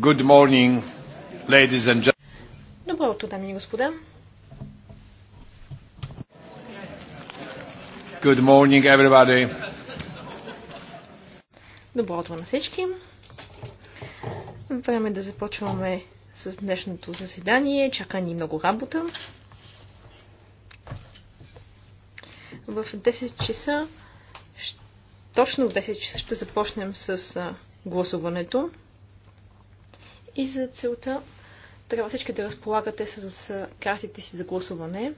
Good morning, ladies and gentlemen. Добро утро, дами и господа. Good morning, everybody. Добро утро на всички. Време е да започваме с днешното заседание. Чака ни много работа. В 10 часа, точно в 10 часа ще започнем с гласуването. И за целта трябва всички да разполагате с картите си за гласуване.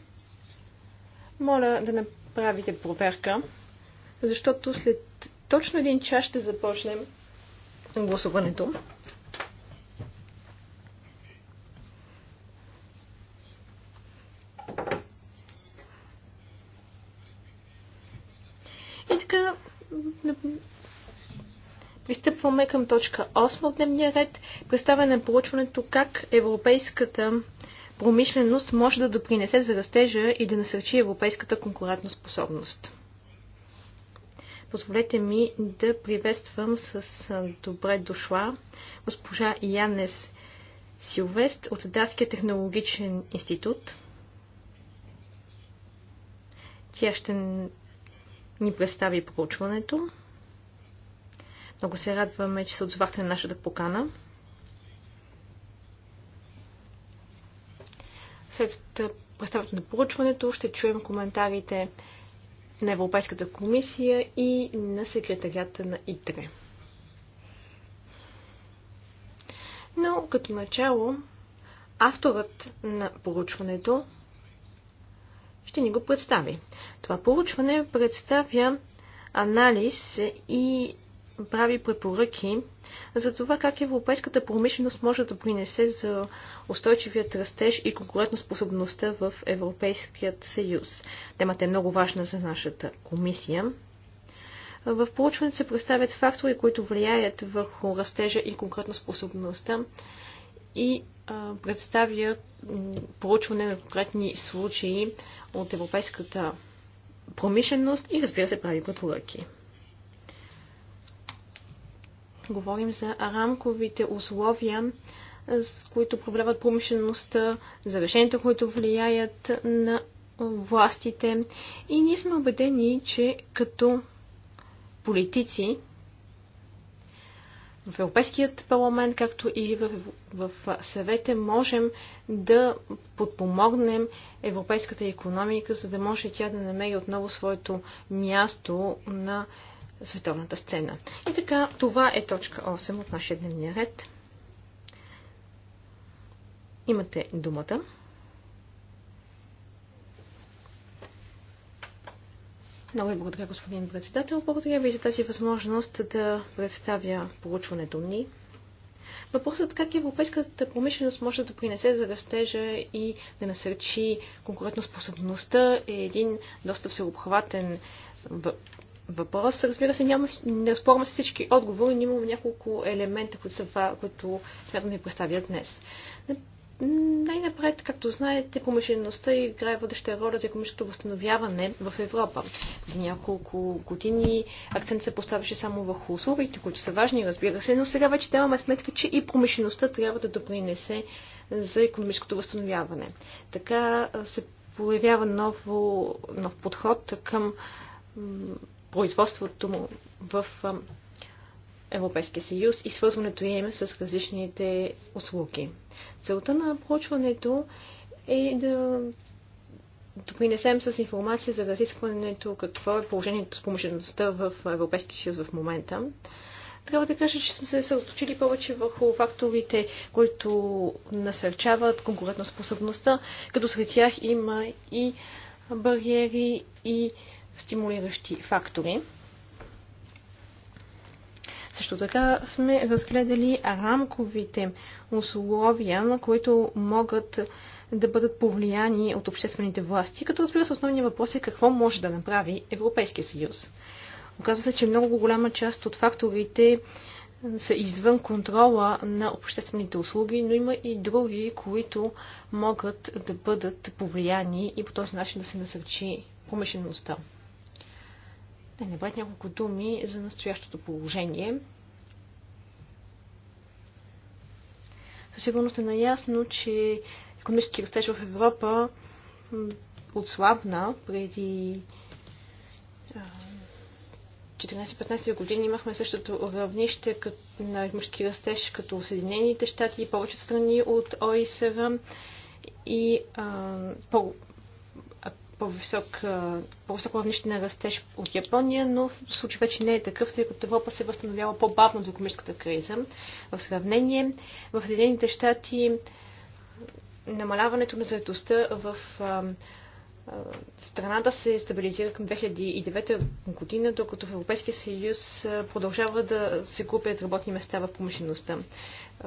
Моля да направите проверка, защото след точно един час ще започнем гласуването. пристъпваме към точка 8 от дневния ред. Представяне на проучването как европейската промишленост може да допринесе за растежа и да насърчи европейската способност. Позволете ми да приветствам с добре дошла госпожа Янес Силвест от Датския технологичен институт. Тя ще ни представи проучването. Много се радваме, че се отзовахте на нашата покана. След представянето на поручването ще чуем коментарите на Европейската комисия и на секретарията на ИТРЕ. Но като начало, авторът на поручването ще ни го представи. Това поручване представя анализ и прави препоръки за това как европейската промишленост може да принесе за устойчивият растеж и конкурентоспособността в Европейският съюз. Темата е много важна за нашата комисия. В проучването се представят фактори, които влияят върху растежа и конкурентоспособността и а, представя проучване на конкретни случаи от европейската промишленост и разбира се прави препоръки. Говорим за рамковите условия, с които проблемат промишлеността, за решенията, които влияят на властите. И ние сме убедени, че като политици в Европейският парламент, както и в, в, съвете, можем да подпомогнем европейската економика, за да може тя да намери отново своето място на световната сцена. И така, това е точка 8 от нашия дневния ред. Имате думата. Много ви благодаря, господин председател. Благодаря ви за тази възможност да представя получването ни. Въпросът е как европейската промишленост може да принесе за растежа и да насърчи конкурентоспособността е един доста всеобхватен въпрос. Разбира се, няма, не спорваме с всички отговори, но имам няколко елемента, които, са, които смятам да ви представя днес. Най-напред, както знаете, промишлеността играе водеща роля за економическото възстановяване в Европа. За няколко години акцент се поставяше само върху услугите, които са важни, разбира се, но сега вече даваме сметка, че и промишлеността трябва да допринесе за економическото възстановяване. Така се появява ново, нов подход към производството му в Европейския съюз и свързването им с различните услуги. Целта на проучването е да допринесем с информация за разискването какво е положението с помощността в Европейския съюз в момента. Трябва да кажа, че сме се съоточили повече върху факторите, които насърчават конкурентоспособността, като сред тях има и бариери и стимулиращи фактори. Също така сме разгледали рамковите условия, на които могат да бъдат повлияни от обществените власти, като разбира се основният въпрос е какво може да направи Европейския съюз. Оказва се, че много голяма част от факторите са извън контрола на обществените услуги, но има и други, които могат да бъдат повлияни и по този начин да се насърчи промишлеността. Да не бъдат няколко думи за настоящото положение. Със сигурност е наясно, че економически растеж в Европа отслабна преди 14-15 години имахме същото равнище на економически растеж като Съединените щати и повечето страни от ОИСР и а, по-висок, по-високо равнище на растеж от Япония, но в случай вече не е такъв, тъй като Европа се възстановява по-бавно от економическата криза. В сравнение, в Съединените щати намаляването на заедостта в страната се стабилизира към 2009 година, докато в Европейския съюз продължава да се купят работни места в промишлеността.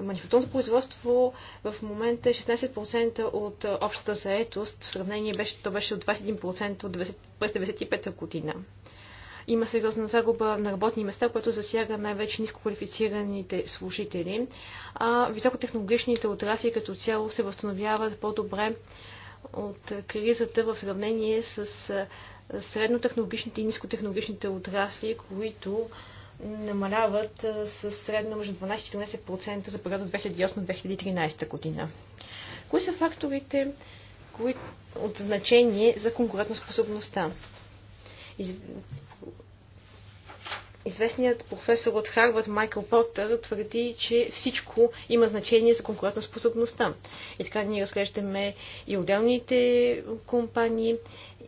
Манифактурното производство в момента е 16% от общата заетост, в сравнение беше, то беше от 21% от 90, през 1995 година. Има сериозна загуба на работни места, което засяга най-вече нискоквалифицираните служители, а високотехнологичните отрасли като цяло се възстановяват по-добре от кризата в сравнение с среднотехнологичните и нискотехнологичните отрасли, които намаляват с средно между 12-14% за периода 2008-2013 година. Кои са факторите кои, от значение за конкурентоспособността? Известният професор от Харвард Майкъл Портер твърди, че всичко има значение за конкурентоспособността. И така ние разглеждаме и отделните компании,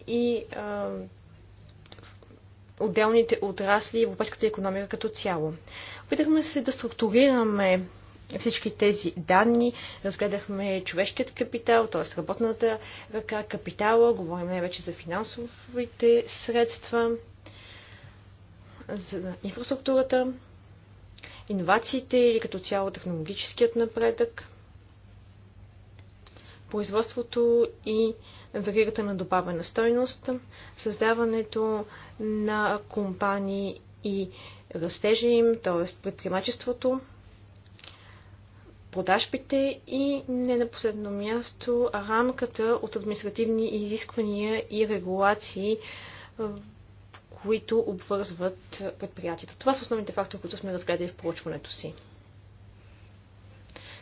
и а, отделните отрасли, европейската економика като цяло. Опитахме се да структурираме всички тези данни. Разгледахме човешкият капитал, т.е. работната ръка, капитала, говорим най-вече за финансовите средства, за инфраструктурата, иновациите или като цяло технологическият напредък, производството и веригата на добавена стойност, създаването на компании и растежа им, т.е. предприемачеството, продажбите и не на последно място рамката от административни изисквания и регулации които обвързват предприятията. Това са основните фактори, които сме разгледали в проучването си.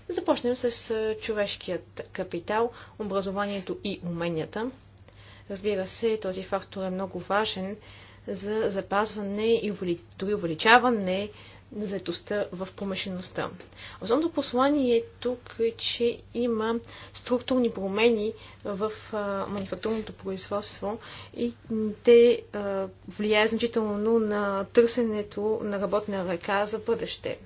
Да започнем с човешкият капитал, образованието и уменията. Разбира се, този фактор е много важен за запазване и дори увеличаване заедостта в помешеността. Основното послание е тук е, че има структурни промени в а, манифактурното производство и те а, влияе значително на търсенето на работна ръка за бъдеще.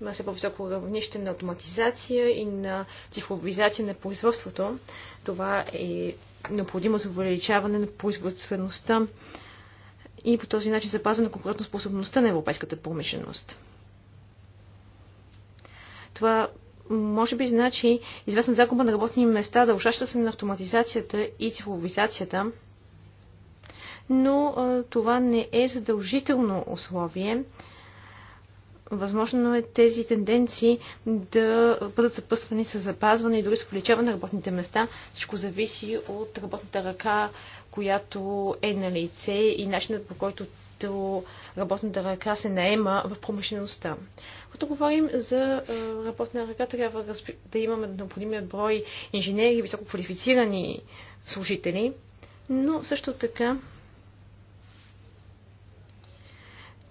Има се по-високо равнище на автоматизация и на цифровизация на производството. Това е необходимо за увеличаване на производствеността и по този начин конкретно конкурентоспособността на европейската промишленост. Това може би значи известна загуба на работни места, дължаща се на автоматизацията и цифровизацията, но а, това не е задължително условие. Възможно е тези тенденции да бъдат съпъствани с запазване и дори с увеличаване на работните места. Всичко зависи от работната ръка, която е на лице и начинът по който работната ръка се наема в промишлеността. Когато говорим за работна ръка, трябва да имаме необходимият брой инженери, висококвалифицирани служители, но също така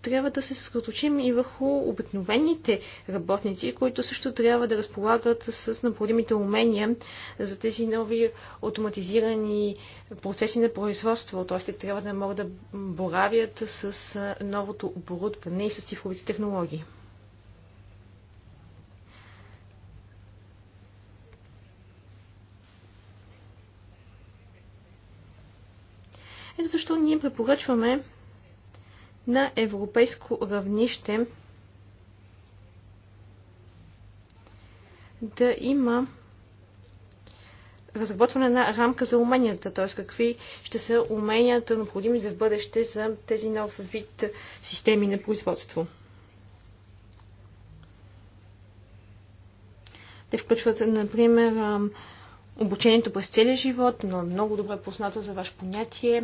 трябва да се съсредоточим и върху обикновените работници, които също трябва да разполагат с необходимите умения за тези нови автоматизирани процеси на производство. Т.е. те трябва да могат да боравят с новото оборудване и с цифровите технологии. Ето защо ние препоръчваме на европейско равнище да има разработване на рамка за уменията, т.е. какви ще са уменията необходими за в бъдеще за тези нов вид системи на производство. Те включват, например, обучението през целия живот, но много добре позната за ваше понятие,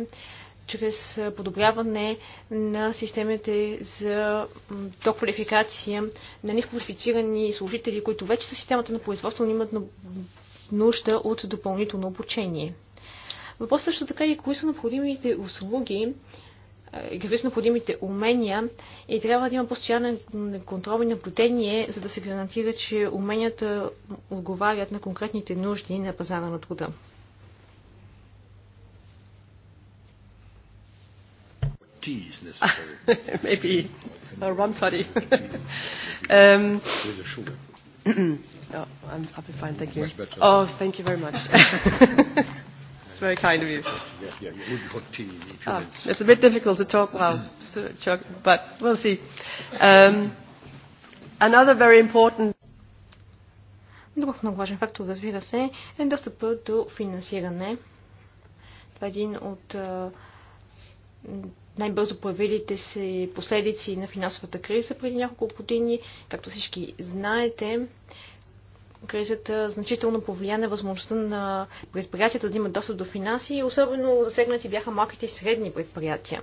чрез подобряване на системите за доквалификация на нисквалифицирани служители, които вече са в системата на производство, но имат нужда от допълнително обучение. Въпрос също така и е, кои са необходимите услуги, какви са необходимите умения и трябва да има постоянен контрол и наблюдение, за да се гарантира, че уменията отговарят на конкретните нужди на пазара на труда. tea is necessary. Maybe or rum toddy. um, With a sugar. no, I'm, I'll be fine, thank you. Much better. Oh, thank you very much. It's very kind of you. Yeah, yeah, you would want tea in a few ah, It's a bit difficult to talk while, but we'll see. Um, another very important Друг много важен фактор, разбира се, е достъпът до финансиране. Това е един от най-бързо появилите се последици на финансовата криза преди няколко години. Както всички знаете, кризата значително повлия на възможността на предприятията да имат достъп до финанси и особено засегнати бяха малките и средни предприятия.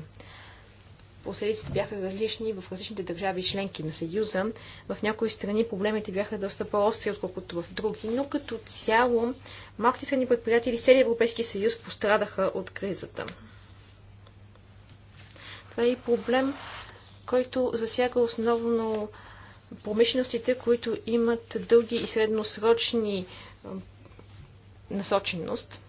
Последиците бяха различни в различните държави членки на Съюза. В някои страни проблемите бяха доста по-остри, отколкото в други, но като цяло малките и средни предприятия или целият Европейски съюз пострадаха от кризата. Това е и проблем, който засяга основно промишленостите, които имат дълги и средносрочни насоченост.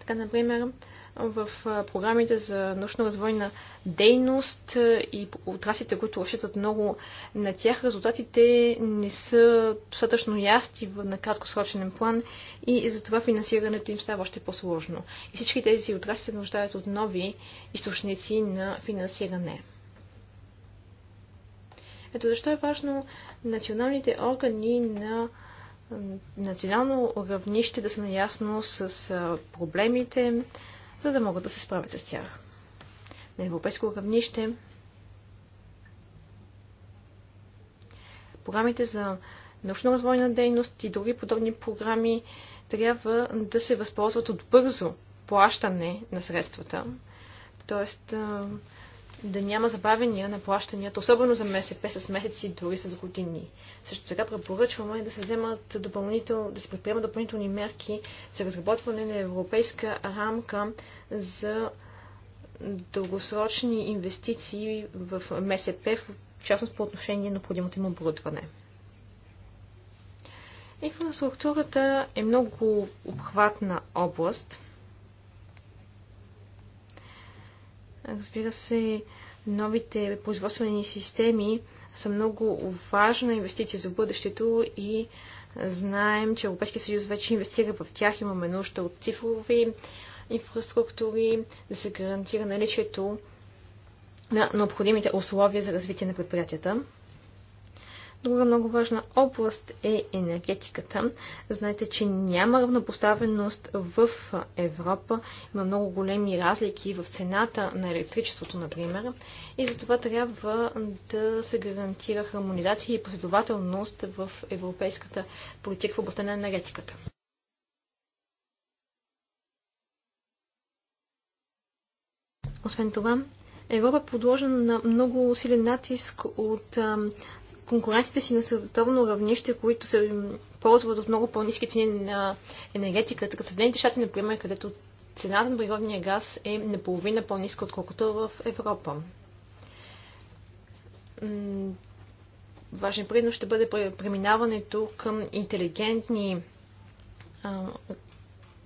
Така, например, в програмите за научно-развойна дейност и отраслите, които разчитат много на тях, резултатите не са достатъчно ясти на краткосрочен план и затова финансирането им става още по-сложно. И всички тези отрасли се нуждаят от нови източници на финансиране. Ето защо е важно националните органи на национално равнище да са наясно с проблемите, за да могат да се справят с тях. На европейско равнище програмите за научно-развойна дейност и други подобни програми трябва да се възползват от бързо плащане на средствата. Тоест, да няма забавения на плащанията, особено за МСП с месеци, дори с години. Също така препоръчваме да се вземат допълнител, да се предприемат допълнителни мерки за разработване на европейска рамка за дългосрочни инвестиции в МСП, в частност по отношение на необходимото им оборудване. Инфраструктурата е много обхватна област – Разбира се, новите производствени системи са много важна инвестиция за бъдещето и знаем, че Европейския съюз вече инвестира в тях. Имаме нужда от цифрови инфраструктури, да се гарантира наличието на необходимите условия за развитие на предприятията. Друга много важна област е енергетиката. Знаете, че няма равнопоставеност в Европа. Има много големи разлики в цената на електричеството, например. И за това трябва да се гарантира хармонизация и последователност в европейската политика в областта на енергетиката. Освен това, Европа е подложена на много силен натиск от конкурентите си на световно равнище, които се ползват от много по-низки цени на енергетиката, като Съединените щати, например, където цената на природния газ е наполовина по-ниска, отколкото в Европа. Важен предно ще бъде преминаването към интелигентни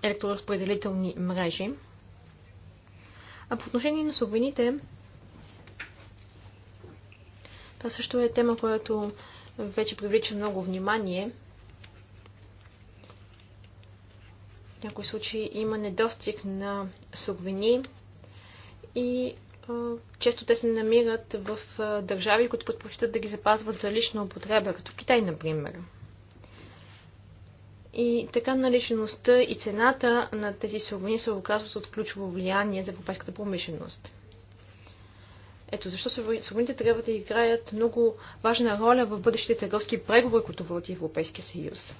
електроразпределителни мрежи. А по отношение на суровините, това също е тема, която вече привлича много внимание. В някои случаи има недостиг на суровини и често те се намират в държави, които предпочитат да ги запазват за лична употреба, като Китай, например. И така наличеността и цената на тези суровини се оказват от ключово влияние за европейската промишленост. Ето защо свободните трябва да играят много важна роля в бъдещите търговски преговори, които води Европейския съюз.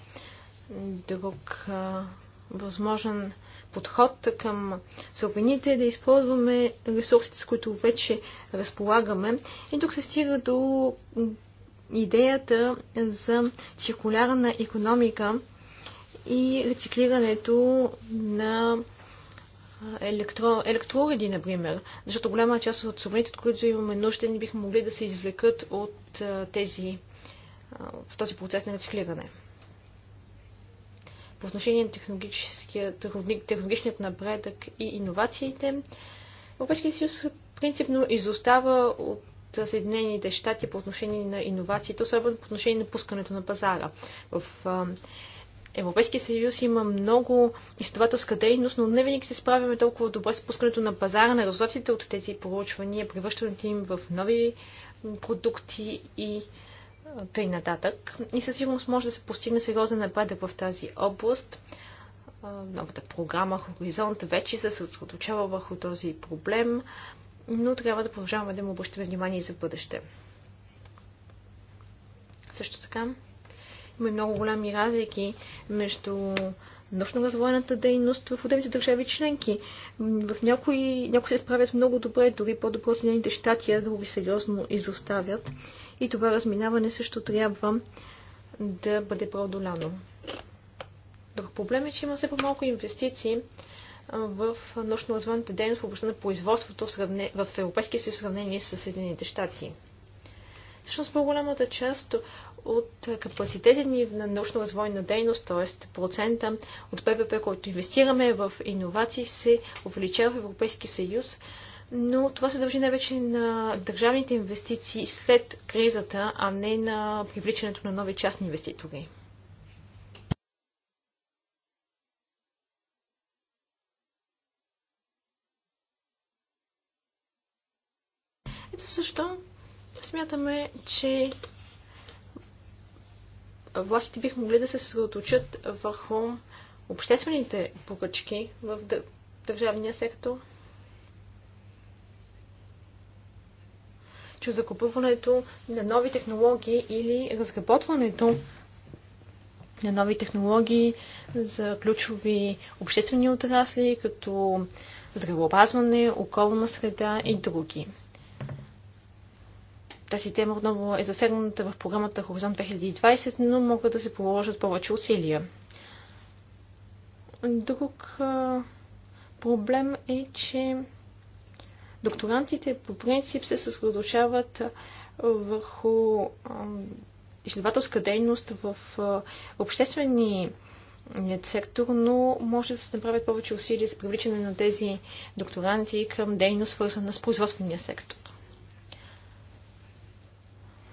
Друг а, възможен подход към свободните е да използваме ресурсите, с които вече разполагаме. И тук се стига до идеята за циркулярна економика и рециклирането на електро, електроуреди, например, защото голяма част от суровините, от които имаме нужда, не биха могли да се извлекат от тези, в този процес на рециклиране. По отношение на технологичният напредък и иновациите, Европейския съюз принципно изостава от Съединените щати по отношение на иновациите, особено по отношение на пускането на пазара. В Европейския съюз има много изследователска дейност, но не винаги се справяме толкова добре с пускането на пазара на резултатите от тези проучвания, превръщането им в нови продукти и тъй нататък. И със сигурност може да се постигне сериозен напредък в тази област. Новата програма Хоризонт вече се съсредоточава върху този проблем, но трябва да продължаваме да му обръщаме внимание и за бъдеще. Също така, има много голями разлики между научно-развойната дейност в отделните държави членки. В някои, някои се справят много добре, дори по-добро от Съединените щати, а други сериозно изоставят. И това разминаване също трябва да бъде преодоляно. Друг проблем е, че има все по-малко инвестиции в научно-развойната дейност в областта на производството в, сравне... в Европейския съюз в сравнение с Съединените щати. Всъщност по-голямата част от капацитета ни на научно-развойна дейност, т.е. процента от ПВП, който инвестираме в иновации, се увеличава в Европейски съюз, но това се дължи най-вече на държавните инвестиции след кризата, а не на привличането на нови частни инвеститори. Ето също. Смятаме, че властите бих могли да се съсредоточат върху обществените покачки в държавния сектор, че закупуването на нови технологии или разработването на нови технологии за ключови обществени отрасли, като здравеопазване, околна среда и други. Тази тема отново е засегната в програмата Хоризонт 2020, но могат да се положат повече усилия. Друг проблем е, че докторантите по принцип се съсредоточават върху изследователска дейност в обществени сектор, но може да се направят повече усилия за привличане на тези докторанти към дейност, свързана с производствения сектор.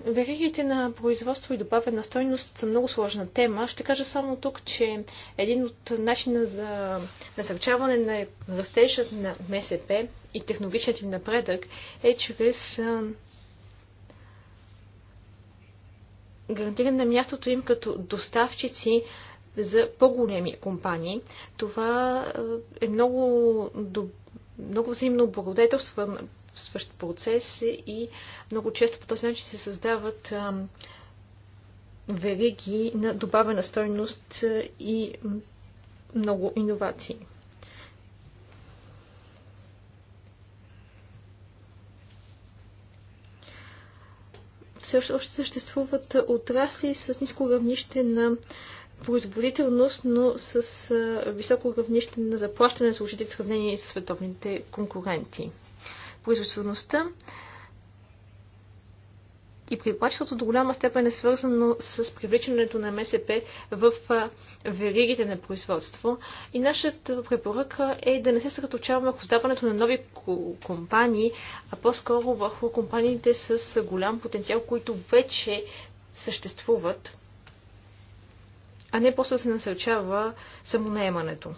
Веригите на производство и добавена стойност са много сложна тема. Ще кажа само тук, че един от начина за насърчаване на растежът на МСП и технологичният им напредък е чрез гарантиране на мястото им като доставчици за по-големи компании. Това е много, много взаимно благодетелство свършат процес и много често по този начин се създават вериги на добавена стойност и много иновации. Все още съществуват отрасли с ниско равнище на производителност, но с високо равнище на заплащане на служители в сравнение с световните конкуренти производителността и прибачеството до голяма степен е свързано с привличането на МСП в веригите на производство. И нашата препоръка е да не се съкратучаваме върху създаването на нови компании, а по-скоро върху компаниите с голям потенциал, които вече съществуват, а не просто да се насърчава самонаемането.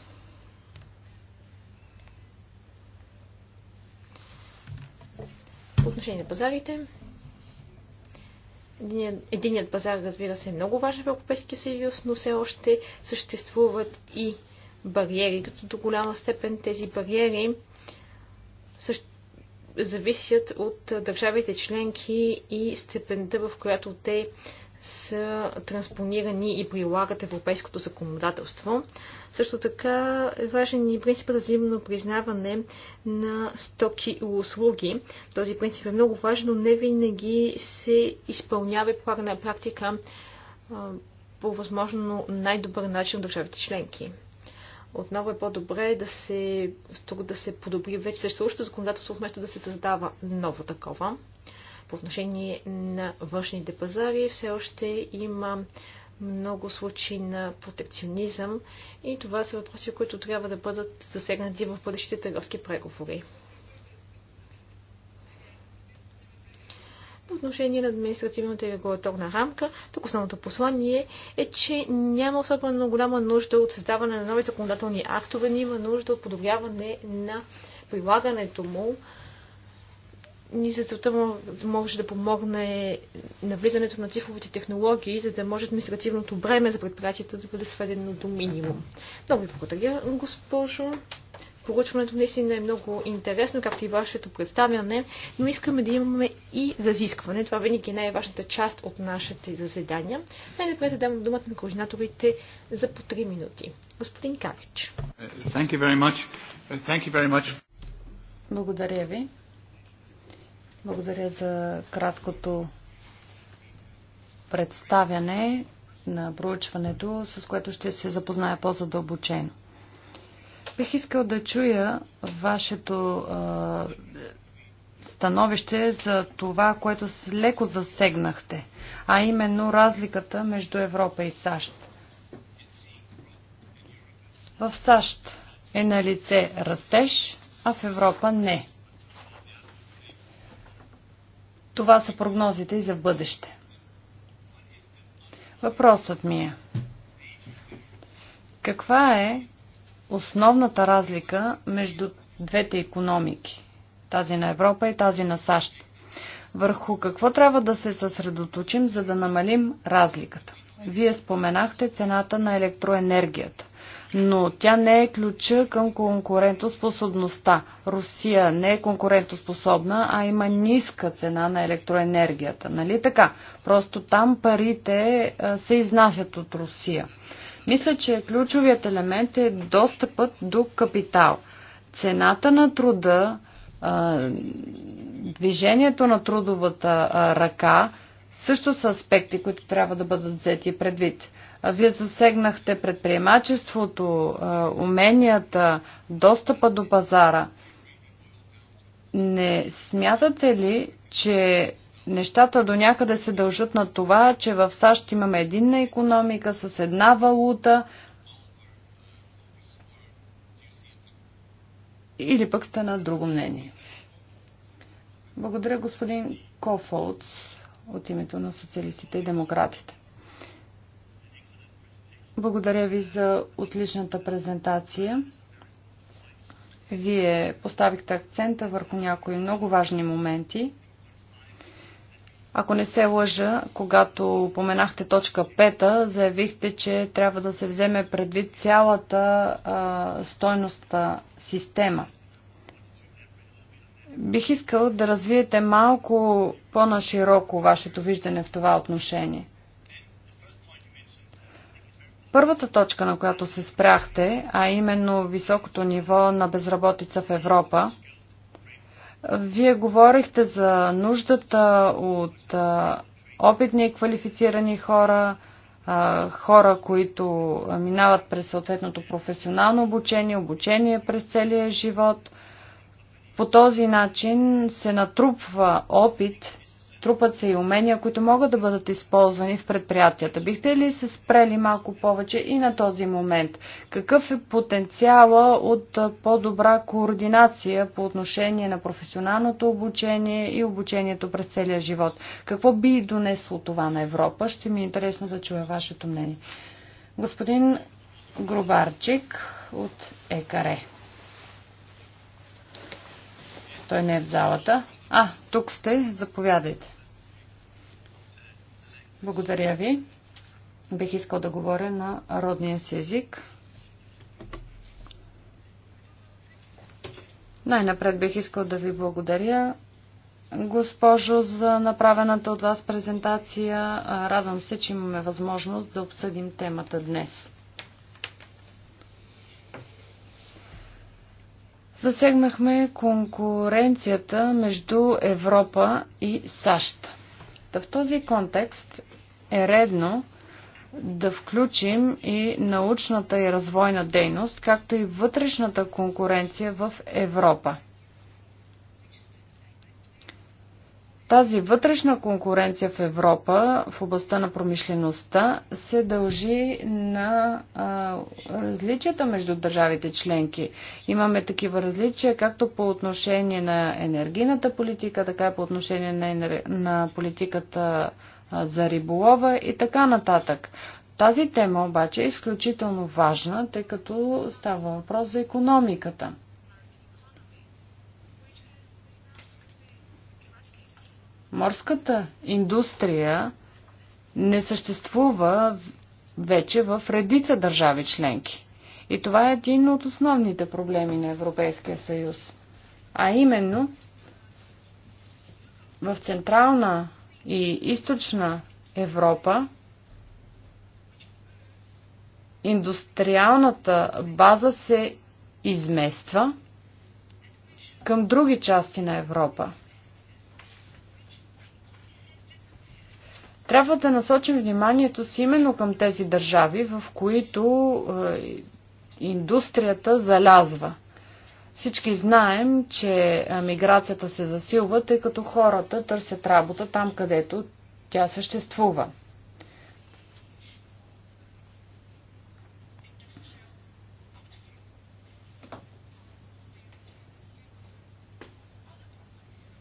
отношение на пазарите. Единият, пазар, разбира се, е много важен в Европейския съюз, но все още съществуват и бариери, като до голяма степен тези бариери също зависят от държавите членки и степента, в която те са транспонирани и прилагат европейското законодателство. Също така е важен и принципът за взаимно признаване на стоки и услуги. Този принцип е много важен, но не винаги се изпълнява и прилага на практика по възможно най-добър начин от държавите членки. Отново е по-добре да се, да се подобри вече съществуващото законодателство, вместо да се създава ново такова. По отношение на външните пазари все още има много случаи на протекционизъм и това са въпроси, които трябва да бъдат засегнати в бъдещите търговски преговори. По отношение на административната и регулаторна рамка, тук основното послание е, че няма особено голяма нужда от създаване на нови законодателни актове, няма има нужда от подобряване на прилагането му, ни за целта може да помогне навлизането на цифровите технологии, за да може административното бреме за предприятията да бъде сведено до минимум. Много ви благодаря, госпожо. Поручването наистина е много интересно, както и вашето представяне, но искаме да имаме и разискване. Това винаги е най-важната част от нашите заседания. Най-напред дам думата на координаторите за по 3 минути. Господин Карич. Благодаря ви. Благодаря за краткото представяне на проучването, с което ще се запозная по-задълбочено. Бих искал да чуя вашето становище за това, което леко засегнахте, а именно разликата между Европа и САЩ. В САЩ е на лице растеж, а в Европа не – това са прогнозите и за бъдеще. Въпросът ми е. Каква е основната разлика между двете економики? Тази на Европа и тази на САЩ. Върху какво трябва да се съсредоточим, за да намалим разликата? Вие споменахте цената на електроенергията но тя не е ключа към конкурентоспособността. Русия не е конкурентоспособна, а има ниска цена на електроенергията. Нали така? Просто там парите се изнасят от Русия. Мисля, че ключовият елемент е достъпът до капитал. Цената на труда, движението на трудовата ръка също са аспекти, които трябва да бъдат взети предвид. Вие засегнахте предприемачеството, уменията, достъпа до пазара. Не смятате ли, че нещата до някъде се дължат на това, че в САЩ имаме единна економика с една валута, или пък сте на друго мнение. Благодаря господин Кофолц от името на социалистите и демократите. Благодаря ви за отличната презентация. Вие поставихте акцента върху някои много важни моменти. Ако не се лъжа, когато поменахте точка 5, заявихте, че трябва да се вземе предвид цялата стойността система. Бих искал да развиете малко по-нашироко вашето виждане в това отношение. Първата точка, на която се спряхте, а именно високото ниво на безработица в Европа, вие говорихте за нуждата от опитни и квалифицирани хора, хора, които минават през съответното професионално обучение, обучение през целия живот. По този начин се натрупва опит Трупат се и умения, които могат да бъдат използвани в предприятията. Бихте ли се спрели малко повече и на този момент? Какъв е потенциала от по-добра координация по отношение на професионалното обучение и обучението през целия живот? Какво би донесло това на Европа? Ще ми е интересно да чуя вашето мнение. Господин Грубарчик от ЕКАРЕ. Той не е в залата. А, тук сте, заповядайте. Благодаря ви. Бих искал да говоря на родния си език. Най-напред бих искал да ви благодаря, госпожо, за направената от вас презентация. Радвам се, че имаме възможност да обсъдим темата днес. Засегнахме конкуренцията между Европа и САЩ. Та в този контекст е редно да включим и научната и развойна дейност, както и вътрешната конкуренция в Европа. Тази вътрешна конкуренция в Европа в областта на промишлеността се дължи на а, различията между държавите членки. Имаме такива различия както по отношение на енергийната политика, така и по отношение на, енер... на политиката а, за риболова и така нататък. Тази тема обаче е изключително важна, тъй като става въпрос за економиката. Морската индустрия не съществува вече в редица държави членки. И това е един от основните проблеми на Европейския съюз. А именно, в Централна и Източна Европа индустриалната база се измества към други части на Европа – Трябва да насочим вниманието си именно към тези държави, в които е, индустрията залязва. Всички знаем, че е, миграцията се засилва, тъй като хората търсят работа там, където тя съществува.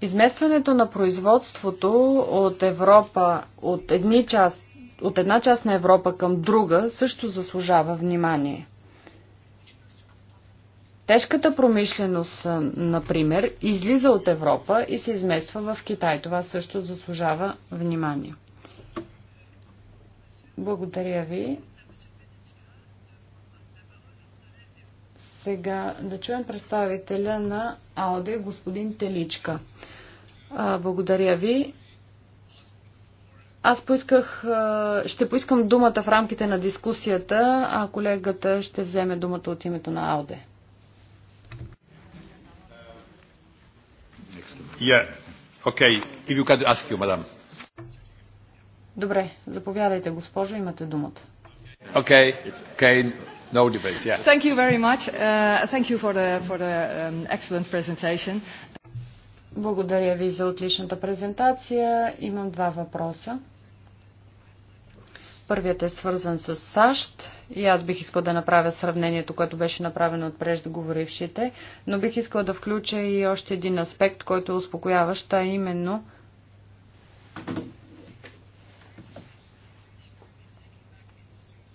Изместването на производството от Европа, от, едни част, от една част на Европа към друга, също заслужава внимание. Тежката промишленост, например, излиза от Европа и се измества в Китай. Това също заслужава внимание. Благодаря ви. Сега да чуем представителя на Ауди, господин Теличка. А, благодаря ви. Аз поисках, ще поискам думата в рамките на дискусията, а колегата ще вземе думата от името на Ауде. Добре, заповядайте, госпожо, имате думата. Okay. Okay. No debates, yeah. Thank you very much. Uh, thank you for the, for the um, excellent presentation. Благодаря ви за отличната презентация. Имам два въпроса. Първият е свързан с САЩ и аз бих искал да направя сравнението, което беше направено от преждоговорившите, но бих искал да включа и още един аспект, който е успокояващ, а именно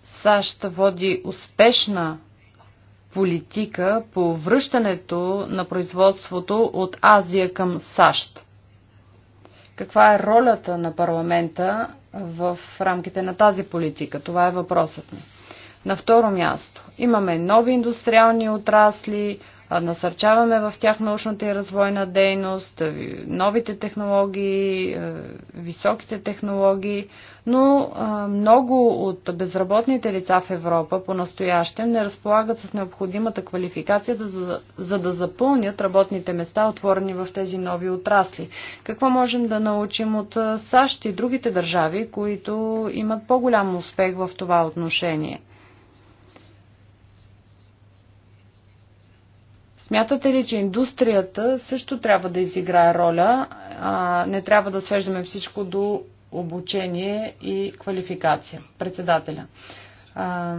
САЩ води успешна политика по връщането на производството от Азия към САЩ. Каква е ролята на парламента в рамките на тази политика? Това е въпросът ми. На второ място, имаме нови индустриални отрасли, насърчаваме в тях научната и развойна дейност, новите технологии, е, високите технологии, но много от безработните лица в Европа по-настоящем не разполагат с необходимата квалификация, за, за да запълнят работните места, отворени в тези нови отрасли. Какво можем да научим от САЩ и другите държави, които имат по-голям успех в това отношение? Смятате ли, че индустрията също трябва да изиграе роля? А, не трябва да свеждаме всичко до обучение и квалификация. Председателя. А,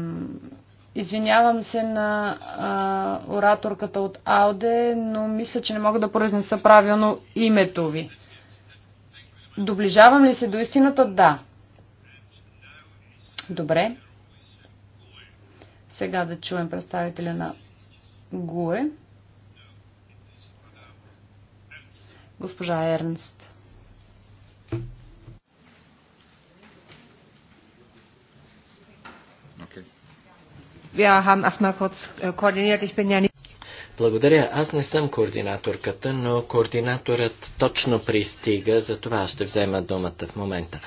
извинявам се на а, ораторката от Ауде, но мисля, че не мога да произнеса правилно името ви. Доближавам ли се до истината? Да. Добре. Сега да чуем представителя на ГУЕ. Госпожа Ернст. Äh, Благодаря. Аз не съм координаторката, но координаторът точно пристига, за това ще взема думата в момента.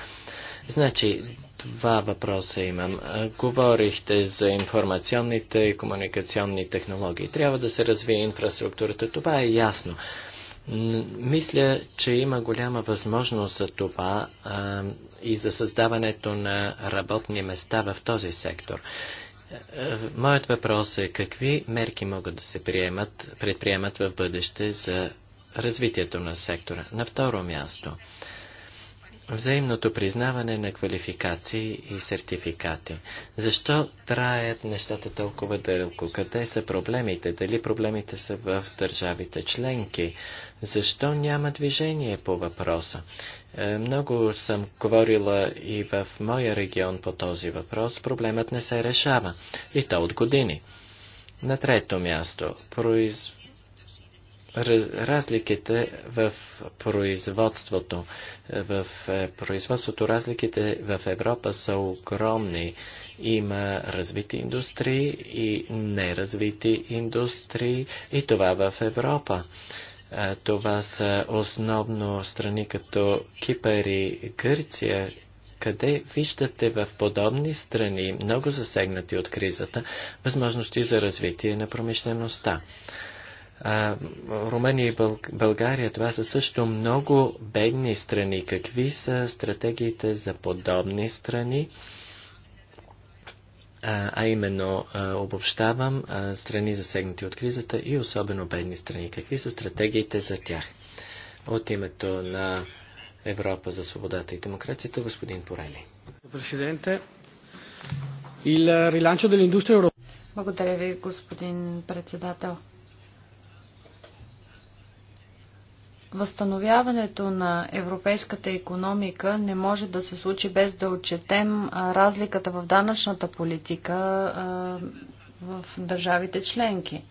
Значи, два въпроса имам. Говорихте за информационните и комуникационни технологии. Трябва да се развие инфраструктурата. Това е ясно. Мисля, че има голяма възможност за това а, и за създаването на работни места в този сектор. Е, е, моят въпрос е какви мерки могат да се приемат, предприемат в бъдеще за развитието на сектора. На второ място, взаимното признаване на квалификации и сертификати. Защо траят нещата толкова дълго? Къде са проблемите? Дали проблемите са в държавите членки? Защо няма движение по въпроса? Е, много съм говорила и в моя регион по този въпрос. Проблемът не се решава. И то от години. На трето място, производството разликите в производството. В е, производството разликите в Европа са огромни. Има развити индустрии и неразвити индустрии и това в Европа. Е, това са основно страни като Кипър и Гърция, къде виждате в подобни страни, много засегнати от кризата, възможности за развитие на промишлеността. А, Румъния и Бълг... България, това са също много бедни страни. Какви са стратегиите за подобни страни? А, а именно, а, обобщавам а, страни засегнати от кризата и особено бедни страни. Какви са стратегиите за тях? От името на Европа за свободата и демокрацията, господин Порели. Благодаря ви, господин председател. Възстановяването на европейската економика не може да се случи без да отчетем разликата в данъчната политика в държавите членки.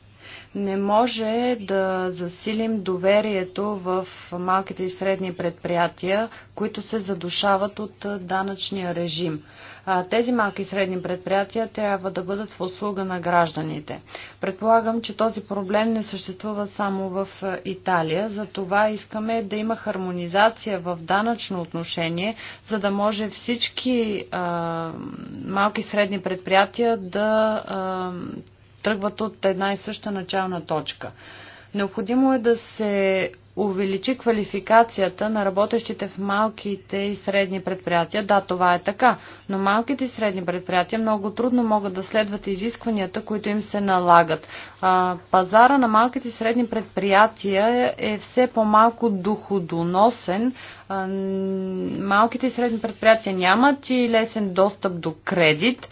Не може да засилим доверието в малките и средни предприятия, които се задушават от данъчния режим. Тези малки и средни предприятия трябва да бъдат в услуга на гражданите. Предполагам, че този проблем не съществува само в Италия, затова искаме да има хармонизация в данъчно отношение, за да може всички а, малки и средни предприятия да а, тръгват от една и съща начална точка. Необходимо е да се увеличи квалификацията на работещите в малките и средни предприятия. Да, това е така, но малките и средни предприятия много трудно могат да следват изискванията, които им се налагат. А, пазара на малките и средни предприятия е все по-малко доходоносен. А, малките и средни предприятия нямат и лесен достъп до кредит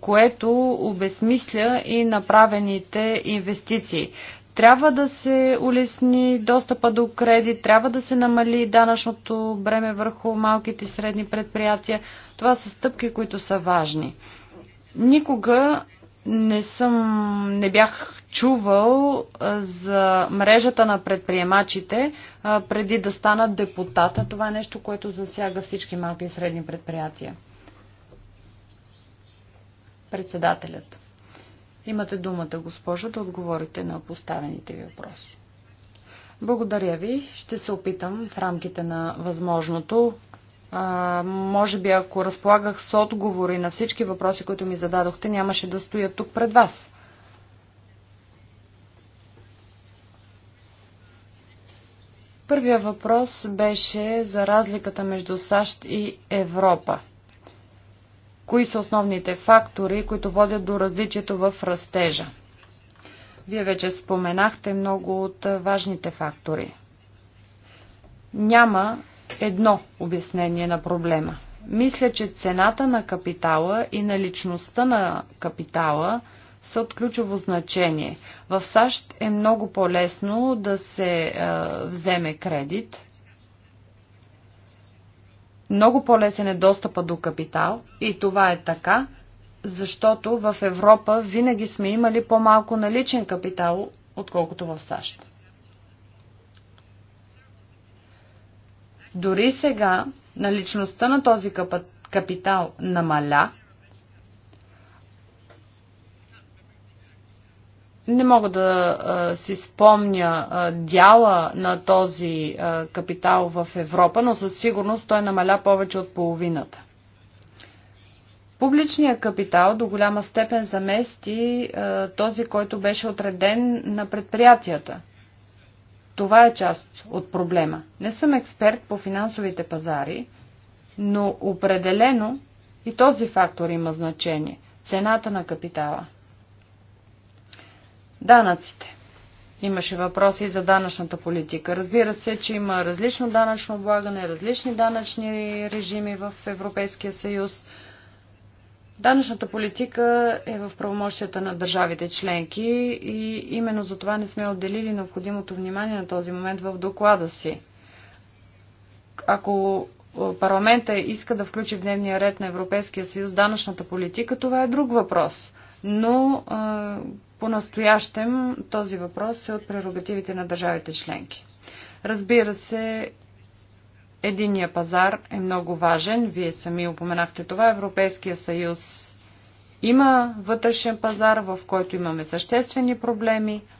което обесмисля и направените инвестиции. Трябва да се улесни достъпа до кредит, трябва да се намали данъчното бреме върху малките и средни предприятия. Това са стъпки, които са важни. Никога не съм, не бях чувал за мрежата на предприемачите преди да станат депутата. Това е нещо, което засяга всички малки и средни предприятия. Председателят. Имате думата, госпожо, да отговорите на поставените ви въпроси. Благодаря ви. Ще се опитам в рамките на възможното. А, може би, ако разполагах с отговори на всички въпроси, които ми зададохте, нямаше да стоя тук пред вас. Първия въпрос беше за разликата между САЩ и Европа кои са основните фактори, които водят до различието в растежа. Вие вече споменахте много от важните фактори. Няма едно обяснение на проблема. Мисля, че цената на капитала и на личността на капитала са от ключово значение. В САЩ е много по-лесно да се е, вземе кредит – много по-лесен е достъпа до капитал и това е така, защото в Европа винаги сме имали по-малко наличен капитал, отколкото в САЩ. Дори сега наличността на този капитал намаля, Не мога да а, си спомня а, дяла на този а, капитал в Европа, но със сигурност той намаля повече от половината. Публичният капитал до голяма степен замести а, този, който беше отреден на предприятията. Това е част от проблема. Не съм експерт по финансовите пазари, но определено и този фактор има значение цената на капитала – Данъците. Имаше въпроси за данъчната политика. Разбира се, че има различно данъчно облагане, различни данъчни режими в Европейския съюз. Данъчната политика е в правомощията на държавите членки и именно за това не сме отделили необходимото внимание на този момент в доклада си. Ако парламента иска да включи в дневния ред на Европейския съюз данъчната политика, това е друг въпрос – но по-настоящем този въпрос е от прерогативите на държавите членки. Разбира се, единия пазар е много важен. Вие сами упоменахте това. Европейския съюз има вътрешен пазар, в който имаме съществени проблеми –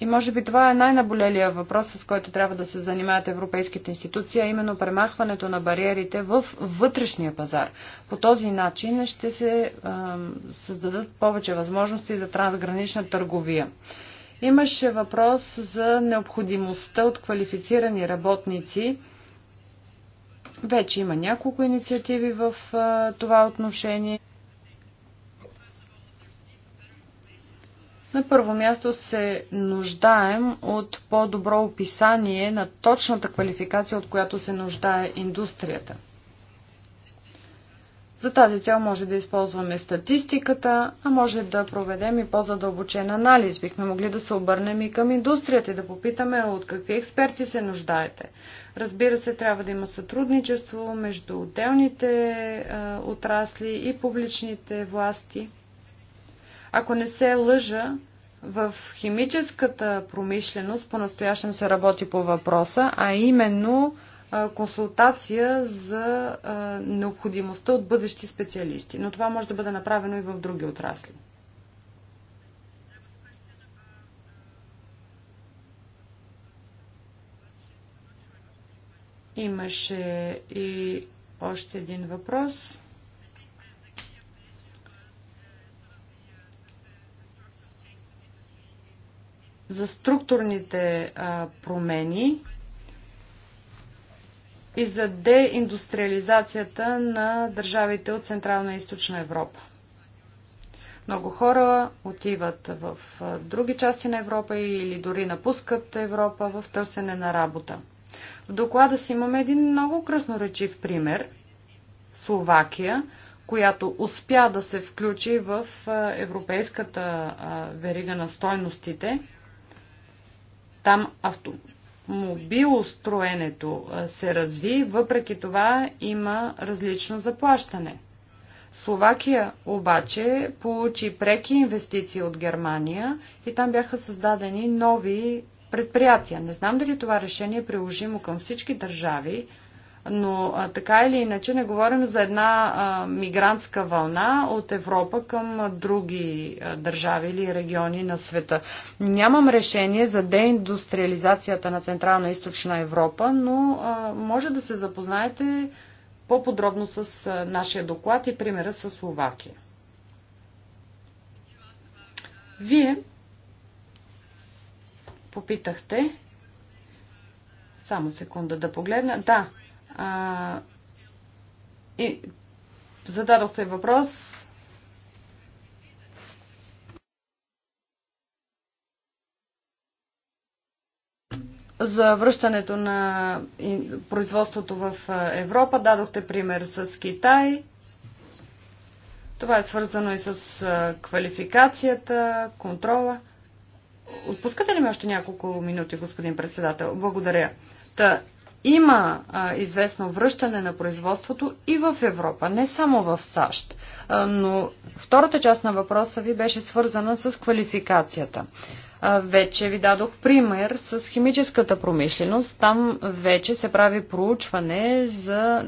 И може би това е най-наболелия въпрос, с който трябва да се занимават европейските институции, а именно премахването на бариерите в вътрешния пазар. По този начин ще се а, създадат повече възможности за трансгранична търговия. Имаше въпрос за необходимостта от квалифицирани работници. Вече има няколко инициативи в а, това отношение. На първо място се нуждаем от по-добро описание на точната квалификация, от която се нуждае индустрията. За тази цел може да използваме статистиката, а може да проведем и по-задълбочен анализ. Бихме могли да се обърнем и към индустрията и да попитаме от какви експерти се нуждаете. Разбира се, трябва да има сътрудничество между отделните а, отрасли и публичните власти. Ако не се лъжа, в химическата промишленост по настоящен се работи по въпроса, а именно консултация за необходимостта от бъдещи специалисти. Но това може да бъде направено и в други отрасли. Имаше и още един въпрос. за структурните промени и за деиндустриализацията на държавите от Централна и Източна Европа. Много хора отиват в други части на Европа или дори напускат Европа в търсене на работа. В доклада си имаме един много красноречив пример Словакия, която успя да се включи в европейската верига на стойностите – там автомобилостроенето се разви, въпреки това има различно заплащане. Словакия обаче получи преки инвестиции от Германия и там бяха създадени нови предприятия. Не знам дали това решение е приложимо към всички държави, но а, така или иначе не говорим за една а, мигрантска вълна от Европа към а, други а, държави или региони на света. Нямам решение за деиндустриализацията на Централна и Източна Европа, но а, може да се запознаете по-подробно с а, нашия доклад и примера с Словакия. Вие попитахте. Само секунда да погледна. Да, а, и зададохте въпрос. За връщането на производството в Европа дадохте пример с Китай. Това е свързано и с квалификацията, контрола. Отпускате ли ми още няколко минути, господин председател? Благодаря. Та, има а, известно връщане на производството и в Европа, не само в САЩ. А, но втората част на въпроса ви беше свързана с квалификацията. А, вече ви дадох пример с химическата промишленост. Там вече се прави проучване за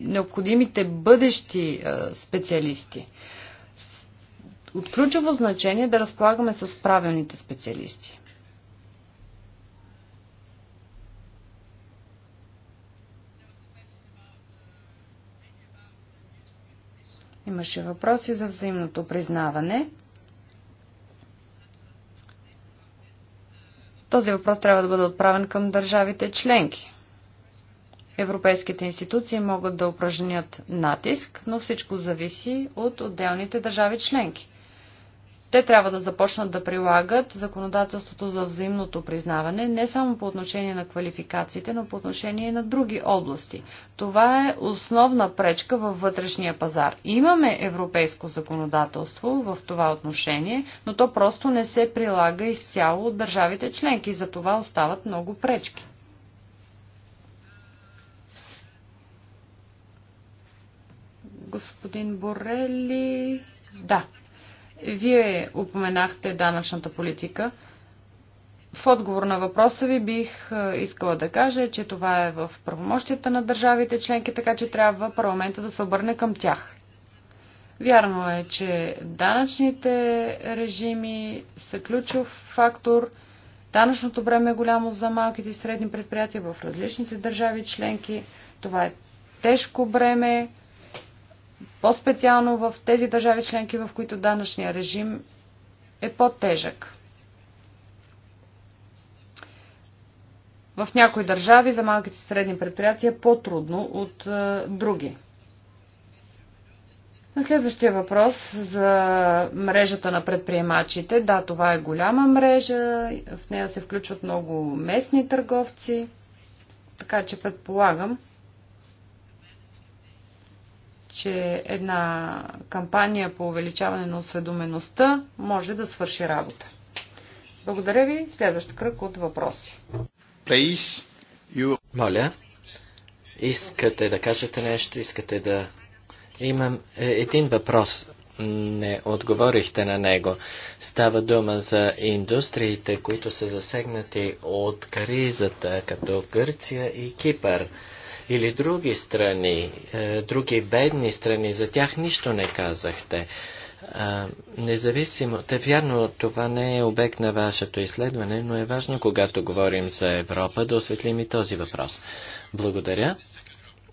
необходимите бъдещи а, специалисти. От ключово значение е да разполагаме с правилните специалисти. Имаше въпроси за взаимното признаване. Този въпрос трябва да бъде отправен към държавите членки. Европейските институции могат да упражнят натиск, но всичко зависи от отделните държави членки. Те трябва да започнат да прилагат законодателството за взаимното признаване не само по отношение на квалификациите, но по отношение и на други области. Това е основна пречка във вътрешния пазар. Имаме европейско законодателство в това отношение, но то просто не се прилага изцяло от държавите членки. За това остават много пречки. Господин Борели. Да. Вие упоменахте данъчната политика. В отговор на въпроса ви бих е, искала да кажа, че това е в правомощията на държавите членки, така че трябва парламента да се обърне към тях. Вярно е, че данъчните режими са ключов фактор. Данъчното време е голямо за малките и средни предприятия в различните държави членки. Това е тежко бреме, по-специално в тези държави членки, в които данъчния режим е по-тежък. В някои държави за малките и средни предприятия е по-трудно от е, други. На следващия въпрос за мрежата на предприемачите. Да, това е голяма мрежа, в нея се включват много местни търговци, така че предполагам, че една кампания по увеличаване на осведомеността може да свърши работа. Благодаря ви. Следващ кръг от въпроси. Please, you... Моля, искате да кажете нещо, искате да... Имам е, един въпрос. Не отговорихте на него. Става дума за индустриите, които са засегнати от кризата, като Гърция и Кипър или други страни, е, други бедни страни, за тях нищо не казахте. Независимо, те вярно, това не е обект на вашето изследване, но е важно, когато говорим за Европа, да осветлим и този въпрос. Благодаря.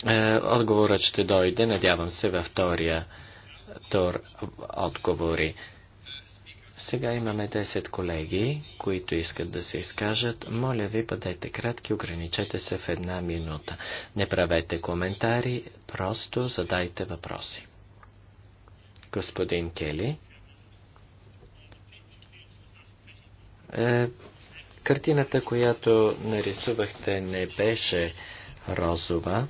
Е, отговорът ще дойде, надявам се, във втория тур отговори. Сега имаме 10 колеги, които искат да се изкажат. Моля ви, бъдете кратки, ограничете се в една минута. Не правете коментари, просто задайте въпроси. Господин Кели. Е, картината, която нарисувахте, не беше розова.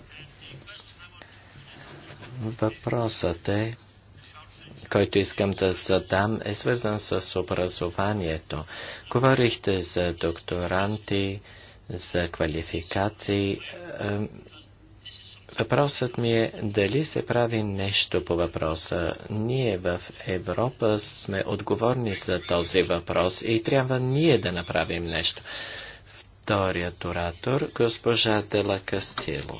Въпросът е, който искам да задам, е свързан с образованието. Говорихте за докторанти, за квалификации. Въпросът ми е дали се прави нещо по въпроса. Ние в Европа сме отговорни за този въпрос и трябва ние да направим нещо. Вторият оратор, госпожа Дела Кастило.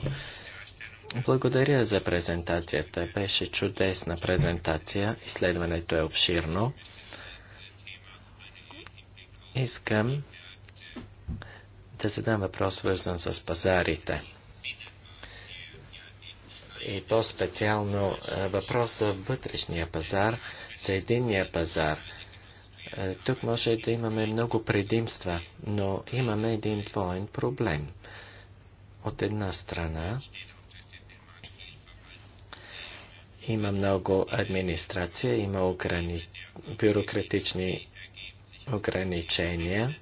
Благодаря за презентацията. Беше чудесна презентация. Изследването е обширно. Искам да задам въпрос, свързан с пазарите. И по-специално въпрос за вътрешния пазар, за единния пазар. Тук може да имаме много предимства, но имаме един двоен проблем. От една страна, има много администрация, има ограни... бюрократични ограничения,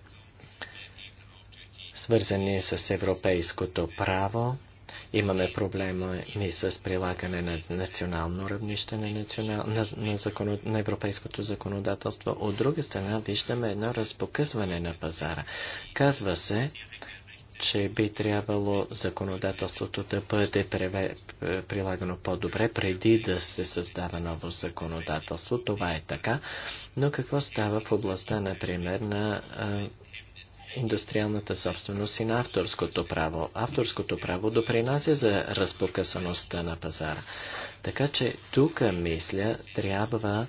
свързани с европейското право. Имаме проблеми с прилагане на национално равнище на, национал... на, на, закон... на европейското законодателство. От друга страна, виждаме едно разпокъсване на пазара. Казва се, че би трябвало законодателството да бъде преве, е, прилагано по-добре преди да се създава ново законодателство. Това е така. Но какво става в областта, например, на а, е, индустриалната собственост и на авторското право? Авторското право допринася за разпокъсаността на пазара. Така че тук, мисля, трябва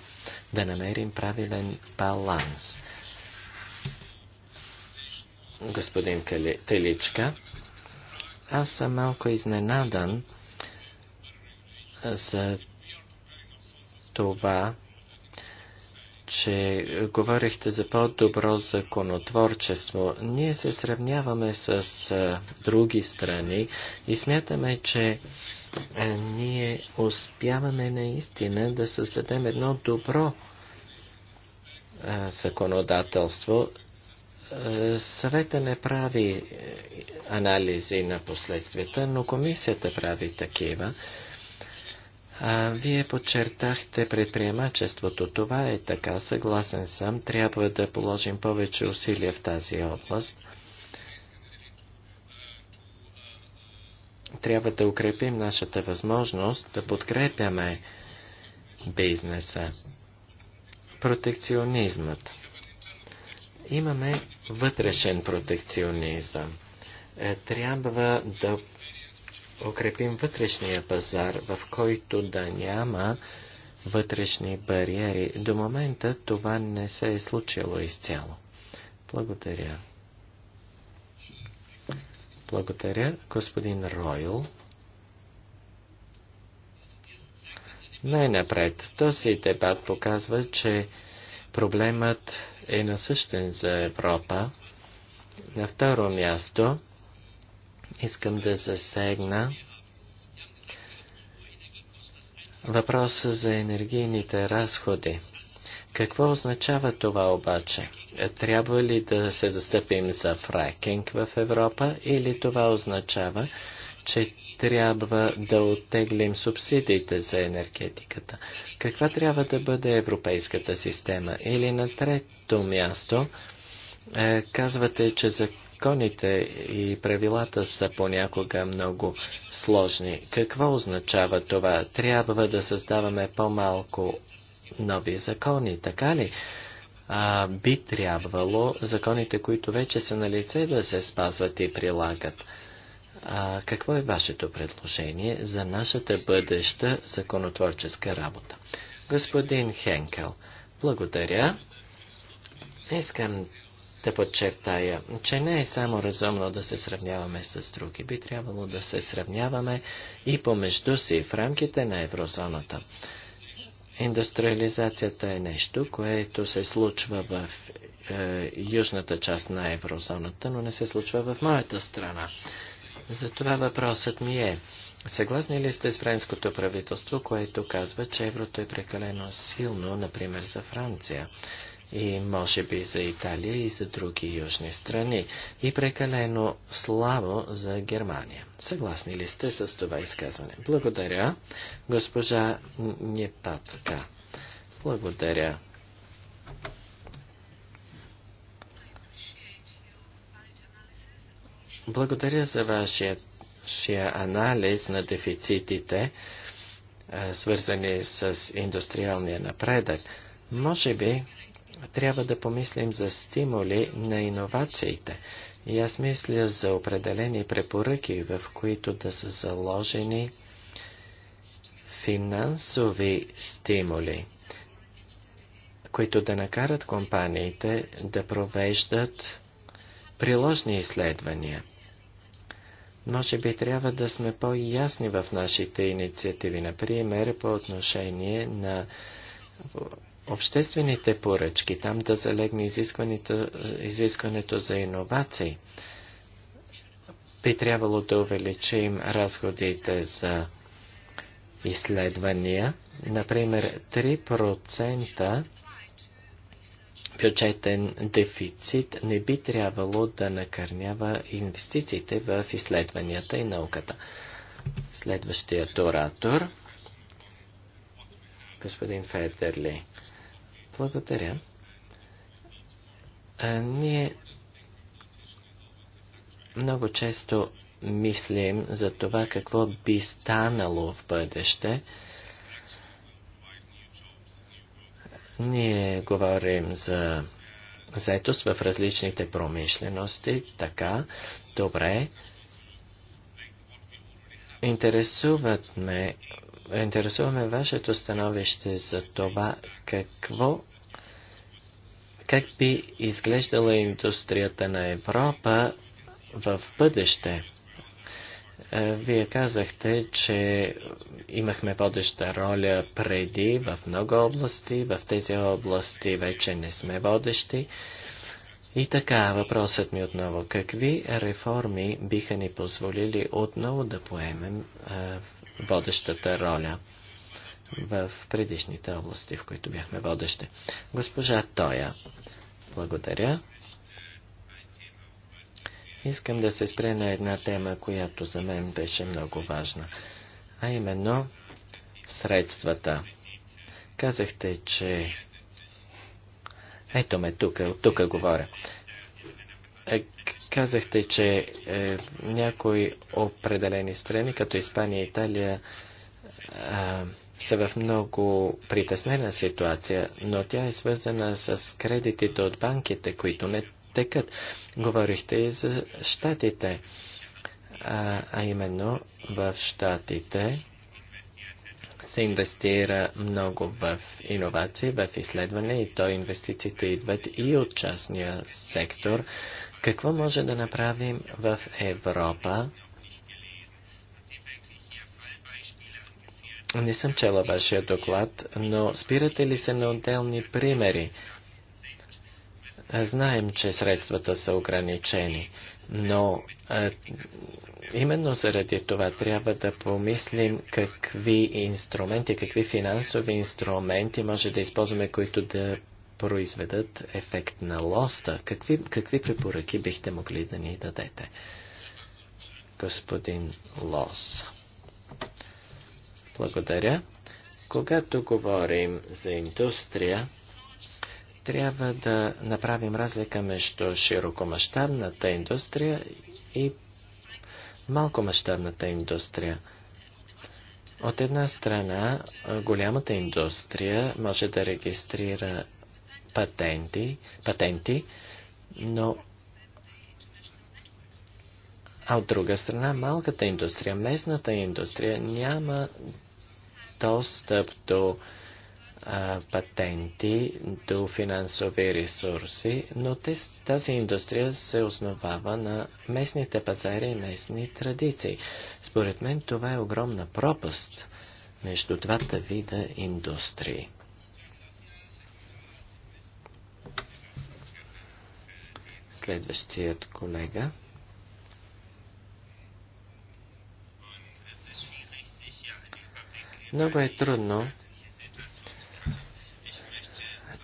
да намерим правилен баланс – господин Теличка. Аз съм малко изненадан за това, че говорихте за по-добро законотворчество. Ние се сравняваме с а, други страни и смятаме, че а, ние успяваме наистина да създадем едно добро а, законодателство. Съвета не прави е, анализи на последствията, но комисията прави такива. А, вие подчертахте предприемачеството. Това е така, съгласен съм. Трябва да положим повече усилия в тази област. Трябва да укрепим нашата възможност да подкрепяме бизнеса. Протекционизмът. Имаме вътрешен протекционизъм. Е, трябва да укрепим вътрешния пазар, в който да няма вътрешни бариери. До момента това не се е случило изцяло. Благодаря. Благодаря, господин Ройл. Най-напред, този дебат показва, че Проблемът е насъщен за Европа. На второ място искам да засегна въпроса за енергийните разходи. Какво означава това обаче? Трябва ли да се застъпим за фракинг в Европа или това означава, че трябва да оттеглим субсидиите за енергетиката? Каква трябва да бъде европейската система? Или на трето място, е, казвате, че законите и правилата са понякога много сложни. Какво означава това? Трябва да създаваме по-малко нови закони, така ли? а, би трябвало законите, които вече са на лице, да се спазват и прилагат. А, какво е вашето предложение за нашата бъдеща законотворческа работа? Господин Хенкел, благодаря. Искам да подчертая, че не е само разумно да се сравняваме с други. Би трябвало да се сравняваме и помежду си в рамките на еврозоната. Индустриализацията е нещо, което се случва в е, южната част на еврозоната, но не се случва в моята страна. Затова въпросът ми е, съгласни ли сте с френското правителство, което казва, че еврото е прекалено силно, например за Франция? и може би за Италия и за други южни страни, и прекалено слабо за Германия. Съгласни ли сте с това изказване? Благодаря, госпожа Непацка. Благодаря. Благодаря за вашия, анализ на дефицитите, свързани с индустриалния напредък. Може би трябва да помислим за стимули на иновациите. И аз мисля за определени препоръки, в които да са заложени финансови стимули, които да накарат компаниите да провеждат приложни изследвания – може би трябва да сме по-ясни в нашите инициативи, например по отношение на обществените поръчки, там да залегне изискването, изискването за иновации. Би трябвало да увеличим разходите за изследвания. Например, 3% бюджетен дефицит не би трябвало да накърнява инвестициите в изследванията и науката. Следващият оратор, господин Федерли. Благодаря. А, ние много често мислим за това какво би станало в бъдеще, Ние говорим за заетост в различните промишлености, така, добре. Интересуват ме, интересуваме вашето становище за това какво как би изглеждала индустрията на Европа в бъдеще. Е, вие казахте, че имахме водеща роля преди в много области, в тези области вече не сме водещи. И така, въпросът ми отново. Какви реформи биха ни позволили отново да поемем а, водещата роля в предишните области, в които бяхме водещи? Госпожа Тоя, благодаря. Искам да се спре на една тема, която за мен беше много важна а именно средствата. Казахте, че... Ето ме, тук, тук говоря. Е, казахте, че е, някои определени страни, като Испания и Италия, е, са в много притеснена ситуация, но тя е свързана с кредитите от банките, които не текат. Говорихте и за щатите а, а именно в Штатите се инвестира много в иновации, в изследване и то инвестициите идват и от частния сектор. Какво може да направим в Европа? Не съм чела вашия доклад, но спирате ли се на отделни примери? Знаем, че средствата са ограничени. Но а, е, именно заради това трябва да помислим какви инструменти, какви финансови инструменти може да използваме, които да произведат ефект на лоста. Какви, какви препоръки бихте могли да ни дадете, господин Лос? Благодаря. Когато говорим за индустрия, трябва да направим разлика между широкомащабната индустрия и малкомащабната индустрия. От една страна, голямата индустрия може да регистрира патенти, патенти но а от друга страна, малката индустрия, местната индустрия няма достъп до а, патенти до финансови ресурси, но тез, тази индустрия се основава на местните пазари и местни традиции. Според мен това е огромна пропаст между двата вида индустрии. Следващият колега. Много е трудно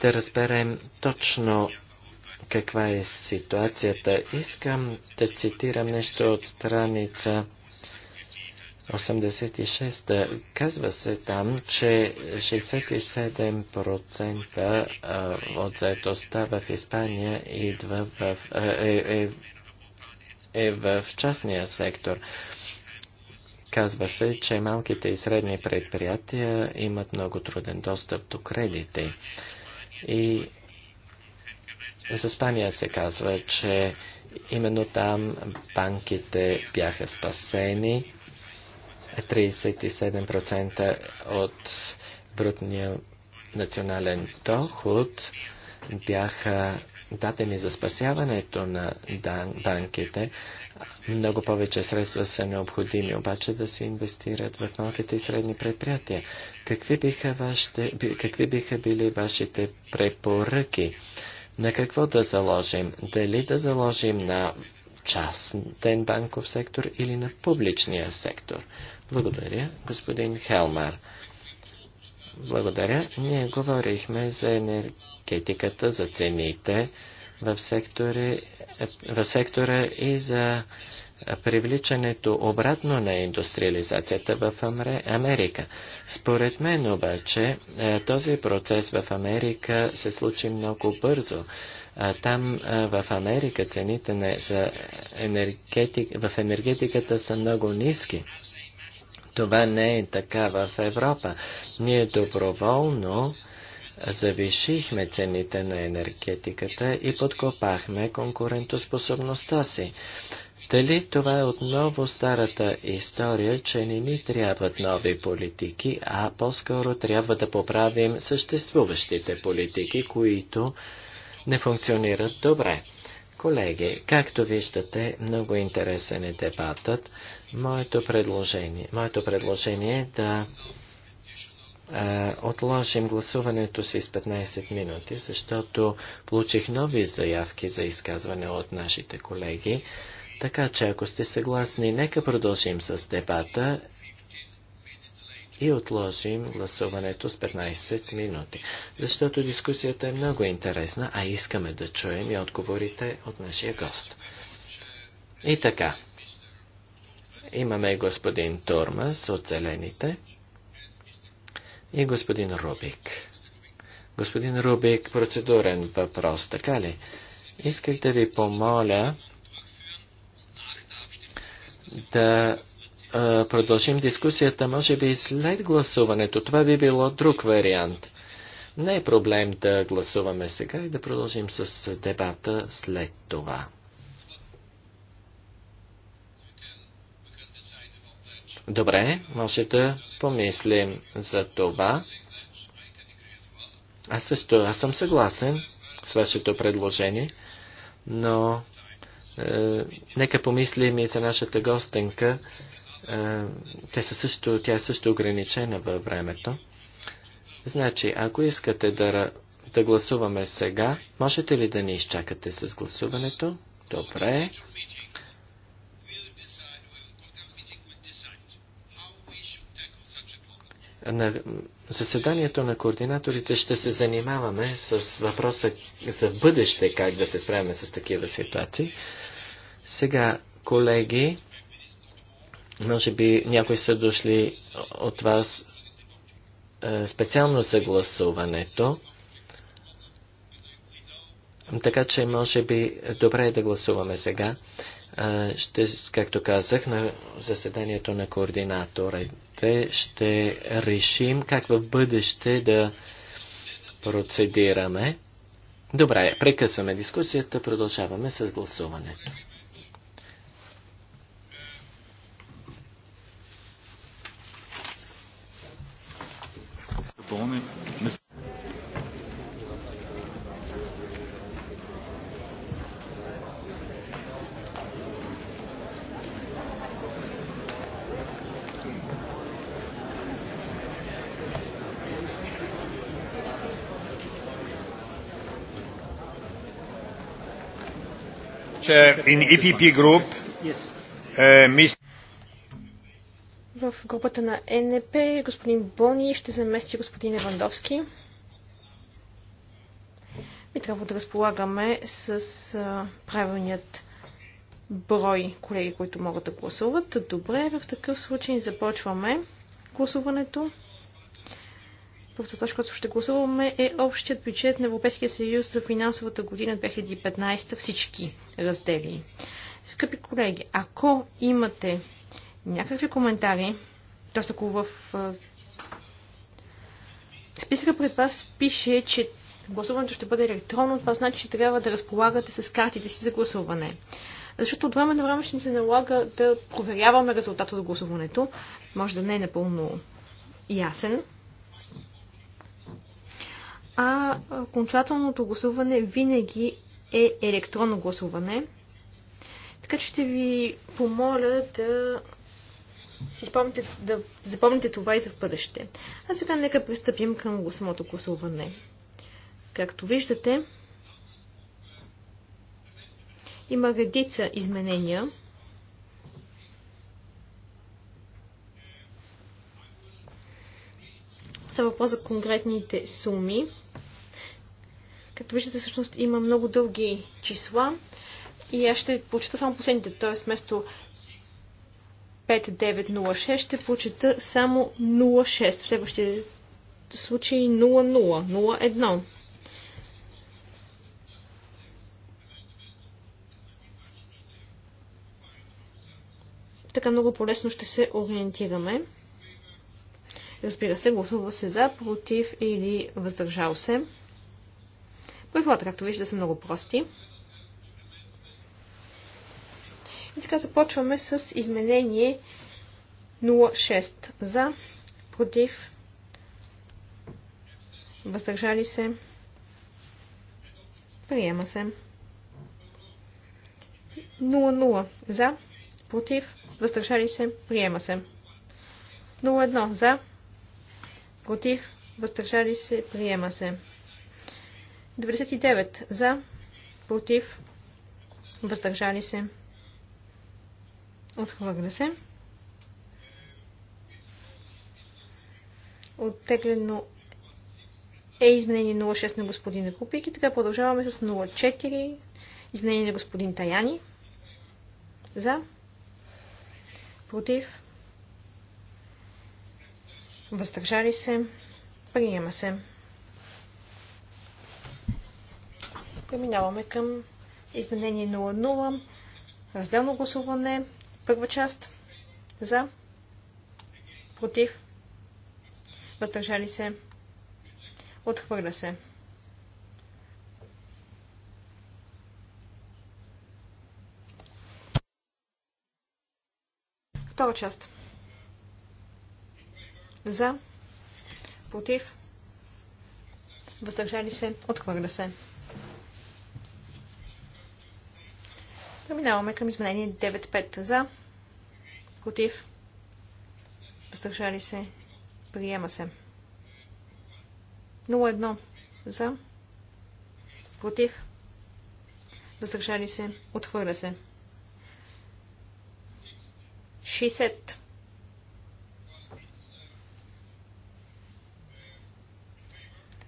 да разберем точно каква е ситуацията. Искам да цитирам нещо от страница 86. Казва се там, че 67% от заедостта в Испания идва в, е, е, е в частния сектор. Казва се, че малките и средни предприятия имат много труден достъп до кредити. И за Испания се казва, че именно там банките бяха спасени. 37% от брутния национален доход бяха дадени за спасяването на банките, много повече средства са необходими, обаче да се инвестират в малките и средни предприятия. Какви биха, вашите, какви биха били вашите препоръки? На какво да заложим? Дали да заложим на частен банков сектор или на публичния сектор? Благодаря, господин Хелмар. Благодаря. Ние говорихме за енергетиката, за цените в, сектори, в сектора и за привличането обратно на индустриализацията в Америка. Според мен обаче е, този процес в Америка се случи много бързо. Там в Америка цените на, за енергетик, в енергетиката са много ниски. Това не е така в Европа. Ние доброволно завишихме цените на енергетиката и подкопахме конкурентоспособността си. Дали това е отново старата история, че не ни трябват нови политики, а по-скоро трябва да поправим съществуващите политики, които не функционират добре. Колеги, както виждате, много интересен е дебатът. Моето предложение, моето предложение е да е, отложим гласуването си с 15 минути, защото получих нови заявки за изказване от нашите колеги. Така че, ако сте съгласни, нека продължим с дебата и отложим гласуването с 15 минути. Защото дискусията е много интересна, а искаме да чуем и отговорите от нашия гост. И така. Имаме господин Турмас от Зелените и господин Рубик. Господин Рубик, процедурен въпрос, така ли? Исках да ви помоля да а, продължим дискусията, може би след гласуването. Това би било друг вариант. Не е проблем да гласуваме сега и да продължим с дебата след това. Добре, може да помислим за това. Аз също, аз съм съгласен с вашето предложение, но е, нека помислим и за нашата гостенка. Е, те са също, тя е също ограничена във времето. Значи, ако искате да, да гласуваме сега, можете ли да ни изчакате с гласуването? Добре. На заседанието на координаторите ще се занимаваме с въпроса за бъдеще, как да се справим с такива ситуации. Сега, колеги, може би някои са дошли от вас е, специално за гласуването. Така че, може би, добре е да гласуваме сега ще, както казах, на заседанието на координаторите ще решим как в бъдеще да процедираме. Добре, прекъсваме дискусията, продължаваме с гласуването. Добре. Uh, in EPP Group, uh, В групата на НП господин Бони ще замести господин Евандовски. И трябва да разполагаме с правилният брой колеги, които могат да гласуват. Добре, в такъв случай започваме гласуването първата точка, която ще гласуваме е общият бюджет на Европейския съюз за финансовата година 2015 всички раздели. Скъпи колеги, ако имате някакви коментари, т.е. ако в списъка пред вас пише, че гласуването ще бъде електронно, това значи, че трябва да разполагате с картите си за гласуване. Защото от време на време ще ни се налага да проверяваме резултата от гласуването. Може да не е напълно ясен, а окончателното гласуване винаги е електронно гласуване. Така че ще ви помоля да си спомните, да запомните това и за в бъдеще. А сега нека пристъпим към самото гласуване. Както виждате, има редица изменения. Става въпрос за конкретните суми. Като виждате, всъщност има много дълги числа и аз ще почита само последните, т.е. вместо 5906 ще почета само 06. В следващия случай 00, 01. Така много по-лесно ще се ориентираме. Разбира се, гласува се за, против или въздържал се. Правилата, както виждате, са много прости. И така започваме с изменение 06 за, против, въздържали се, приема се. 00 за, против, въздържали се, приема се. 01 за, против, въздържали се, приема се. 99 за, против, въздържали се, отхвърля се. Оттеглено е изменение 06 на господин Купик и така продължаваме с 04 изменение на господин Таяни. За, против, въздържали се, приема се. Преминаваме към изменение 00. Разделно гласуване. Първа част. За. Против. Въздържали се. Отхвърля се. Втора част. За. Против. Въздържали се. Отхвърля се. Преминаваме към изменение 9.5 за, против, въздържали се, приема се. 0.1 за, против, въздържали се, отхвърля се. 60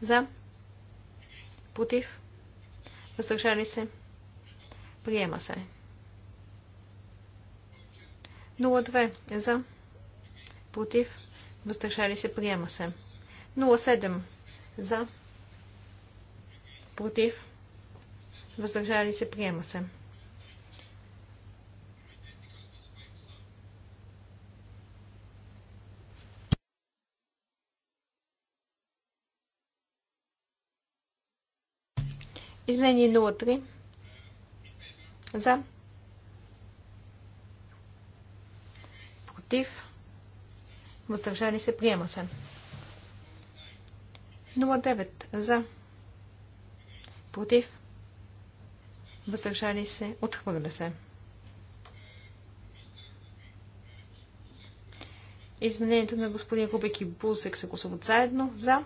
за, против, въздържали се, Приема се. 02 за. Против. Въздържали се. Приема се. 07 за. Против. Въздържали се. Приема се. Изменение 03 за. Против. Въздържали се. Приема се. 09. За. Против. Въздържали се. Отхвърля се. Изменението на господин Рубик и Бузек се гласуват заедно. За.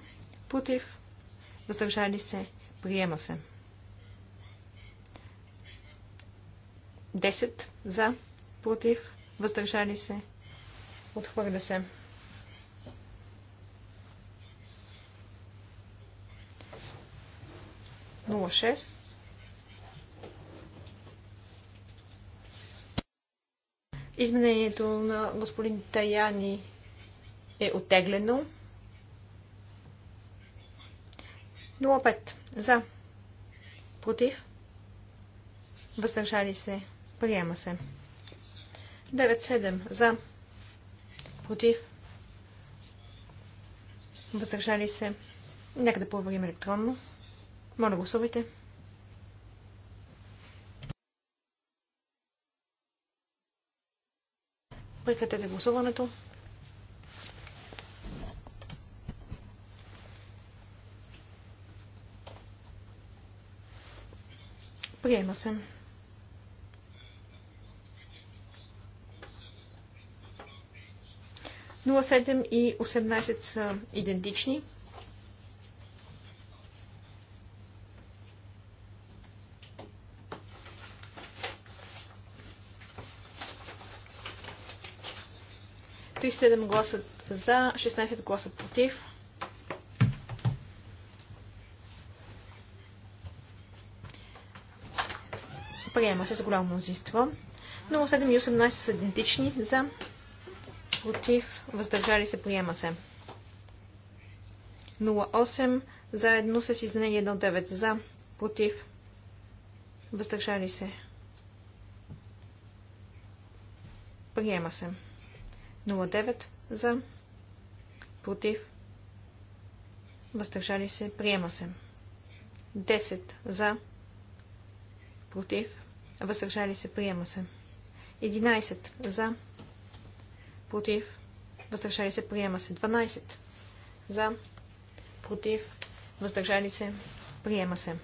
Против. Въздържали се. Приема се. 10 за, против, въздържали се, отхвърля се. Нула шест. Изменението на господин Таяни е отеглено. 05. За. Против. Въздържали се. Приема се. 9-7 за. Против. Въздържали се. Нека да проверим електронно. Моля, гласувайте. Прекратете гласуването. Приема се. 07 и 18 са идентични. и 7 гласа за, 16 гласа против. Приема се с голямо мнозинство. 07 и 18 са идентични за, против, въздържали се, приема се. 08 заедно с изменение 19 за, против, въздържали се. Приема се. 09 за, против, въздържали се, приема се. 10 за, против, въздържали се, приема се. 11 за, против, въздържали се, приема се. 12 за, против, въздържали се, приема се.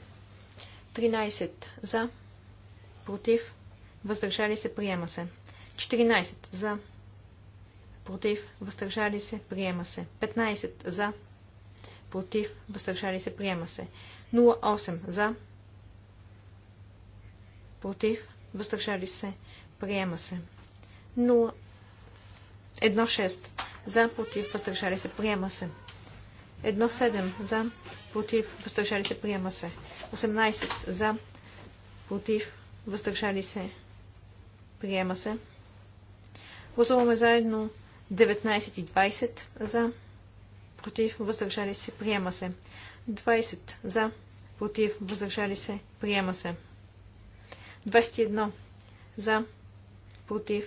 13 за, против, въздържали се, приема се. 14 за, против, въздържали се, приема се. 15 за, против, въздържали се, приема се. 08 за, против, въздържали се, приема се. 0... 1-6 за, против, въздържали се, приема се. 1-7 за, против, въздържали се, приема се. 18 за, против, въздържали се, приема се. Гласуваме заедно 19 и 20 за, против, въздържали се, приема се. 20 за, против, въздържали се, приема се. 21 за, против,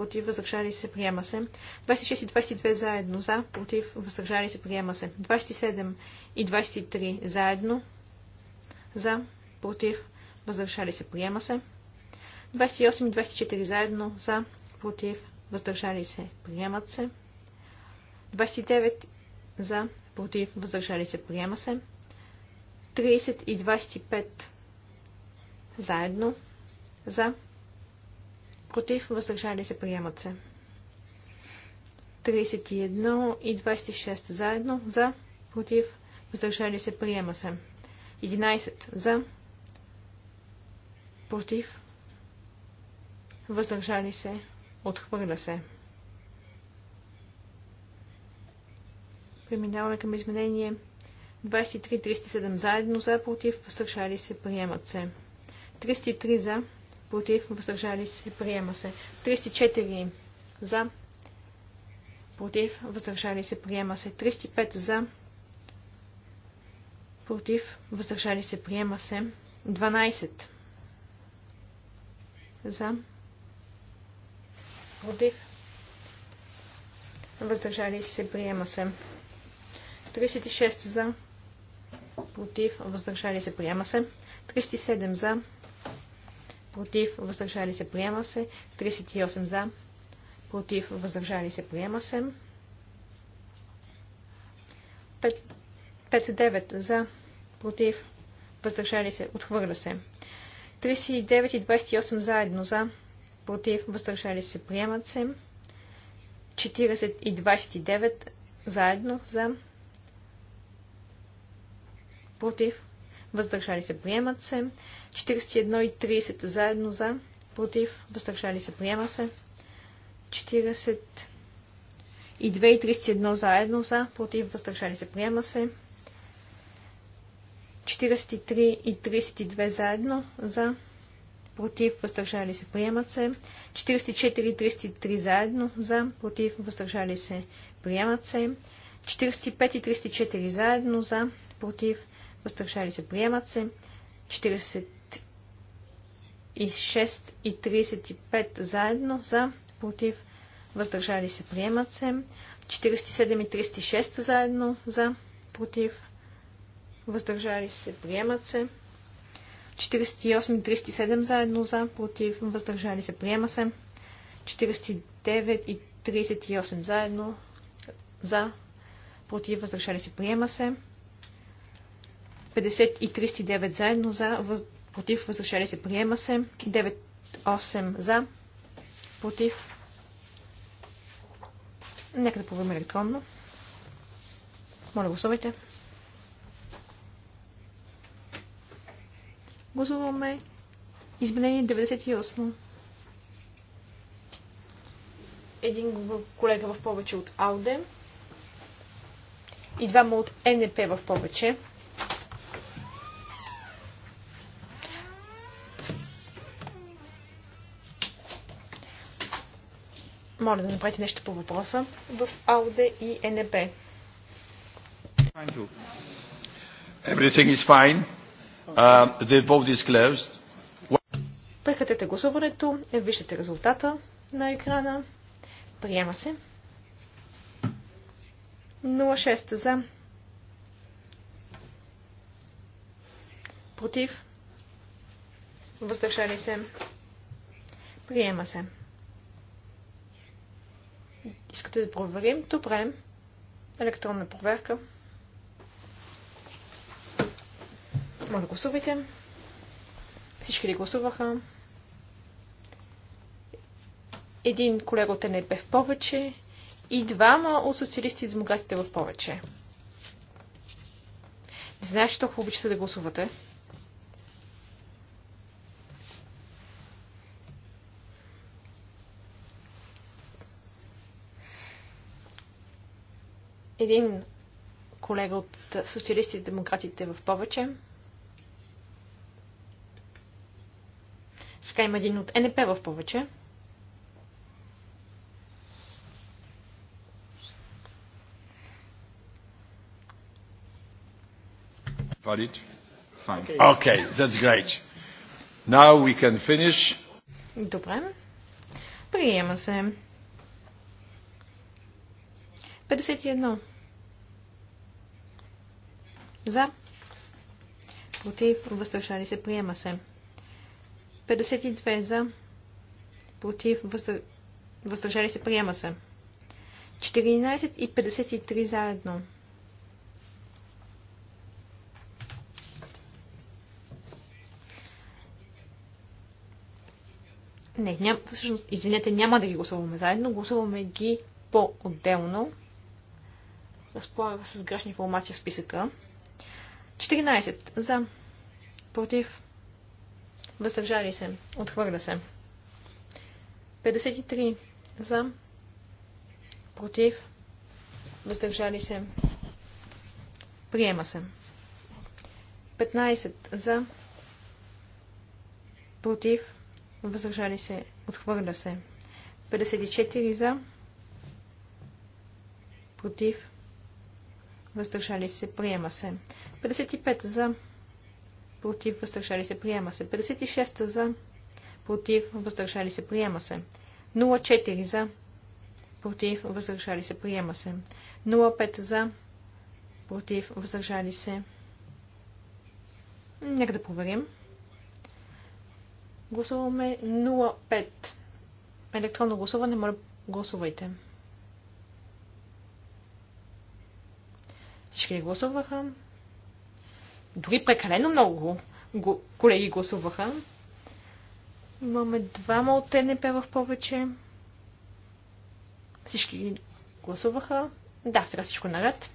против, въздържали се, приема се. 26 и 22 заедно, за, против, въздържали се, приема се. 27 и 23 заедно, за, против, въздържали се, приема се. 28 и 24 заедно, за, против, въздържали се, приемат се. 29 за, против, въздържали се, приема се. 30 и 25 заедно, за, против, въздържали се, приемат се. 31 и 26 заедно, за, против, въздържали се, приема се. 11 за, против, въздържали се, отхвърля се. Преминаваме към изменение 23-37 заедно, за, против, въздържали се, приемат се. 33 за, против, въздържали се, приема се. 34 за, против, въздържали се, приема се. 35 за, против, въздържали се, приема се. 12 за, против, въздържали се, приема се. 36 за, против, въздържали се, приема се. 37 за, против, въздържали се, приема се. 38 за, против, въздържали се, приема се. 59 за, против, въздържали се, отхвърля се. 39 и 28 заедно за, против, въздържали се, приемат се. 40 и 29 заедно за, против, въздържали се, приемат се. 41 и 30 заедно за, против, въздържали се, приема се. 40 и 2 и 31 заедно за, против, въздържали се, приема се. 43 и 32 заедно за, против, въздържали се, приемат се. 44 и 33 заедно за, против, въздържали се, приемат се. 45 и 34 заедно за, против, въздържали се, приемат се. 46 и 35 заедно за, против, въздържали се, приемат се. 47 и 36 заедно за, против, въздържали се, приемат се. 48 и 37 заедно за, против, въздържали се, приема се. 49 и 38 заедно за, против, въздържали се, приема се. 50 и 309 заедно за, въз... против, възрешали се, приема се. 9, 8 за, против. Нека да проверим електронно. Моля, гласувайте. Гласуваме изменение 98. Един колега в повече от Ауде и двама от НП в повече. Моля да направите нещо по въпроса в АУДЕ и НБ. Uh, Прекратете гласуването, виждате резултата на екрана. Приема се. 06 за. Против. Въздържали се. Приема се. Искате да проверим? Добре. Електронна проверка. Може да гласувате. Всички ли гласуваха? Един колега от НЕП е в повече и двама от социалисти и демократите в повече. Не знаеш, че толкова обичате да гласувате. Един колега от социалистите и демократите в повече. Сега има един от НП в повече. Valid? Fine. Okay, that's great. Now we can finish. Добре. Приема се. 51. За. Против. Въздържали се. Приема се. 52 за. Против. Въздържали се. Приема се. 14 и 53 заедно. Не, ням, всъщност, извинете, няма да ги гласуваме заедно. Гласуваме ги по-отделно. Разполага с грешни информация в списъка. 14. За. Против. Въздържали се. Отхвърля се. 53. За. Против. Въздържали се. Приема се. 15. За. Против. Въздържали се. Отхвърля се. 54. За. Против въздържали се, приема се. 55 за, против, въздържали се, приема се. 56 за, против, въздържали се, приема се. 04 за, против, въздържали се, приема се. 05 за, против, въздържали се. Нека да проверим. Гласуваме 05. Електронно гласуване, моля гласувайте. Всички гласуваха? Дори прекалено много колеги гласуваха. Имаме двама от ТНП в повече. Всички гласуваха. Да, сега всичко е наред.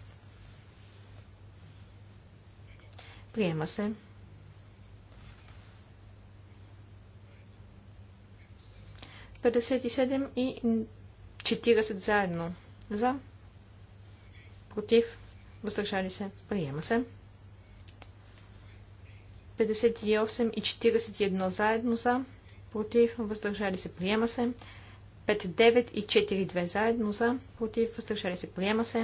Приема се. и 40 заедно. За. Против. Въздържали се. Приема се. 58 и 41 заедно за. Против. Въздържали се. Приема се. 59 и 42 заедно за. Против. Въздържали се. Приема се.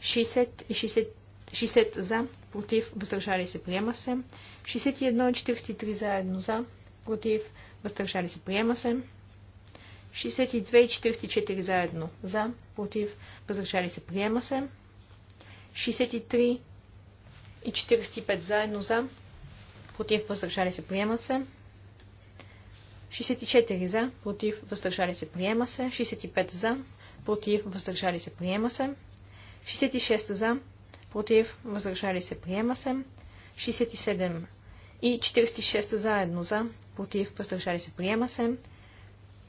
60 и 60, 60 за. Против. Въздържали се. Приема се. 61 и 43 заедно за. Против. Въздържали се. Приема се. 62 и 44 заедно. За, против, въздържали се, приема се. 63 и 45 заедно за, против, въздържали се, приема се. 64 за, против, въздържали се, приема се. 65 за, против, въздържали се, приема се. 66 за, против, въздържали се, приема се. 67 и 46 заедно за, против, въздържали се, приема се.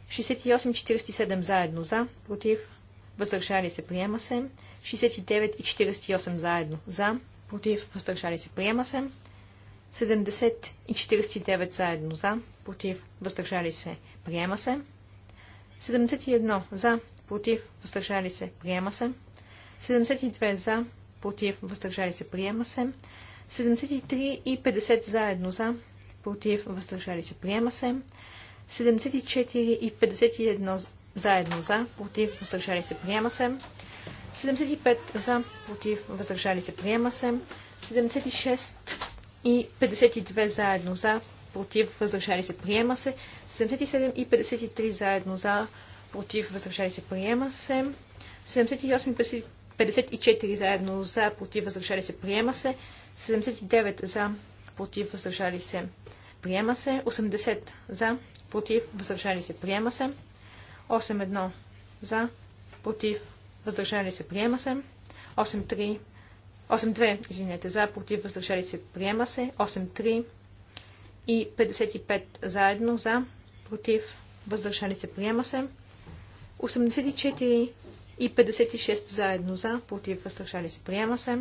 68-47 заедно за, против, въздържали се, приема се. 69 и 48 заедно. За, против, въздържали се, приема се. 70 и 49 заедно. За, против, въздържали се, приема се. 71 за, против, въздържали се, приема се. 72 за, против, въздържали се, приема се. 73 и 50 заедно за, против, въздържали се, приема се. 74 и 51 заедно за, против, въздържали се, приема се. 75 за, против, въздържали се, приема се. 76 и 52 заедно за, против, въздържали се, приема се. 77 и 53 заедно за, против, въздържали се, приема се. 78 и 54 заедно за, против, въздържали се, приема се. 79 за, против, въздържали се, приема се. 80 за, против, въздържали се, приема се. 8-1 за, против, въздържали се, приема се. 8-3, 8-2, извинете, за, против, въздържали се, приема се. 8-3 и 55 заедно, за, против, въздържали се, приема се. 84 и 56 заедно за, против, въздържали се, приема се.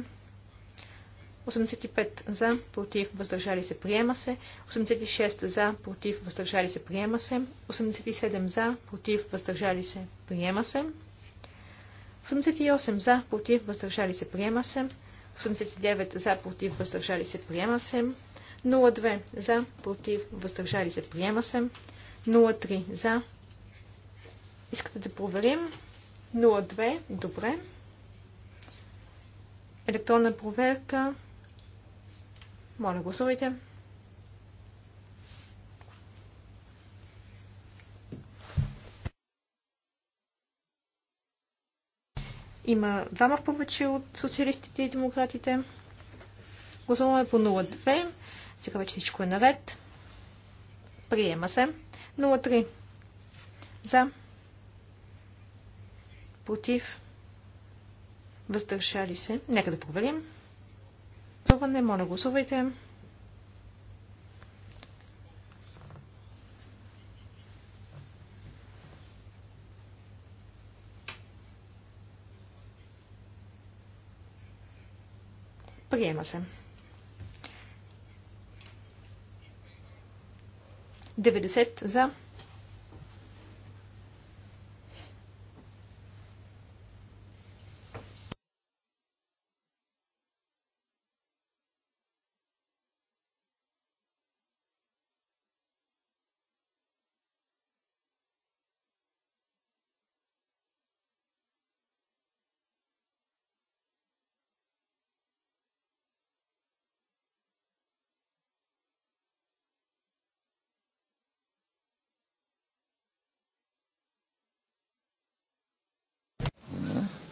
85 за, против, въздържали се, приема се. 86 за, против, въздържали се, приема се. 87 за, против, въздържали се, приема се. 88 за, против, въздържали се, приема се. 89 за, против, въздържали се, приема се. 02 за, против, въздържали се, приема се. 03 за. Искате да проверим? 02, добре. Електронна проверка. Моля, гласувайте. Има двама в повече от социалистите и демократите. Гласуваме по 0-2. Сега вече всичко е наред. Приема се. 0-3. За. Против. Въздържали се. Нека да проверим. Гласуване. Моля, гласувайте. Гласувайте. Приема се. 90 за.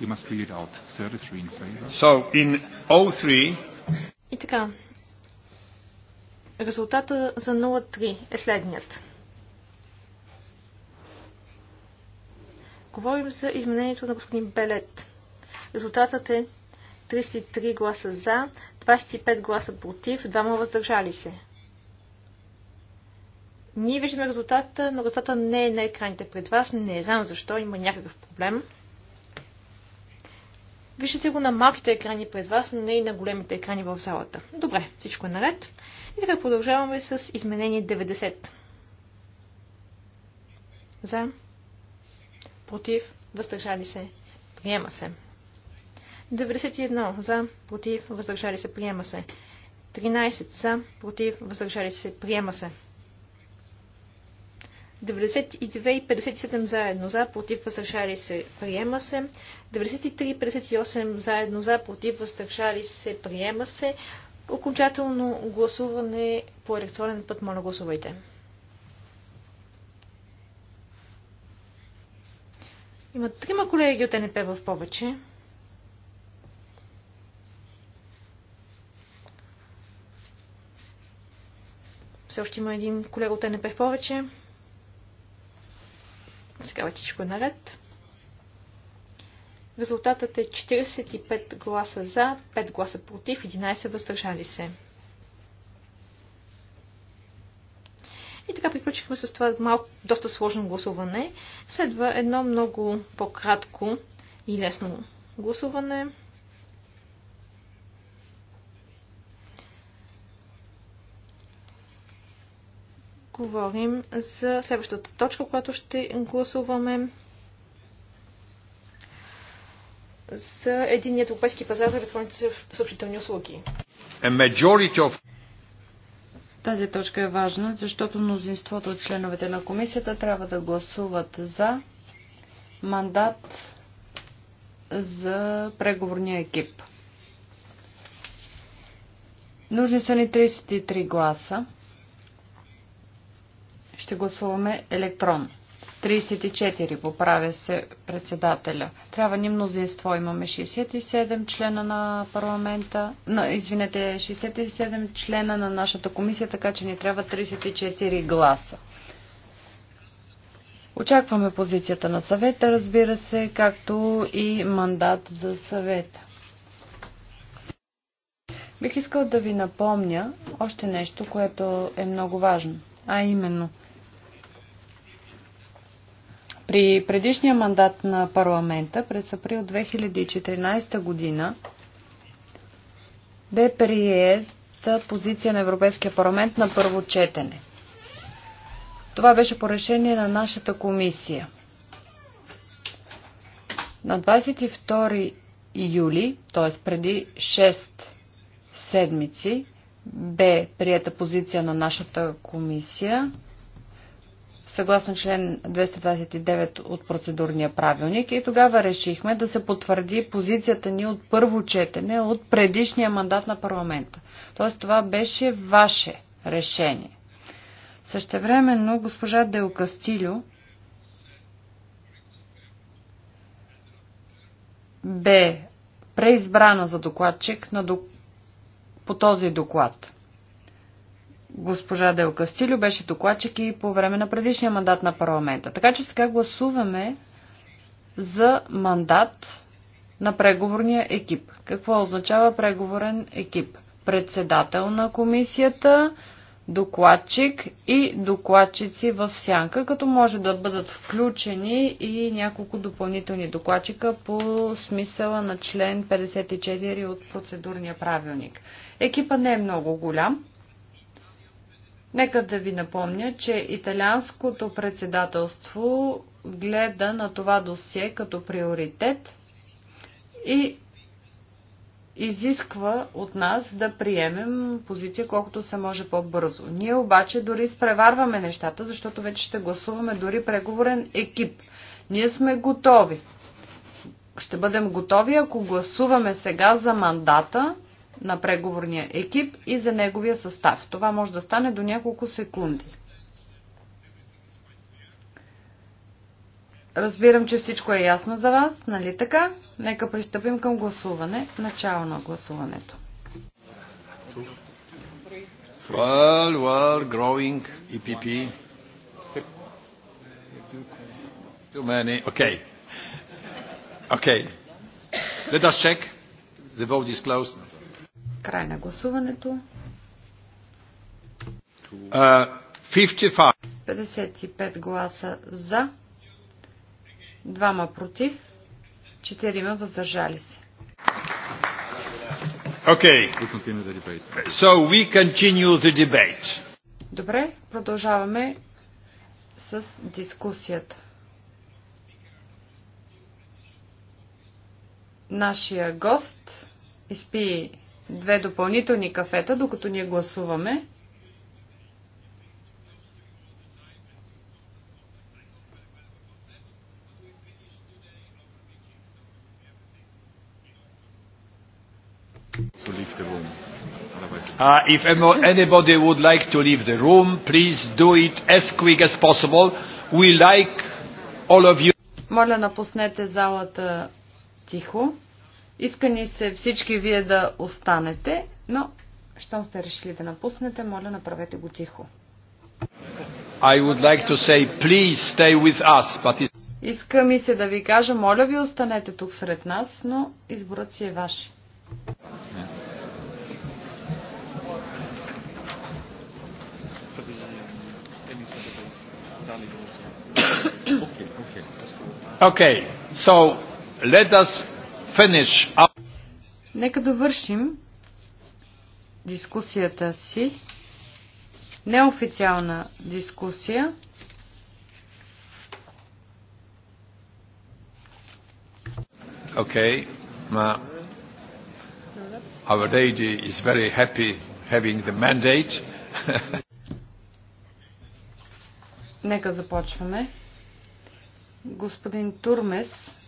You must read it out. 33 in favor. So in 03. И така. Резултата за 03 е следният. Говорим за изменението на господин Белет. Резултатът е 33 гласа за, 25 гласа против, 2 въздържали се. Ние виждаме резултата, но резултата не е на екраните пред вас. Не знам защо, има някакъв проблем. Виждате го на малките екрани пред вас, но не и на големите екрани в залата. Добре, всичко е наред. И така продължаваме с изменение 90. За. Против. Въздържали се. Приема се. 91. За. Против. Въздържали се. Приема се. 13. За. Против. Въздържали се. Приема се. 92 и 57 заедно за, против въздържали се, приема се. 93 58 заедно за, против въздържали се, приема се. Окончателно гласуване по електронен път, моля гласувайте. Има трима колеги от НП в повече. Все още има един колега от НП в повече. Сега вече всичко е наред. Резултатът е 45 гласа за, 5 гласа против, 11 въздържали се. И така приключихме с това малко, доста сложно гласуване. Следва едно много по-кратко и лесно гласуване. говорим за следващата точка, която ще гласуваме за единият европейски пазар за електронните съобщителни услуги. Of... Тази точка е важна, защото мнозинството от членовете на комисията трябва да гласуват за мандат за преговорния екип. Нужни са ни 33 гласа. Ще гласуваме Електрон. 34 поправя се председателя. Трябва ни мнозинство. Имаме 67 члена на парламента. На, извинете, 67 члена на нашата комисия, така че ни трябва 34 гласа. Очакваме позицията на съвета, разбира се, както и мандат за съвета. Бих искал да ви напомня още нещо, което е много важно, а именно – при предишния мандат на парламента през април 2014 година бе приета позиция на Европейския парламент на първо четене. Това беше по решение на нашата комисия. На 22 юли, т.е. преди 6 седмици, бе прията позиция на нашата комисия съгласно член 229 от процедурния правилник и тогава решихме да се потвърди позицията ни от първо четене от предишния мандат на парламента. Тоест това беше ваше решение. Същевременно госпожа Дел Кастилю бе преизбрана за докладчик на док... по този доклад. Госпожа Дел Кастилю беше докладчик и по време на предишния мандат на парламента. Така че сега гласуваме за мандат на преговорния екип. Какво означава преговорен екип? Председател на комисията, докладчик и докладчици в сянка, като може да бъдат включени и няколко допълнителни докладчика по смисъла на член 54 от процедурния правилник. Екипа не е много голям, Нека да ви напомня, че италианското председателство гледа на това досие като приоритет и изисква от нас да приемем позиция колкото се може по-бързо. Ние обаче дори спреварваме нещата, защото вече ще гласуваме дори преговорен екип. Ние сме готови. Ще бъдем готови, ако гласуваме сега за мандата на преговорния екип и за неговия състав. Това може да стане до няколко секунди. Разбирам, че всичко е ясно за вас, нали така? Нека пристъпим към гласуване, начало на гласуването. Well, well, growing EPP. Too many. Okay. Okay. Let us check. The vote is closed. Край на гласуването. 55. Uh, гласа за, 2 против, 4 въздържали се. Okay. So we continue the debate. Добре, продължаваме с дискусията. Нашия гост изпи две допълнителни кафета, докато ние гласуваме. Uh, if anybody would like to leave the room, please do it as quick as possible. We like all of you. Моля, напуснете залата тихо. Иска ни се всички вие да останете, но щом сте решили да напуснете, моля направете го тихо. I would like to say, please stay with us, but it... Иска ми се да ви кажа, моля ви останете тук сред нас, но изборът си е ваш. Okay, Okay, so let us finish up. Нека довършим дискусията си. Неофициална дискусия. Okay. Uh, our lady is very happy having the mandate. Нека започваме. Господин Турмес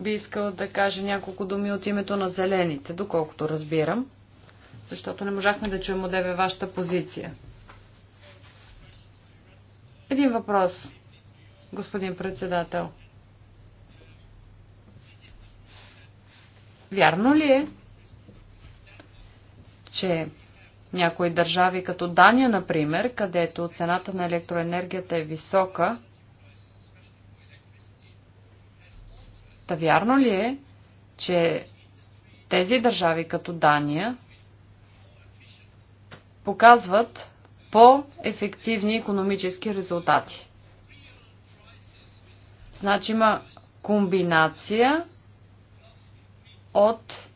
би искал да каже няколко думи от името на зелените, доколкото разбирам, защото не можахме да чуем одебе вашата позиция. Един въпрос, господин председател. Вярно ли е, че някои държави, като Дания, например, където цената на електроенергията е висока, Та вярно ли е, че тези държави като Дания показват по-ефективни економически резултати? Значи има комбинация от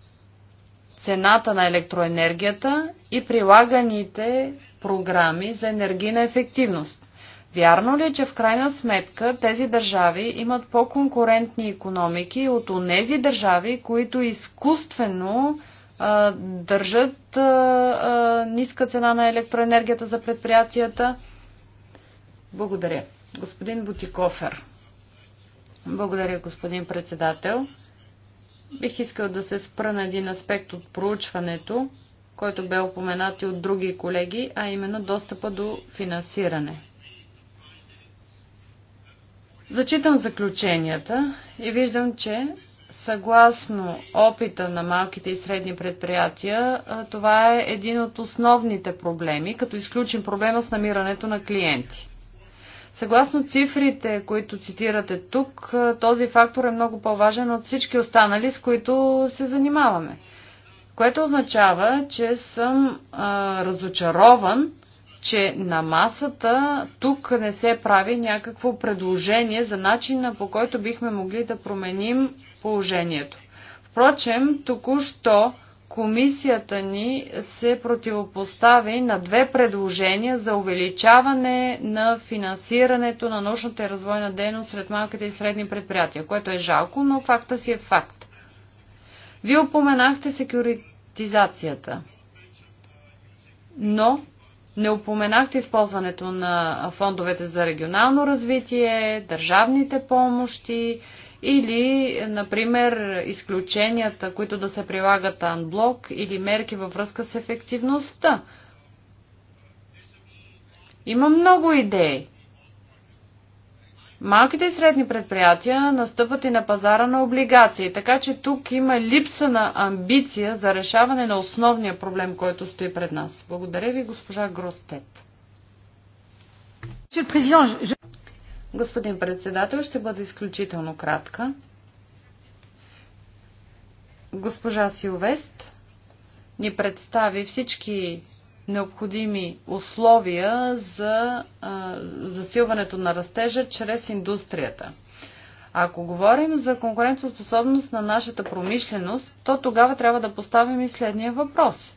цената на електроенергията и прилаганите програми за енергийна ефективност. Вярно ли е, че в крайна сметка тези държави имат по-конкурентни економики от онези държави, които изкуствено а, държат а, а, ниска цена на електроенергията за предприятията? Благодаря. Господин Бутикофер. Благодаря, господин председател. Бих искал да се спра на един аспект от проучването, който бе упоменат и от други колеги, а именно достъпа до финансиране. Зачитам заключенията и виждам, че съгласно опита на малките и средни предприятия, това е един от основните проблеми, като изключим проблема с намирането на клиенти. Съгласно цифрите, които цитирате тук, този фактор е много по-важен от всички останали, с които се занимаваме. Което означава, че съм а, разочарован че на масата тук не се прави някакво предложение за начина по който бихме могли да променим положението. Впрочем, току-що комисията ни се противопостави на две предложения за увеличаване на финансирането на научната и развойна дейност сред малките и средни предприятия, което е жалко, но факта си е факт. Вие упоменахте секюритизацията, но не упоменахте използването на фондовете за регионално развитие, държавните помощи или, например, изключенията, които да се прилагат анблок или мерки във връзка с ефективността. Има много идеи. Малките и средни предприятия настъпват и на пазара на облигации, така че тук има липса на амбиция за решаване на основния проблем, който стои пред нас. Благодаря ви, госпожа Гростет. Господин председател, ще бъда изключително кратка. Госпожа Силвест ни представи всички необходими условия за засилването на растежа чрез индустрията. Ако говорим за конкурентоспособност на нашата промишленост, то тогава трябва да поставим и следния въпрос.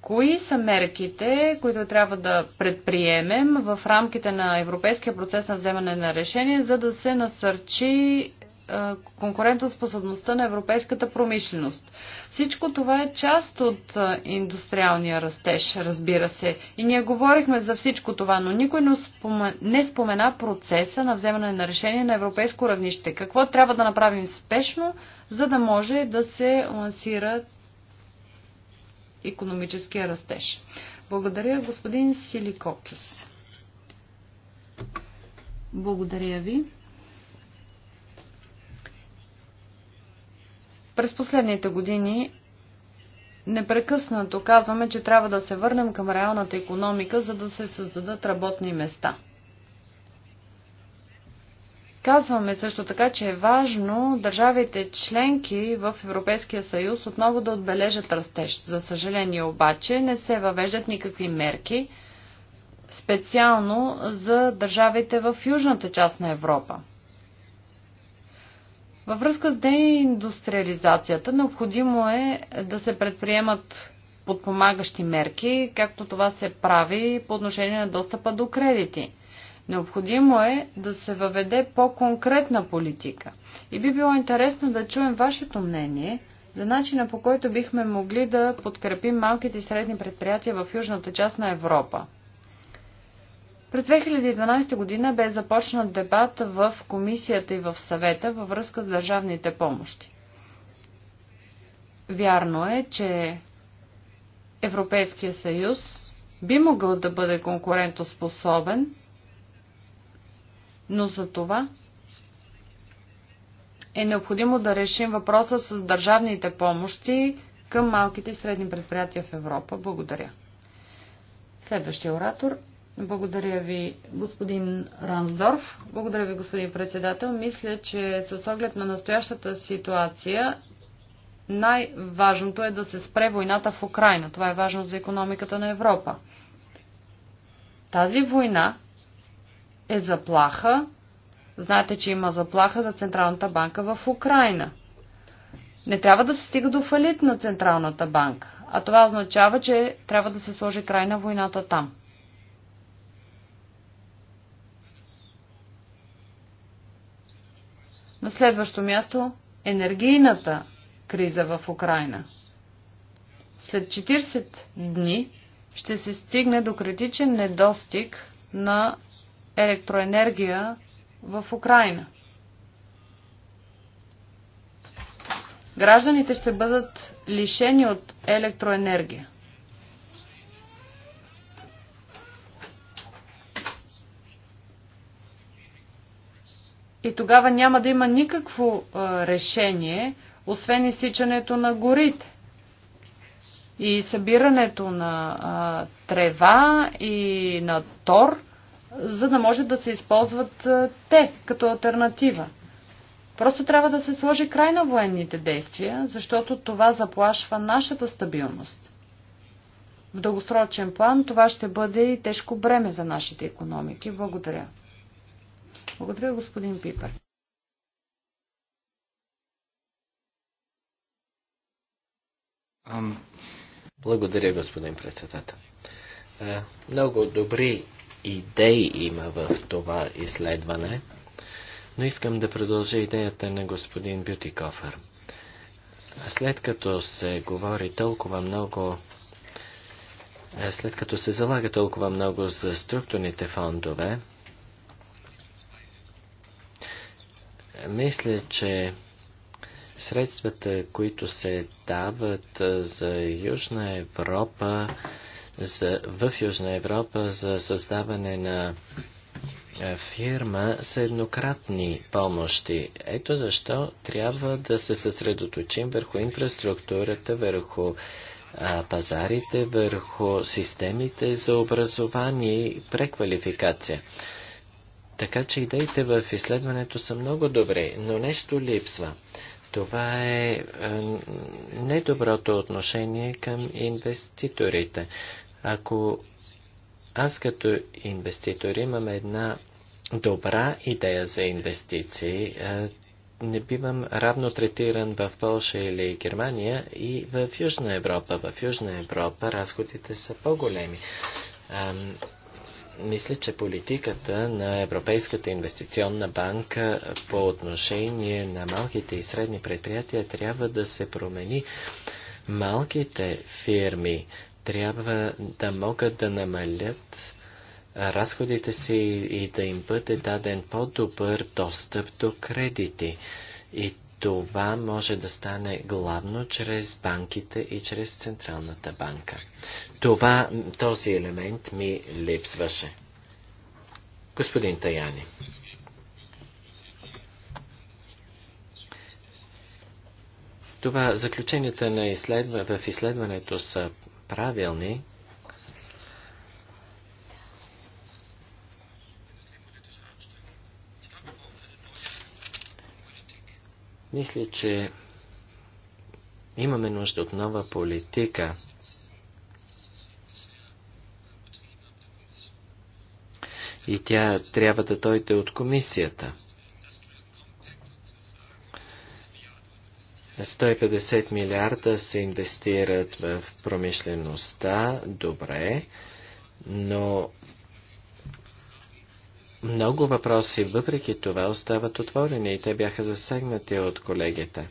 Кои са мерките, които трябва да предприемем в рамките на европейския процес на вземане на решение, за да се насърчи е, конкурентоспособността на европейската промишленост. Всичко това е част от е, индустриалния растеж, разбира се. И ние говорихме за всичко това, но никой не спомена процеса на вземане на решение на европейско равнище. Какво трябва да направим спешно, за да може да се лансира економическия растеж. Благодаря, господин Силикокис. Благодаря ви. През последните години непрекъснато казваме, че трябва да се върнем към реалната економика, за да се създадат работни места. Казваме също така, че е важно държавите членки в Европейския съюз отново да отбележат растеж. За съжаление обаче не се въвеждат никакви мерки, специално за държавите в южната част на Европа. Във връзка с деиндустриализацията, необходимо е да се предприемат подпомагащи мерки, както това се прави по отношение на достъпа до кредити. Необходимо е да се въведе по-конкретна политика. И би било интересно да чуем вашето мнение за начина по който бихме могли да подкрепим малките и средни предприятия в южната част на Европа. През 2012 година бе започнат дебат в комисията и в съвета във връзка с държавните помощи. Вярно е, че Европейския съюз би могъл да бъде конкурентоспособен, но за това е необходимо да решим въпроса с държавните помощи към малките и средни предприятия в Европа. Благодаря. Следващия оратор благодаря ви, господин Рансдорф. Благодаря ви, господин председател. Мисля, че с оглед на настоящата ситуация най-важното е да се спре войната в Украина. Това е важно за економиката на Европа. Тази война е заплаха. Знаете, че има заплаха за Централната банка в Украина. Не трябва да се стига до фалит на Централната банка, а това означава, че трябва да се сложи край на войната там. На следващо място енергийната криза в Украина. След 40 дни ще се стигне до критичен недостиг на електроенергия в Украина. Гражданите ще бъдат лишени от електроенергия. И тогава няма да има никакво а, решение, освен изсичането на горите и събирането на а, трева и на тор, за да може да се използват а, те като альтернатива. Просто трябва да се сложи край на военните действия, защото това заплашва нашата стабилност. В дългосрочен план това ще бъде и тежко бреме за нашите економики. Благодаря. Благодаря, господин Пипър. Благодаря, господин председател. Е, много добри идеи има в това изследване, но искам да продължа идеята на господин Бютикофър. След като се говори толкова много, е, след като се залага толкова много за структурните фондове, Мисля, че средствата, които се дават за Южна Европа, за, в Южна Европа за създаване на фирма са еднократни помощи. Ето защо трябва да се съсредоточим върху инфраструктурата, върху а, пазарите, върху системите за образование и преквалификация. Така че идеите в изследването са много добри, но нещо липсва. Това е, е недоброто отношение към инвеститорите. Ако аз като инвеститор имам една добра идея за инвестиции, е, не бивам равно третиран в Польша или Германия и в Южна Европа. В Южна Европа разходите са по-големи мисля, че политиката на Европейската инвестиционна банка по отношение на малките и средни предприятия трябва да се промени. Малките фирми трябва да могат да намалят разходите си и да им бъде даден по-добър достъп до кредити. И това може да стане главно чрез банките и чрез Централната банка. Това, този елемент ми липсваше. Господин Таяни. Това заключенията на изследва... в изследването са правилни, Мисля, че имаме нужда от нова политика. И тя трябва да дойде от комисията. 150 милиарда се инвестират в промишлеността, добре, но много въпроси, въпреки това, остават отворени и те бяха засегнати от колегите.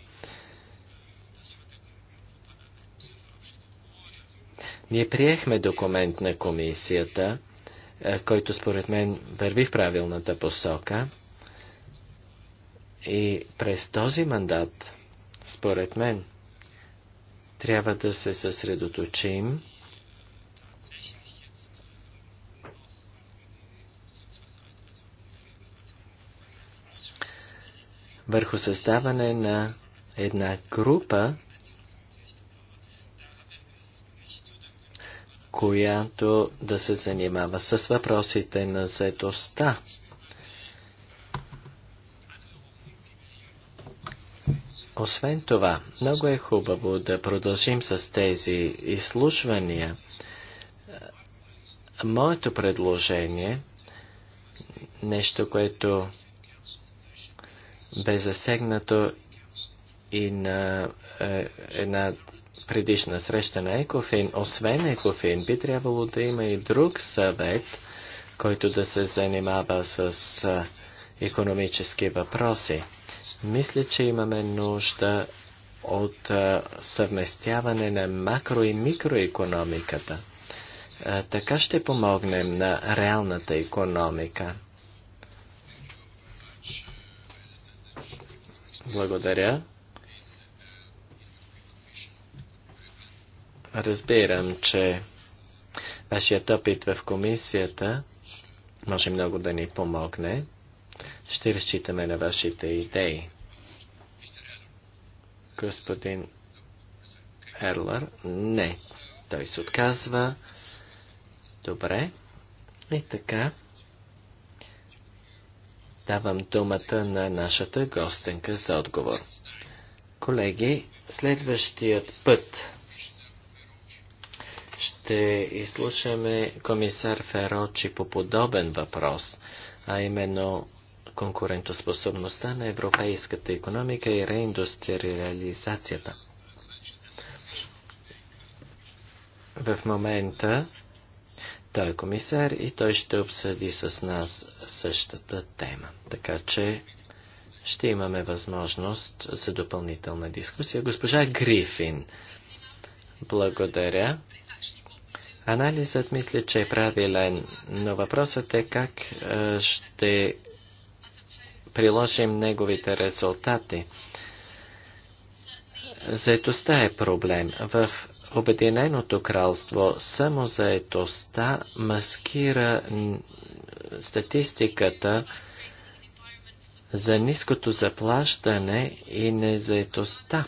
Ние приехме документ на комисията, е, който според мен върви в правилната посока. И през този мандат, според мен, трябва да се съсредоточим върху създаване на една група, която да се занимава с въпросите на заедостта. Освен това, много е хубаво да продължим с тези изслушвания. Моето предложение, нещо, което бе засегнато и на е, една предишна среща на Екофин. Освен Екофин, би трябвало да има и друг съвет, който да се занимава с економически въпроси. Мисля, че имаме нужда от е, съвместяване на макро и микроекономиката. Е, така ще помогнем на реалната економика. Благодаря. Разбирам, че вашият опит в комисията може много да ни помогне. Ще разчитаме на вашите идеи. Господин Ерлър, не. Той се отказва. Добре. И така. Давам думата на нашата гостенка за отговор. Колеги, следващият път ще изслушаме комисар Ферочи по подобен въпрос, а именно конкурентоспособността на европейската економика и реиндустриализацията. В момента той е комисар и той ще обсъди с нас същата тема. Така че ще имаме възможност за допълнителна дискусия. Госпожа Грифин, благодаря. Анализът мисля, че е правилен, но въпросът е как е, ще приложим неговите резултати. Заетостта е проблем. В Обединеното кралство само заетостта маскира статистиката за ниското заплащане и незаетостта.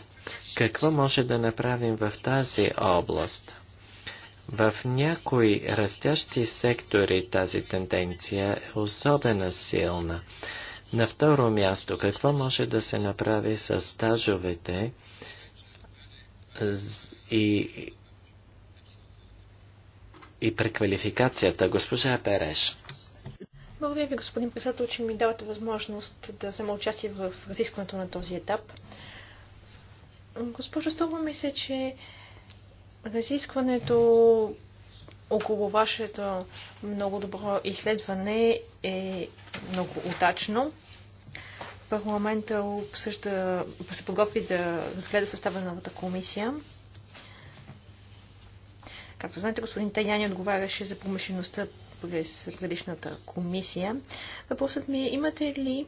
Какво може да направим в тази област? В някои растящи сектори тази тенденция е особено силна. На второ място, какво може да се направи с стажовете и, и преквалификацията. Госпожа Переш. Благодаря ви, господин председател, че ми давате възможност да взема участие в разискването на този етап. Госпожо Стоба, мисля, че разискването около вашето много добро изследване е много удачно. Парламента обсъжда, се подготви да разгледа състава на новата комисия. Както знаете, господин Таяни отговаряше за промишлеността през предишната комисия. Въпросът ми е, имате ли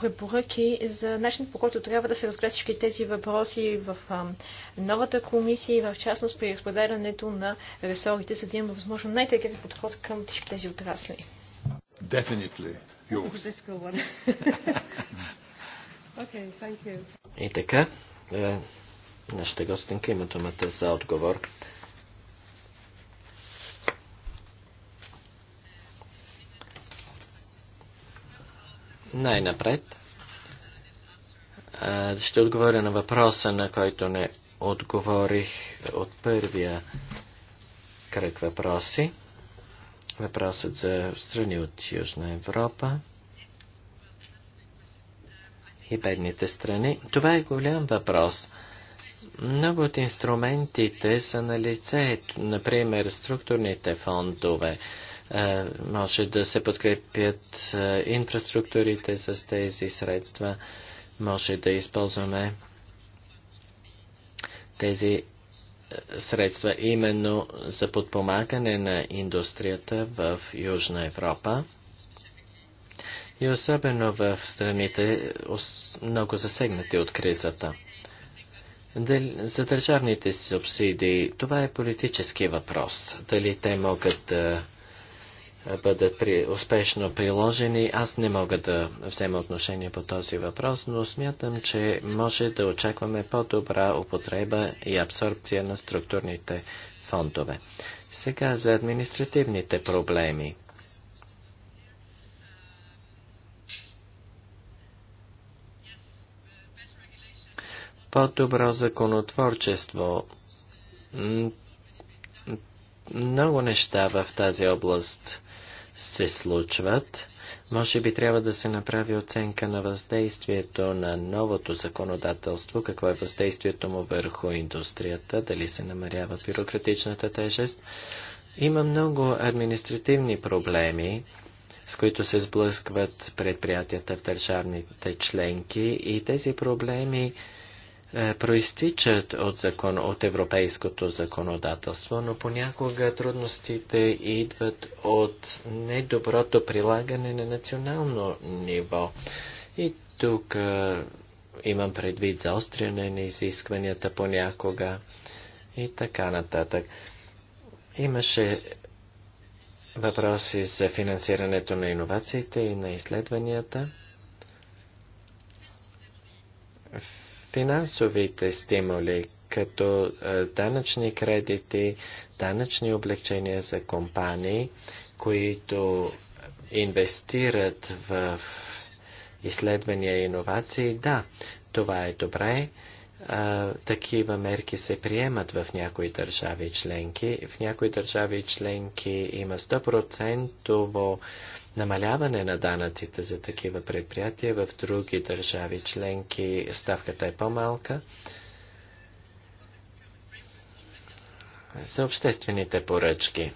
препоръки за начин по който трябва да се разгледат всички тези въпроси в новата комисия и в частност при разпределянето на ресорите, за да имаме възможно най-тегъв подход към всички тези отрасли? Definitely. Yours. okay, thank you. И така, е, Нашата гостенка има думата за отговор. Най-напред ще отговоря на въпроса, на който не отговорих от първия кръг въпроси. Въпросът за страни от Южна Европа и бедните страни. Това е голям въпрос – много от инструментите са на лице, например структурните фондове. Е, може да се подкрепят е, инфраструктурите с тези средства. Може да използваме тези е, средства именно за подпомагане на индустрията в Южна Европа и особено в страните много засегнати от кризата. За държавните субсидии това е политически въпрос. Дали те могат да бъдат при, успешно приложени. Аз не мога да взема отношение по този въпрос, но смятам, че може да очакваме по-добра употреба и абсорбция на структурните фондове. Сега за административните проблеми. по-добро законотворчество. Много неща в тази област се случват. Може би трябва да се направи оценка на въздействието на новото законодателство, какво е въздействието му върху индустрията, дали се намерява бюрократичната тежест. Има много административни проблеми, с които се сблъскват предприятията в държавните членки и тези проблеми е, проистичат от, закон, от европейското законодателство, но понякога трудностите идват от недоброто прилагане на национално ниво. И тук а, е, имам предвид заостряне на изискванията понякога и така нататък. Имаше въпроси за финансирането на иновациите и на изследванията финансовите стимули, като е, данъчни кредити, данъчни облегчения за компании, които инвестират в изследвания и иновации. Да, това е добре. А, е, такива мерки се приемат в някои държави членки. В някои държави членки има 100% намаляване на данъците за такива предприятия. В други държави членки ставката е по-малка. За обществените поръчки.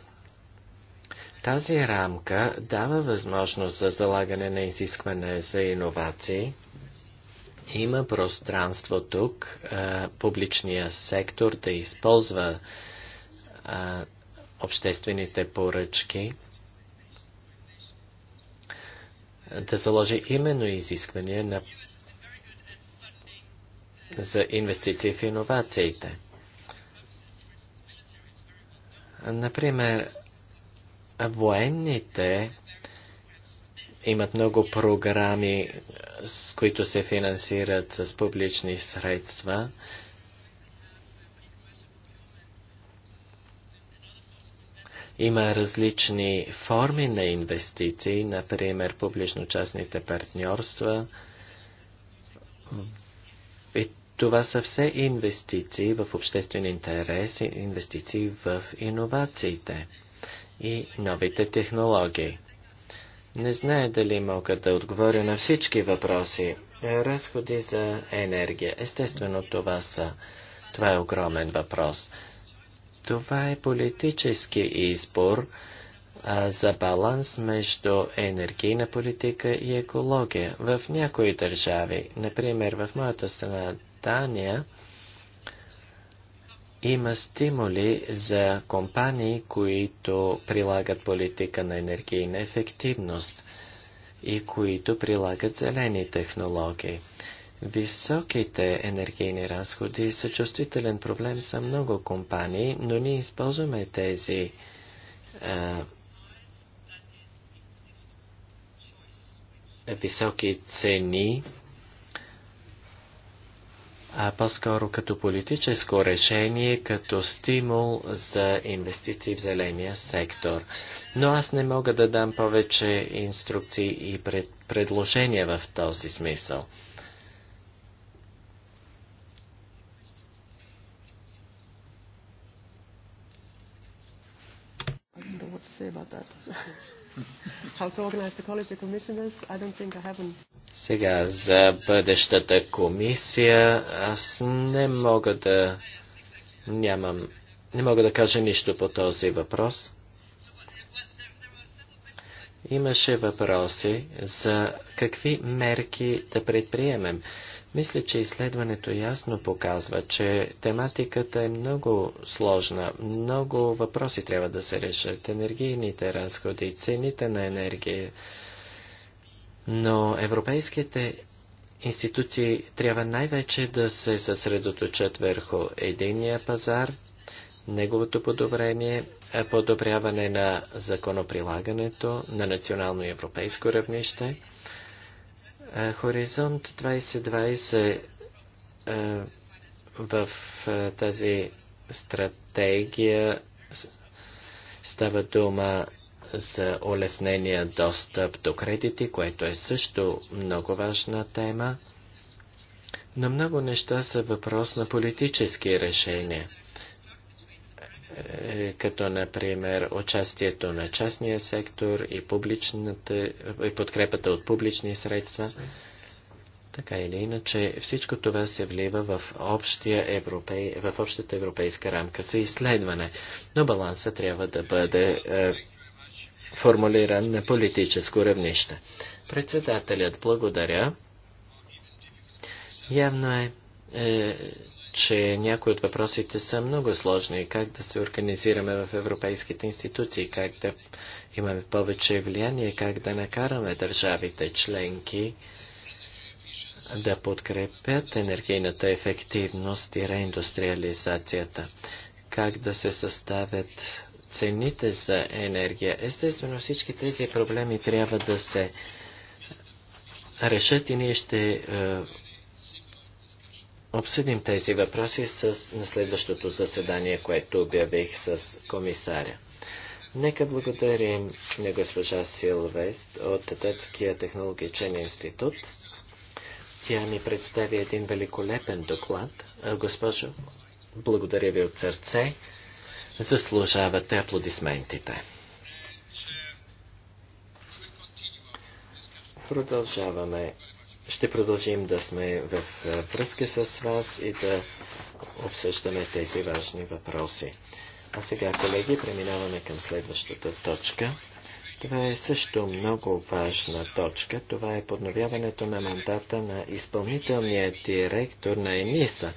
Тази рамка дава възможност за залагане на изискване за иновации. Има пространство тук публичния сектор да използва обществените поръчки да заложи именно изисквания на, за инвестиции в иновациите. Например, военните имат много програми, с които се финансират с публични средства Има различни форми на инвестиции, например публично-частните партньорства. И това са все инвестиции в обществен интерес, инвестиции в иновациите и новите технологии. Не знае дали мога да отговоря на всички въпроси. Разходи за енергия. Естествено, това, са, това е огромен въпрос. Това е политически избор а, за баланс между енергийна политика и екология. В някои държави, например в моята страна Дания, има стимули за компании, които прилагат политика на енергийна ефективност и които прилагат зелени технологии. Високите енергийни разходи са чувствителен проблем за много компании, но ние използваме тези а, високи цени, а по-скоро като политическо решение, като стимул за инвестиции в зеления сектор. Но аз не мога да дам повече инструкции и пред, предложения в този смисъл. say about that. How to organize the college of commissioners, I don't think I haven't. Сега за бъдещата комисия аз не мога да нямам, не мога да кажа нищо по този въпрос. Имаше въпроси за какви мерки да предприемем. Мисля, че изследването ясно показва, че тематиката е много сложна. Много въпроси трябва да се решат. Енергийните разходи, цените на енергия. Но европейските институции трябва най-вече да се съсредоточат върху единия пазар, неговото подобрение, подобряване на законоприлагането на национално и европейско равнище, е, хоризонт 2020 е, в е, тази стратегия става дума за улеснения достъп до кредити, което е също много важна тема, но много неща са въпрос на политически решения – е, като например участието на частния сектор и, публичната, и подкрепата от публични средства. Така или иначе, всичко това се влива в, общия европей, в общата европейска рамка за изследване, но баланса трябва да бъде е, формулиран на политическо равнище. Председателят благодаря. Явно е, е че някои от въпросите са много сложни. Как да се организираме в европейските институции, как да имаме повече влияние, как да накараме държавите членки да подкрепят енергийната ефективност и реиндустриализацията, как да се съставят цените за енергия. Естествено, всички тези проблеми трябва да се решат и ние ще е, обсъдим тези въпроси с, на следващото заседание, което обявих с комисаря. Нека благодарим на госпожа Силвест от Детския технологичен институт. Тя ми представи един великолепен доклад. Госпожо, благодаря ви от сърце. Заслужавате аплодисментите. Продължаваме ще продължим да сме в връзка с вас и да обсъждаме тези важни въпроси. А сега, колеги, преминаваме към следващата точка. Това е също много важна точка. Това е подновяването на мандата на изпълнителния директор на ЕНИСА.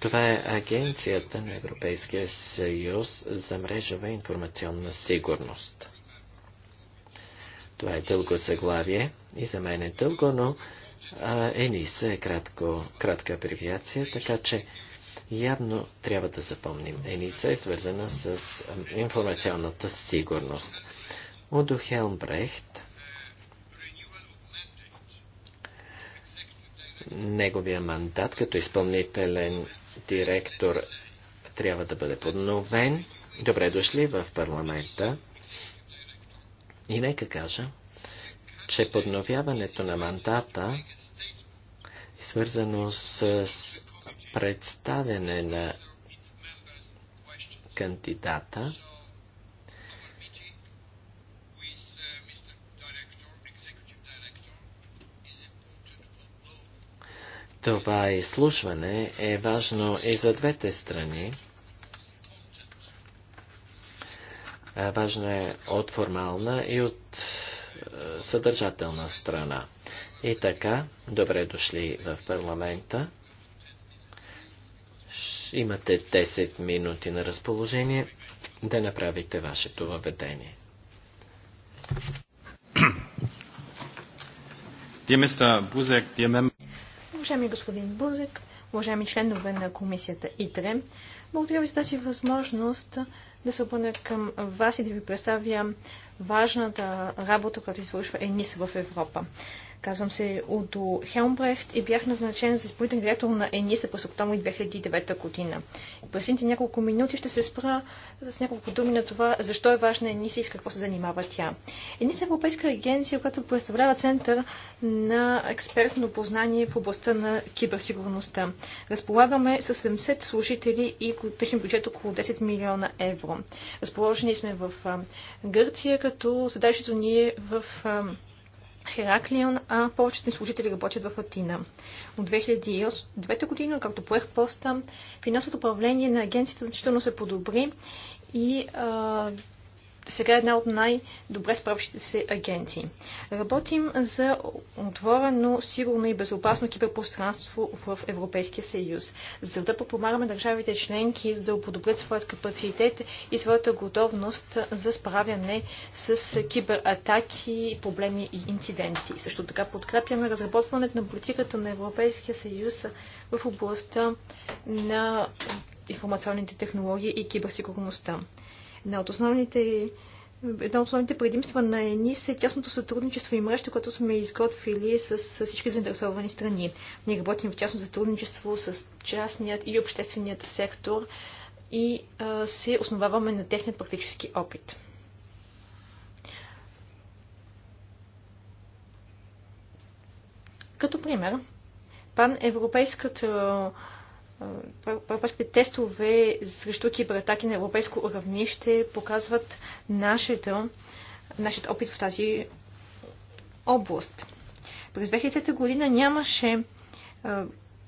Това е Агенцията на Европейския съюз за мрежова информационна сигурност. Това е дълго заглавие и за мен е дълго, но Ениса е кратко, кратка абревиация, така че явно трябва да запомним. ЕНИСА е свързана с информационната сигурност. Удо Хелмбрехт, неговия мандат като изпълнителен директор трябва да бъде подновен. Добре дошли в парламента. И нека кажа, че подновяването на мандата е свързано с представяне на кандидата. Това изслушване е важно и за двете страни. Важно е от формална и от е, съдържателна страна. И така, добре дошли в парламента. Имате 10 минути на разположение да направите вашето въведение. Уважаеми господин Бузек, уважаеми членове на комисията ИТРЕ, благодаря ви за тази възможност да се обърна към вас и да ви представя важната работа, която извършва ЕНИС в Европа. Казвам се Удо Хелмбрехт и бях назначен за изпълнителен директор на ЕНИСА през октомври 2009 година. През следните няколко минути ще се спра с няколко думи на това, защо е важна ЕНИСА и с какво се занимава тя. ЕНИСА е европейска агенция, която представлява център на експертно познание в областта на киберсигурността. Разполагаме с 70 служители и техен бюджет около 10 милиона евро. Разположени сме в Гърция, като задачето ни е в Хераклион, а повечето служители работят в Атина. От 2009 година, както поех поста, финансовото управление на агенцията значително се подобри и а, сега е една от най-добре справящите се агенции. Работим за отворено, сигурно и безопасно киберпространство в Европейския съюз. За да подпомагаме държавите членки да подобрят своят капацитет и своята готовност за справяне с кибератаки, проблеми и инциденти. Също така подкрепяме разработването на политиката на Европейския съюз в областта на информационните технологии и киберсигурността. Една от основните Едно от основните предимства на ЕНИС е тясното сътрудничество и мрежа, което сме изготвили с, с всички заинтересовани страни. Ние работим в тясно сътрудничество с частният и общественият сектор и а, се основаваме на техният практически опит. Като пример, пан-европейската Европейските тестове срещу кибератаки на европейско равнище показват нашата, нашият опит в тази област. През 2000 година нямаше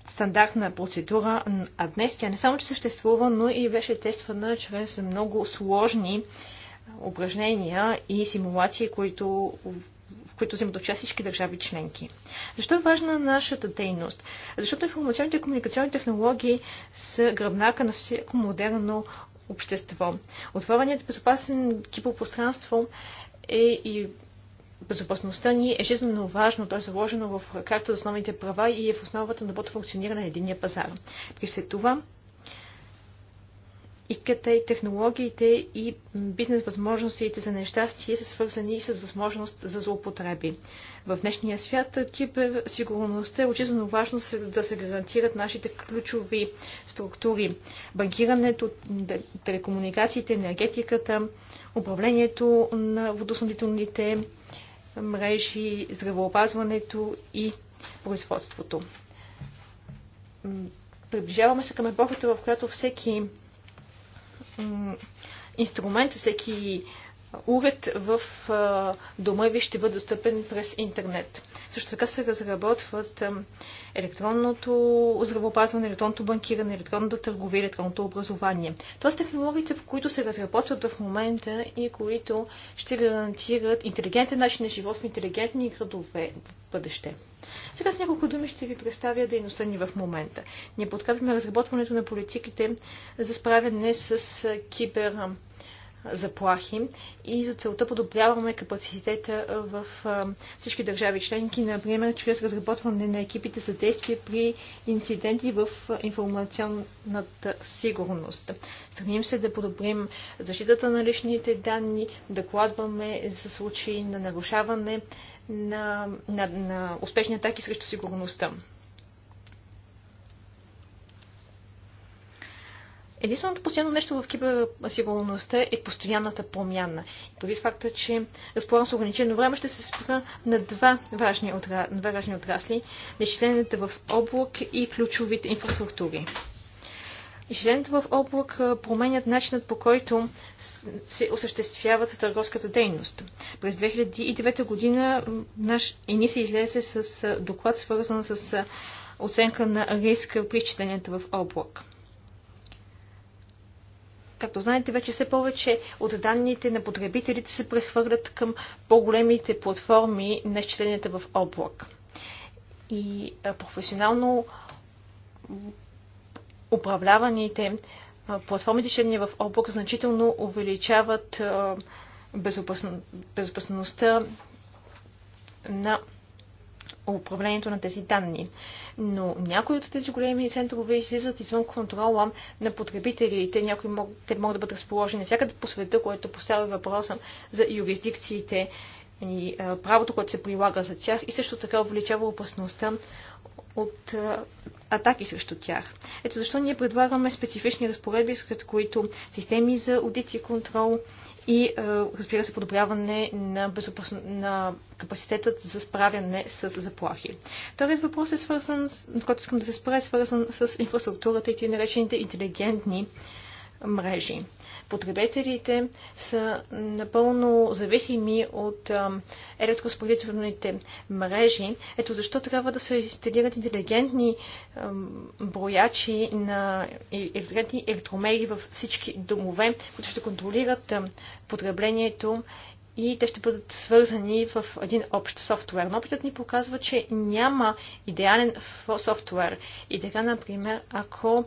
стандартна процедура, а днес тя не само, че съществува, но и беше тествана чрез много сложни упражнения и симулации, които в които вземат участие всички държави членки. Защо е важна нашата дейност? Защото информационните и комуникационни технологии са гръбнака на всяко модерно общество. Отвореният безопасен киберпространство е и безопасността ни е жизненно важно, то е заложено в карта за основните права и е в основата на доброто функциониране на единия пазар. При след това, ИКТ и технологиите и бизнес възможностите за нещастие са свързани и с възможност за злоупотреби. В днешния свят киберсигурността е очизнено важно да се гарантират нашите ключови структури. Банкирането, телекомуникациите, енергетиката, управлението на водоснабдителните мрежи, здравеопазването и производството. Приближаваме се към епохата, в която всеки инструмент, всеки уред в дома ви ще бъде достъпен през интернет. Също така се разработват електронното здравеопазване, електронното банкиране, електронното търговия, електронното образование. Тоест технологиите, в които се разработват в момента и които ще гарантират интелигентен начин на живот в интелигентни градове в бъдеще. Сега с няколко думи ще ви представя дейността ни в момента. Ние подкрепяме разработването на политиките за справяне с кибер заплахи и за целта подобряваме капацитета в всички държави членки, например чрез разработване на екипите за действие при инциденти в информационната сигурност. Стремим се да подобрим защитата на личните данни, докладваме за случаи на нарушаване на, на, на успешни атаки срещу сигурността. Единственото постоянно нещо в киберсигурността е постоянната промяна. И преди факта, че разполагам с ограничено време, ще се спра на два важни, отра... два важни отрасли – изчисленията в облак и ключовите инфраструктури. Изчисленията в облак променят начинът по който се осъществяват търговската дейност. През 2009 година наш ЕНИ се излезе с доклад, свързан с оценка на риска при изчисленията в облак. Както знаете, вече все повече от данните на потребителите се прехвърлят към по-големите платформи на изчисленията в облак. И професионално управляваните платформите изчисления в облак значително увеличават безопасността на управлението на тези данни но някои от тези големи центрове излизат извън контрола на потребителите. Някои мог, те могат да бъдат разположени всякъде по света, което поставя въпроса за юрисдикциите и правото, което се прилага за тях и също така увеличава опасността от атаки срещу тях. Ето защо ние предлагаме специфични разпоредби, сред които системи за аудит и контрол и е, разбира се подобряване на, безопас... на капацитетът за справяне с заплахи. Вторият въпрос е свързан, с който искам да се спра, е свързан с инфраструктурата и тези наречените интелигентни мрежи. Потребителите са напълно зависими от електроразпределителните мрежи. Ето защо трябва да се инсталират интелигентни броячи на електронни електромери във всички домове, които ще контролират потреблението и те ще бъдат свързани в един общ софтуер. Но опитът ни показва, че няма идеален софтуер. И така, например, ако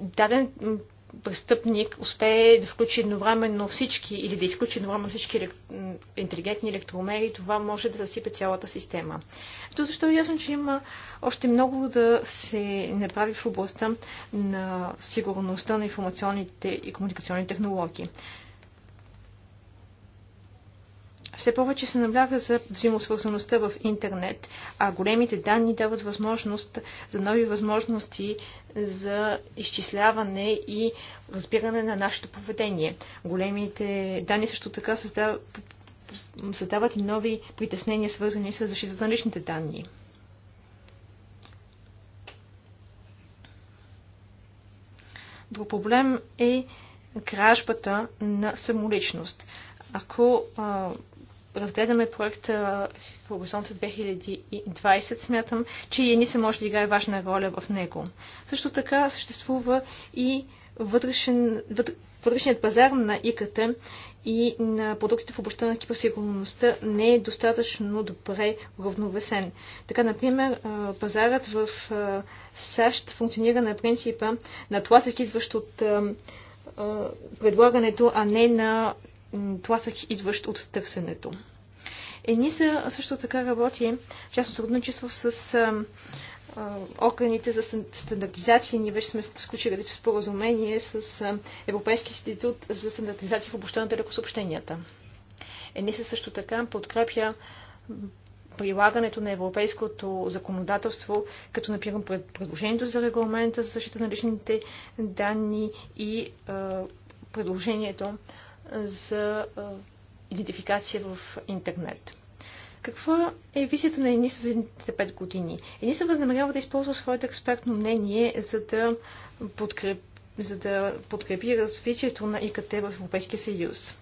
даден престъпник успее да включи едновременно всички или да изключи едновременно всички интелигентни електромери, това може да засипе цялата система. Ето защо е ясно, че има още много да се направи в областта на сигурността на информационните и комуникационни технологии. Все повече се набляга за взаимосвързаността в интернет, а големите данни дават възможност за нови възможности за изчисляване и разбиране на нашето поведение. Големите данни също така създават, и нови притеснения, свързани с защитата на личните данни. Друг проблем е кражбата на самоличност. Ако а, разгледаме проекта Хоризонта 2020, смятам, че и се може да играе важна роля в него. Също така съществува и вътрешен, вътрешният пазар на ИКТ и на продуктите в областта на киберсигурността не е достатъчно добре равновесен. Така, например, пазарът в САЩ функционира на принципа на това, идващ от предлагането, а не на тласък, идващ от търсенето. ЕНИСА също така работи частно сътрудничество с а, органите за стандартизация. Ние вече сме сключили споразумение с Европейски институт за стандартизация в областта на телекосъобщенията. ЕНИСА също така подкрепя прилагането на европейското законодателство, като например предложението за регламента за защита на личните данни и а, предложението за идентификация в интернет. Каква е визията на ЕНИСА за едните 5 години? ЕНИСА възнамерява да използва своето експертно мнение, за да, подкреп, за да подкрепи развитието на ИКТ в Европейския съюз.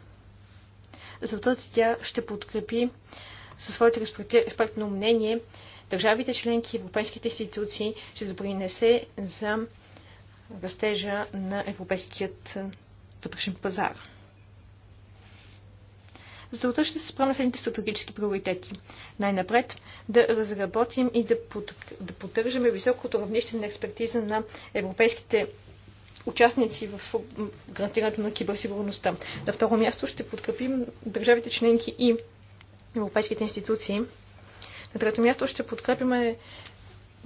Затова тя ще подкрепи със своето експертно мнение държавите членки, европейските институции, ще допринесе за растежа на европейският вътрешен пазар. За целта ще се спрем на следните стратегически приоритети. Най-напред да разработим и да, да поддържаме високото равнище на експертиза на европейските участници в гарантирането на киберсигурността. На второ място ще подкрепим държавите членки и европейските институции. На трето място ще подкрепиме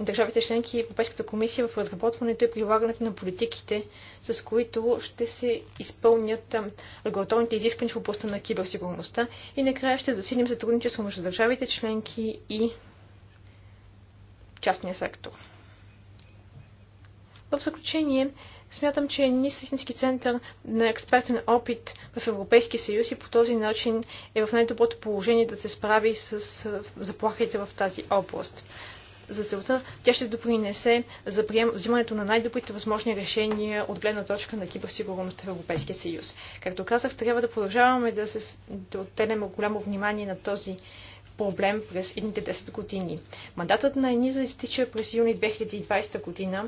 държавите членки и Европейската комисия в разработването и прилагането на политиките, с които ще се изпълнят регулаторните изисквания в областта на киберсигурността. И накрая ще засилим сътрудничество между държавите членки и частния сектор. В заключение, смятам, че НИС истински център на експертен опит в Европейския съюз и по този начин е в най-доброто положение да се справи с заплахите в тази област. За целта тя ще допринесе за прием, взимането на най-добрите възможни решения от гледна точка на киберсигурността в Европейския съюз. Както казах, трябва да продължаваме да, се, да отделяме голямо внимание на този проблем през едните 10 години. Мандатът на ЕНИЗА изтича през юни 2020 година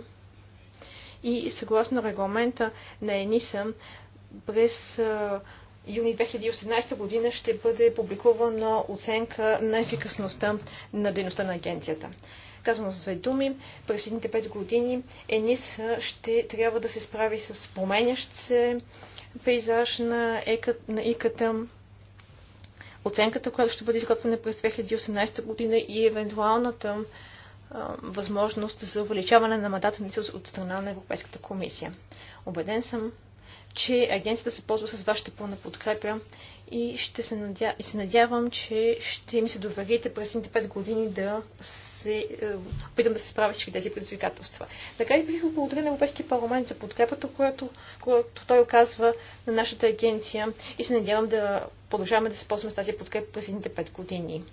и съгласно регламента на ЕНИСА през юни 2018 година ще бъде публикувана оценка на ефикасността на дейността на агенцията. Казвам с две думи, през едните пет години ЕНИС ще трябва да се справи с променящ се пейзаж на, екът, на иката, оценката, която ще бъде изготвена през 2018 година и евентуалната възможност за увеличаване на мандата ни от страна на Европейската комисия. Обеден съм, че агенцията се ползва с вашата пълна подкрепя и, ще се, надя... и се надявам, че ще ми се доверите през следните 5 години да се е, опитам да се справя всички тези предизвикателства. Така и бих благодаря на Европейския парламент за подкрепата, която, която той оказва на нашата агенция и се надявам да продължаваме да се ползваме с тази подкрепа през следните 5 години.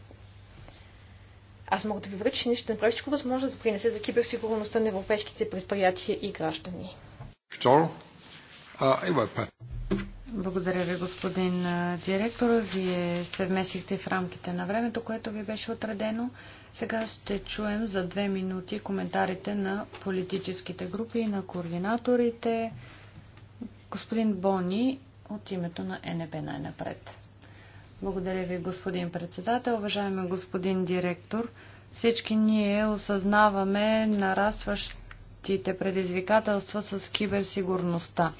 Аз мога да ви връча, че ние ще направя всичко възможно да принесе за киберсигурността на европейските предприятия и граждани. Второ. Европа. Благодаря ви, господин директор. Вие се вмесихте в рамките на времето, което ви беше отредено. Сега ще чуем за две минути коментарите на политическите групи, и на координаторите. Господин Бони от името на НБ най-напред. Благодаря ви, господин председател. Уважаеми господин директор, всички ние осъзнаваме нарастващите предизвикателства с киберсигурността.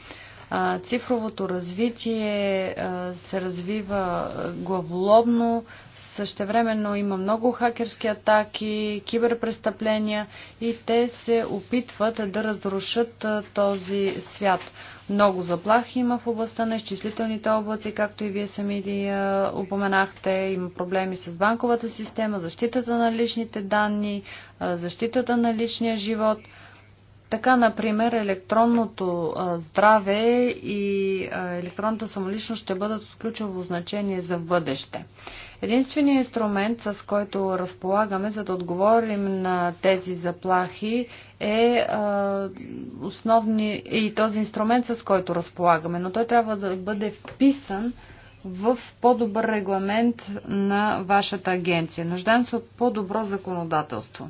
Цифровото развитие се развива главоломно, същевременно има много хакерски атаки, киберпрестъпления и те се опитват да разрушат този свят. Много заплахи има в областта на изчислителните облаци, както и вие сами ги упоменахте. Има проблеми с банковата система, защитата на личните данни, защитата на личния живот – така, например, електронното здраве и електронната самоличност ще бъдат с ключово значение за бъдеще. Единственият инструмент, с който разполагаме, за да отговорим на тези заплахи, е основни и този инструмент, с който разполагаме, но той трябва да бъде вписан в по-добър регламент на вашата агенция. Нуждаем се от по-добро законодателство.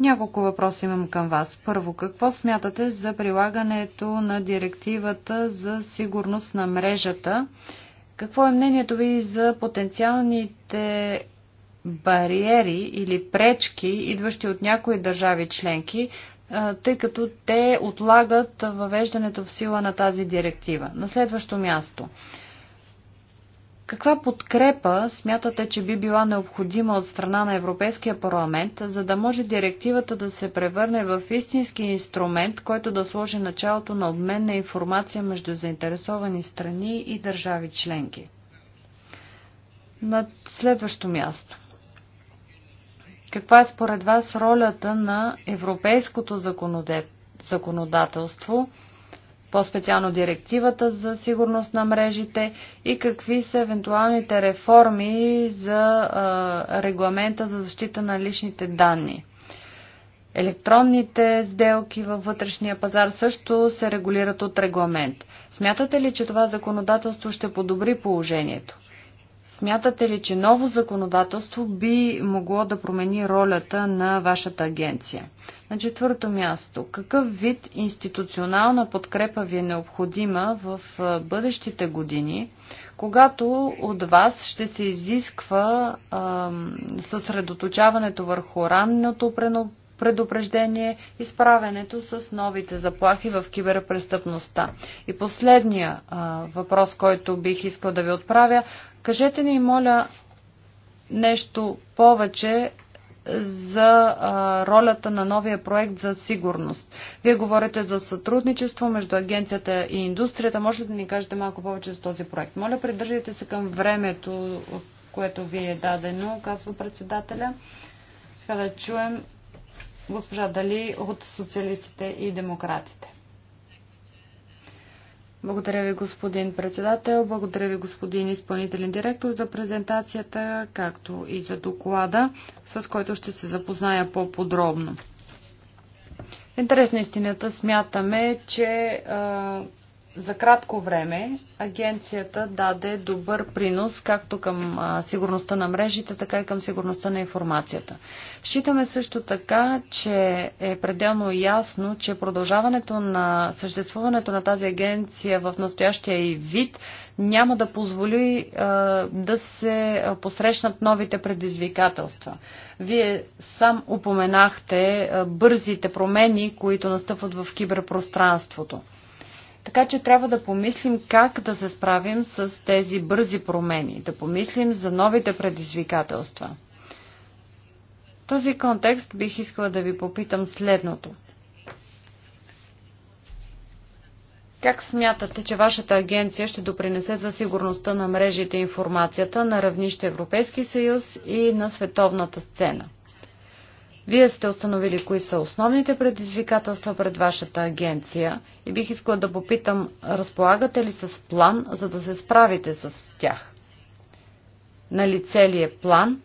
Няколко въпроса имам към вас. Първо, какво смятате за прилагането на директивата за сигурност на мрежата? Какво е мнението ви за потенциалните бариери или пречки, идващи от някои държави членки, тъй като те отлагат въвеждането в сила на тази директива? На следващо място. Каква подкрепа смятате, че би била необходима от страна на Европейския парламент, за да може директивата да се превърне в истински инструмент, който да сложи началото на обмен на информация между заинтересовани страни и държави членки? На следващо място. Каква е според вас ролята на европейското законодателство? законодателство по-специално директивата за сигурност на мрежите и какви са евентуалните реформи за а, регламента за защита на личните данни. Електронните сделки във вътрешния пазар също се регулират от регламент. Смятате ли, че това законодателство ще подобри положението? Смятате ли, че ново законодателство би могло да промени ролята на вашата агенция? На четвърто място, какъв вид институционална подкрепа ви е необходима в бъдещите години, когато от вас ще се изисква а, съсредоточаването върху ранното предупреждение и справянето с новите заплахи в киберпрестъпността. И последния а, въпрос, който бих искал да ви отправя. Кажете ни, моля, нещо повече за а, ролята на новия проект за сигурност. Вие говорите за сътрудничество между агенцията и индустрията. Може ли да ни кажете малко повече за този проект? Моля, придържайте се към времето, което ви е дадено, казва председателя. Сега да чуем госпожа Дали от социалистите и демократите. Благодаря ви, господин председател. Благодаря ви, господин изпълнителен директор, за презентацията, както и за доклада, с който ще се запозная по-подробно. Интересна истината смятаме, че за кратко време агенцията даде добър принос както към сигурността на мрежите, така и към сигурността на информацията. Считаме също така, че е пределно ясно, че продължаването на съществуването на тази агенция в настоящия и вид няма да позволи да се посрещнат новите предизвикателства. Вие сам упоменахте бързите промени, които настъпват в киберпространството. Така че трябва да помислим как да се справим с тези бързи промени, да помислим за новите предизвикателства. В този контекст бих искала да ви попитам следното. Как смятате, че вашата агенция ще допринесе за сигурността на мрежите и информацията на равнище Европейски съюз и на световната сцена? Вие сте установили кои са основните предизвикателства пред вашата агенция и бих искала да попитам, разполагате ли с план, за да се справите с тях? На лице ли е план?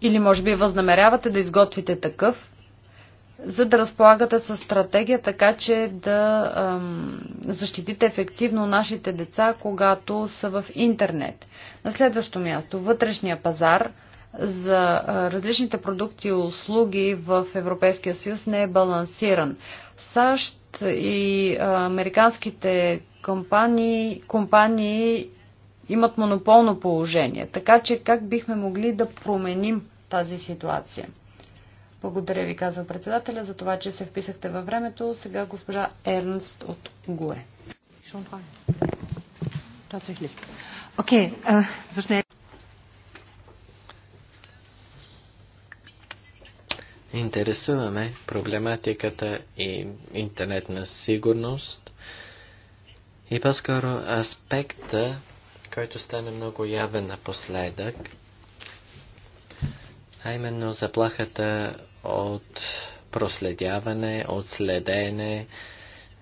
Или може би възнамерявате да изготвите такъв, за да разполагате с стратегия, така че да ам, защитите ефективно нашите деца, когато са в интернет. На следващо място, вътрешния пазар – за различните продукти и услуги в Европейския съюз не е балансиран. САЩ и американските компании, компании имат монополно положение. Така че как бихме могли да променим тази ситуация? Благодаря ви, казва председателя, за това, че се вписахте във времето. Сега госпожа Ернст от ГУЕ. Окей, okay, uh, интересуваме проблематиката и интернетна сигурност и по-скоро аспекта, който стана много явен напоследък, а именно заплахата от проследяване, от следене.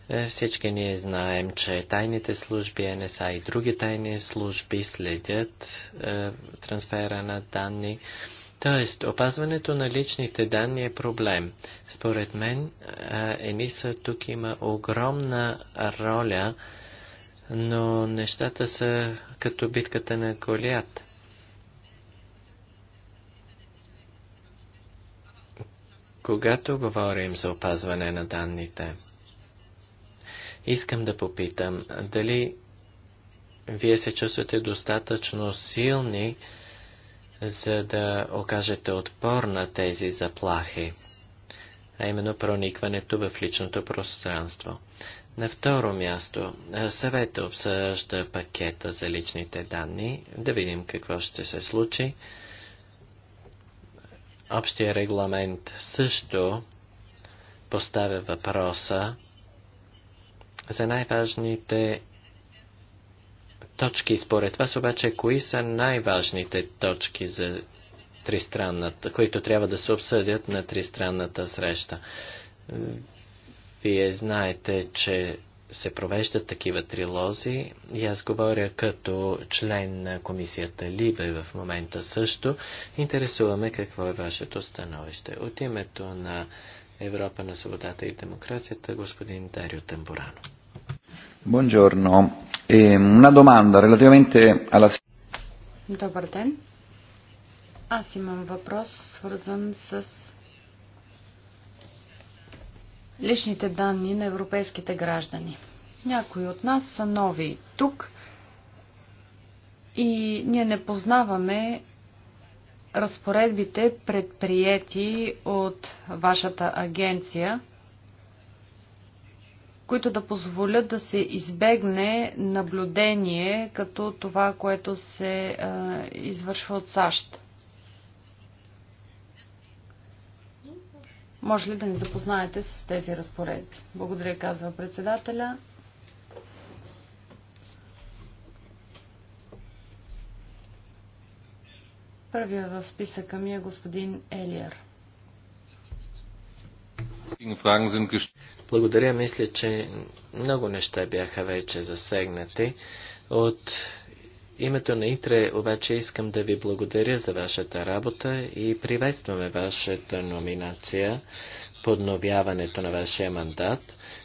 Е, всички ние знаем, че тайните служби, НСА и други тайни служби следят е, трансфера на данни. Е, Тоест, опазването на личните данни е проблем. Според мен, Ениса тук има огромна роля, но нещата са като битката на колият. Когато говорим за опазване на данните, искам да попитам, дали вие се чувствате достатъчно силни, за да окажете отпор на тези заплахи, а именно проникването в личното пространство. На второ място, съвета обсъжда пакета за личните данни, да видим какво ще се случи. Общия регламент също поставя въпроса за най-важните точки според вас, обаче кои са най-важните точки за тристранната, които трябва да се обсъдят на тристранната среща? Вие знаете, че се провеждат такива трилози и аз говоря като член на комисията Либе в момента също. Интересуваме какво е вашето становище. От името на Европа на свободата и демокрацията, господин Дарио Тамбурано. Buongiorno. E, una domanda relativamente alla... Добър ден. Аз имам въпрос, свързан с личните данни на европейските граждани. Някои от нас са нови тук и ние не познаваме разпоредбите предприети от вашата агенция – които да позволят да се избегне наблюдение като това, което се а, извършва от САЩ. Може ли да ни запознаете с тези разпоредби? Благодаря, казва председателя. Първия в списъка ми е господин Елиер. Благодаря, мисля, че много неща бяха вече засегнати. От името на ИТРЕ обаче искам да ви благодаря за вашата работа и приветстваме вашата номинация, подновяването на вашия мандат.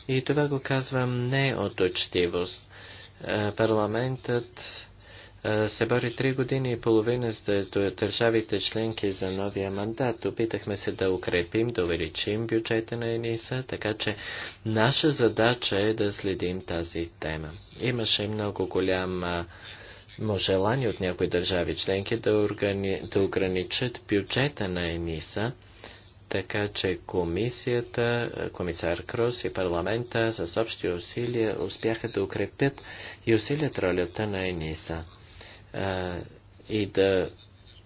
И това го казвам не от учтивост. Е, парламентът е, се бори три години и половина с държавите членки за новия мандат. Опитахме се да укрепим, да увеличим бюджета на ЕНИСА, така че наша задача е да следим тази тема. Имаше много голям желание от някои държави членки да, органи... да ограничат бюджета на ЕНИСА, така че комисията, комисар Крос и парламента с общи усилия успяха да укрепят и усилят ролята на ЕНИСА. Е, и да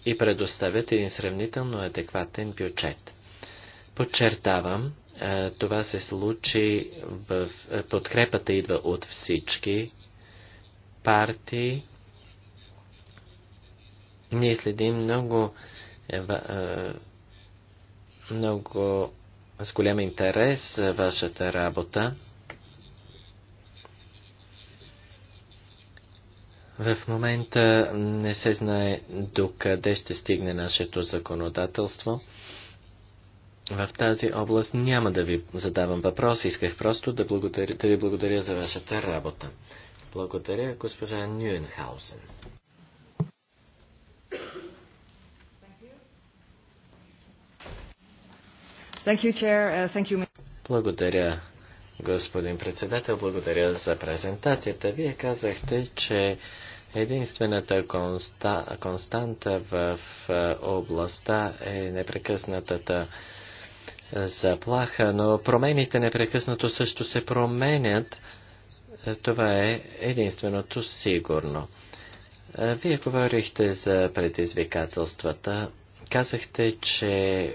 и предоставят един сравнително адекватен бюджет. Подчертавам, е, това се случи в... Е, подкрепата идва от всички партии. Ние следим много много с голям интерес вашата работа. В момента не се знае докъде ще стигне нашето законодателство. В тази област няма да ви задавам въпрос, исках просто да, благодаря, да ви благодаря за вашата работа. Благодаря, госпожа Нюенхаузен. Uh, благодаря, господин председател. Благодаря за презентацията. Вие казахте, че Единствената конста, константа в е, областта е непрекъснатата е, заплаха, но промените непрекъснато също се променят. Е, това е единственото сигурно. Вие говорихте за предизвикателствата Казахте, че е,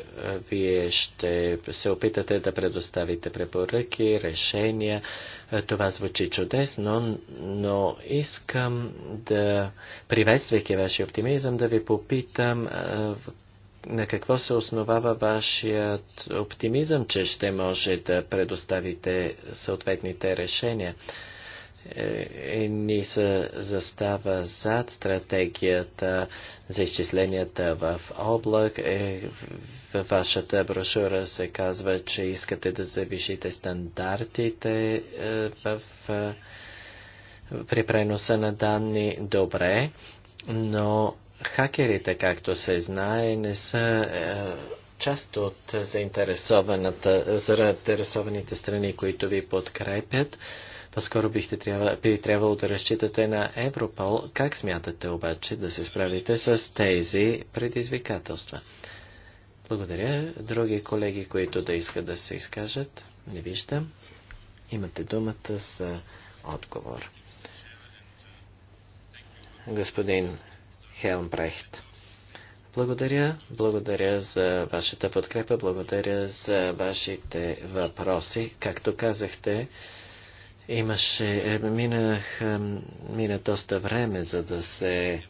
вие ще се опитате да предоставите препоръки, решения. Е, това звучи чудесно, но искам да, приветствайки вашия оптимизъм, да ви попитам е, на какво се основава вашият оптимизъм, че ще може да предоставите съответните решения. Е, ни се застава зад стратегията за изчисленията в облак. Е, вашата брошура се казва, че искате да завишите стандартите е, в, е, при преноса на данни. Добре, но хакерите, както се знае, не са е, част от заинтересованите страни, които ви подкрепят. По-скоро бихте трябва, би трябвало да разчитате на Европол. Как смятате обаче да се справите с тези предизвикателства? Благодаря. Други колеги, които да искат да се изкажат, не виждам. Имате думата за отговор. Господин Хелмбрехт. Благодаря. Благодаря за вашата подкрепа. Благодаря за вашите въпроси. Както казахте, Имаше, е, минах, е, мина доста време, за да се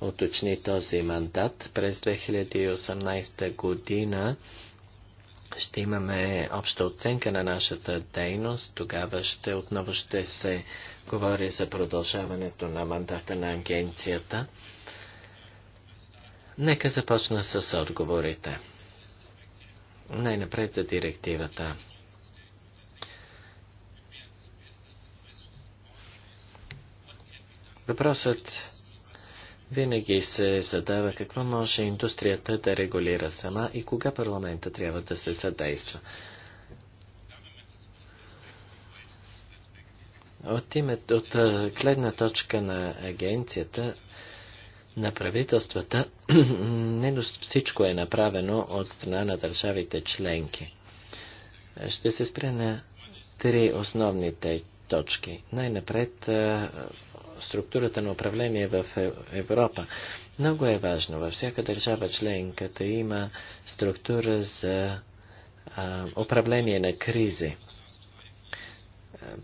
уточни този мандат. През 2018 година ще имаме обща оценка на нашата дейност. Тогава ще отново ще се говори за продължаването на мандата на агенцията. Нека започна с отговорите. Най-напред за директивата. Въпросът винаги се задава какво може индустрията да регулира сама и кога парламента трябва да се съдейства. От, името, от гледна точка на агенцията, на правителствата, не всичко е направено от страна на държавите членки. Ще се спре на три основните точки. Най-напред структурата на управление в е- Европа. Много е важно във всяка държава членка да има структура за а, управление на кризи.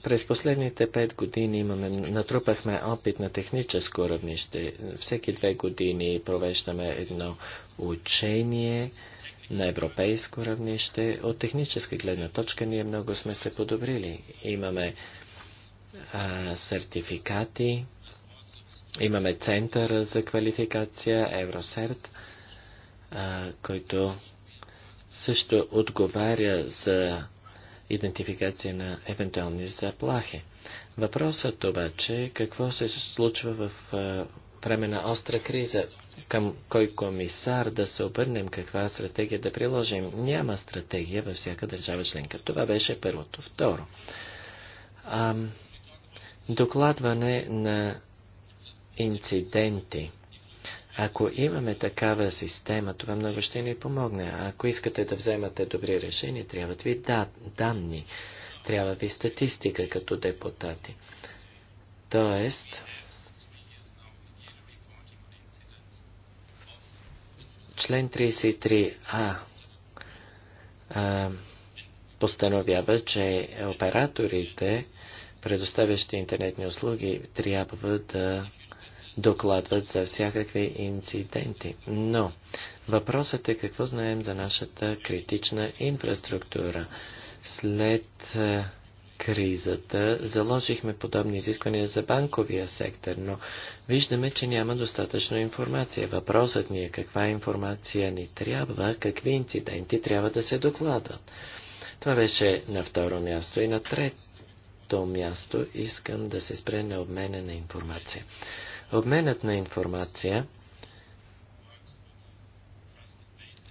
През последните пет години имаме, натрупахме опит на техническо равнище. Всеки две години провеждаме едно учение на европейско равнище. От техническа гледна точка ние много сме се подобрили. Имаме а, сертификати. Имаме Центъра за квалификация, Евросерт, а, който също отговаря за идентификация на евентуални заплахи. Въпросът обаче е какво се случва в а, време на остра криза, към кой комисар да се обърнем, каква стратегия да приложим. Няма стратегия във всяка държава членка. Това беше първото. Второ. Ам, Докладване на инциденти. Ако имаме такава система, това много ще ни помогне. ако искате да вземате добри решения, трябват ви да, данни, трябва ви статистика като депутати. Тоест, член 33а постановява, че операторите предоставящи интернетни услуги трябва да докладват за всякакви инциденти. Но въпросът е какво знаем за нашата критична инфраструктура. След е, кризата заложихме подобни изисквания за банковия сектор, но виждаме, че няма достатъчно информация. Въпросът ни е каква информация ни трябва, какви инциденти трябва да се докладват. Това беше на второ място и на трето то място искам да се спре на обмена на информация. Обменът на информация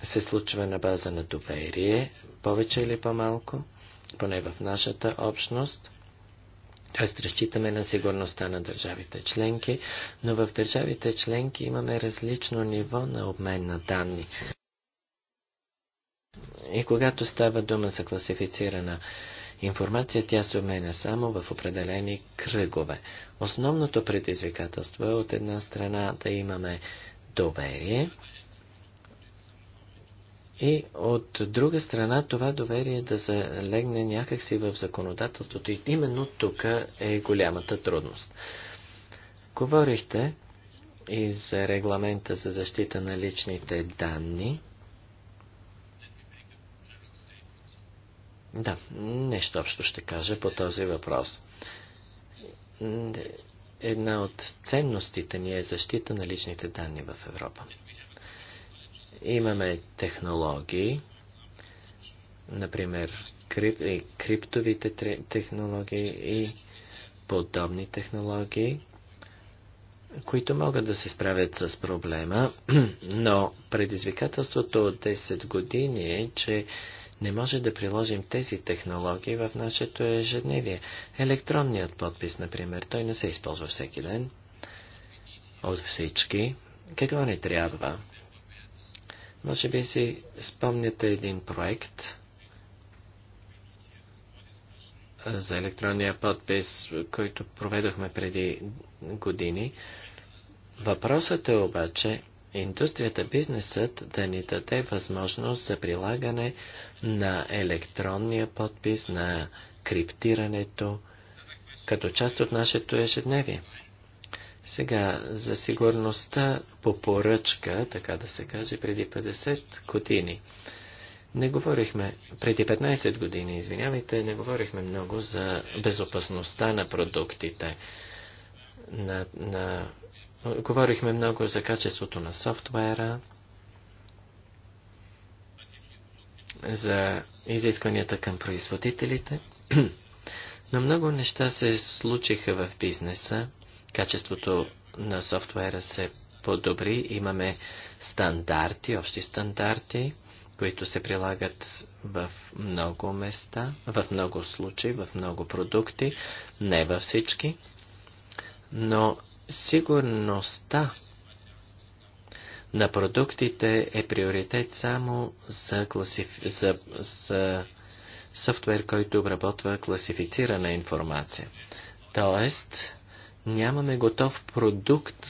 се случва на база на доверие, повече или по-малко, поне в нашата общност. Т.е. разчитаме на сигурността на държавите членки, но в държавите членки имаме различно ниво на обмен на данни. И когато става дума за класифицирана информация тя се обменя само в определени кръгове. Основното предизвикателство е от една страна да имаме доверие и от друга страна това доверие да залегне някакси в законодателството. И именно тук е голямата трудност. Говорихте и за регламента за защита на личните данни – Да, нещо общо ще кажа по този въпрос. Една от ценностите ни е защита на личните данни в Европа. Имаме технологии, например крип, и криптовите технологии и подобни технологии, които могат да се справят с проблема, но предизвикателството от 10 години е, че не може да приложим тези технологии в нашето ежедневие. Електронният подпис, например, той не се използва всеки ден от всички. Какво ни трябва? Може би си спомняте един проект за електронния подпис, който проведохме преди години. Въпросът е обаче, индустрията, бизнесът да ни даде възможност за прилагане на електронния подпис, на криптирането, като част от нашето ежедневие. Сега, за сигурността по поръчка, така да се каже, преди 50 години. Не говорихме, преди 15 години, извинявайте, не говорихме много за безопасността на продуктите, на, на Говорихме много за качеството на софтуера, за изискванията към производителите, но много неща се случиха в бизнеса. Качеството на софтуера се подобри. Имаме стандарти, общи стандарти, които се прилагат в много места, в много случаи, в много продукти, не във всички. Но Сигурността на продуктите е приоритет само за, класиф... за, за софтуер, който обработва класифицирана информация. Тоест, нямаме готов продукт,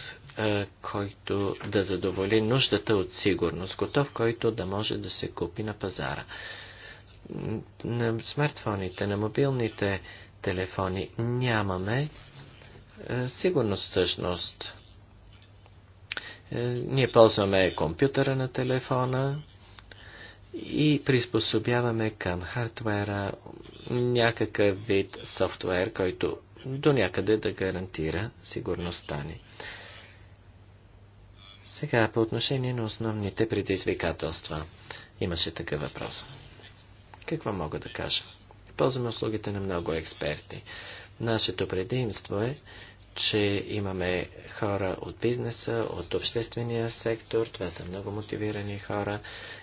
който да задоволи нуждата от сигурност, готов, който да може да се купи на пазара. На смартфоните, на мобилните телефони нямаме е, Сигурност всъщност. Е, ние ползваме компютъра на телефона и приспособяваме към хардвера някакъв вид софтуер, който до някъде да гарантира сигурността ни. Сега по отношение на основните предизвикателства. Имаше такъв въпрос. Какво мога да кажа? Ползваме услугите на много експерти. Нашето предимство е, че имаме хора от бизнеса, от обществения сектор, това са много мотивирани хора.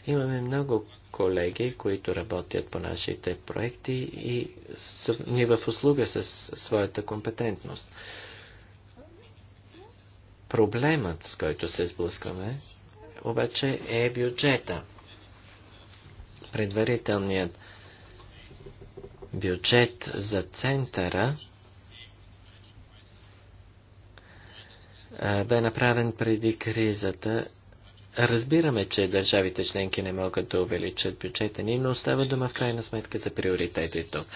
Имаме много колеги, които работят по нашите проекти и са ни в услуга с своята компетентност. Проблемът, с който се сблъскваме, обаче е бюджета. Предварителният бюджет за центъра – бе направен преди кризата. Разбираме, че държавите членки не могат да увеличат бюджета ни, но остава дума в крайна сметка за приоритети тук.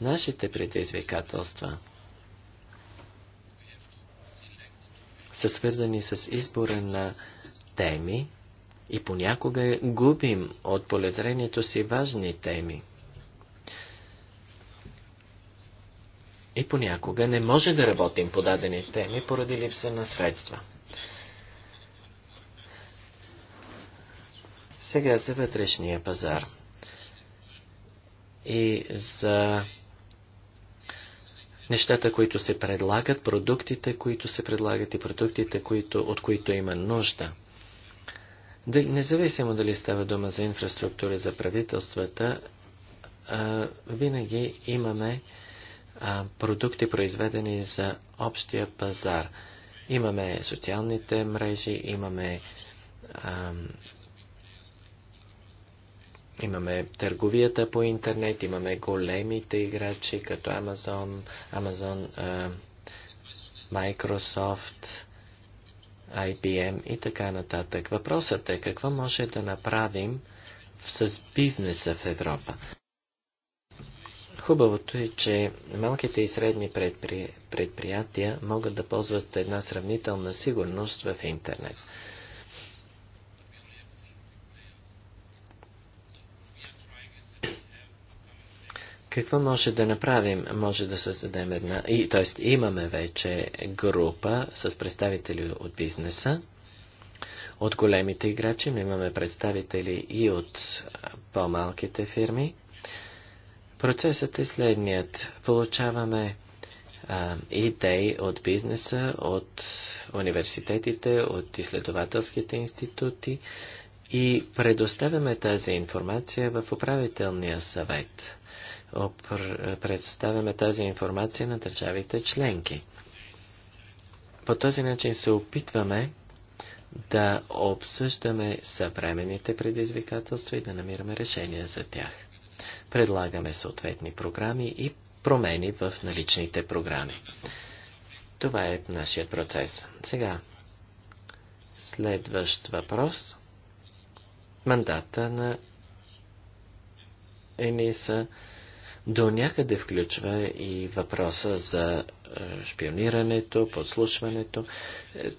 Нашите предизвикателства са свързани с избора на теми и понякога губим от полезрението си важни теми – и понякога не може да работим по дадени теми поради липса на средства. Сега за вътрешния пазар и за нещата, които се предлагат, продуктите, които се предлагат и продуктите, които, от които има нужда. Независимо дали става дума за инфраструктура за правителствата, винаги имаме а, продукти, произведени за общия пазар. Имаме социалните мрежи, имаме, а, имаме търговията по интернет, имаме големите играчи, като Amazon, Amazon а, Microsoft, IBM и така нататък. Въпросът е какво може да направим с бизнеса в Европа. Хубавото е, че малките и средни предпри... предприятия могат да ползват една сравнителна сигурност в интернет. Какво може да направим? Може да създадем една... И, имаме вече група с представители от бизнеса, от големите играчи, но имаме представители и от по-малките фирми. Процесът е следният. Получаваме а, идеи от бизнеса, от университетите, от изследователските институти и предоставяме тази информация в управителния съвет. Опр... Представяме тази информация на държавите членки. По този начин се опитваме да обсъждаме съвременните предизвикателства и да намираме решения за тях. Предлагаме съответни програми и промени в наличните програми. Това е нашия процес. Сега, следващ въпрос. Мандата на ЕНИСА до някъде включва и въпроса за е, шпионирането, подслушването. Е,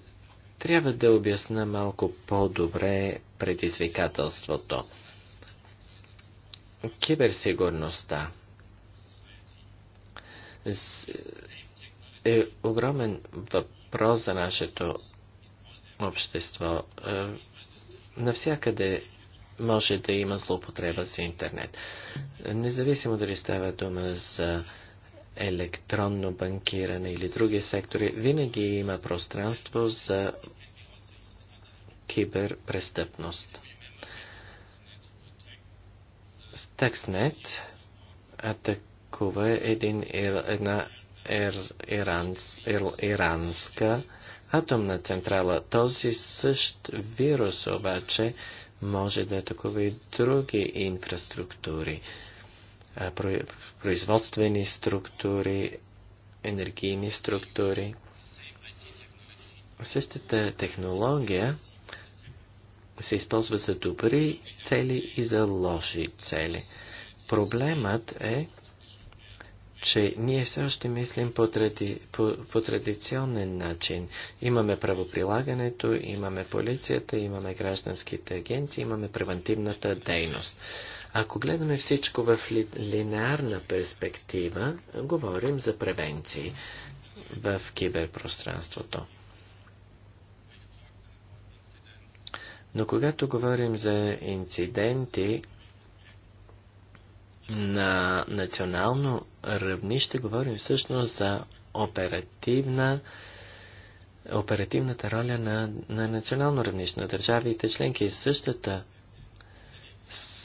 трябва да обясна малко по-добре предизвикателството. Киберсигурността е огромен въпрос за нашето общество. Е, навсякъде може да има злоупотреба с интернет. Независимо дали става дума за електронно банкиране или други сектори, винаги има пространство за киберпрестъпност. Stuxnet атакува един, една ир, иранс, ир, иранска атомна централа. Този същ вирус обаче може да атакува и други инфраструктури, производствени структури, енергийни структури. Същата технология се използват за добри цели и за лоши цели. Проблемът е, че ние все още мислим по, тради, по, по традиционен начин. Имаме правоприлагането, имаме полицията, имаме гражданските агенции, имаме превентивната дейност. Ако гледаме всичко в ли, линеарна перспектива, говорим за превенции в киберпространството. Но когато говорим за инциденти на национално равнище, говорим всъщност за оперативна оперативната роля на, на национално равнище на държавите членки. Същата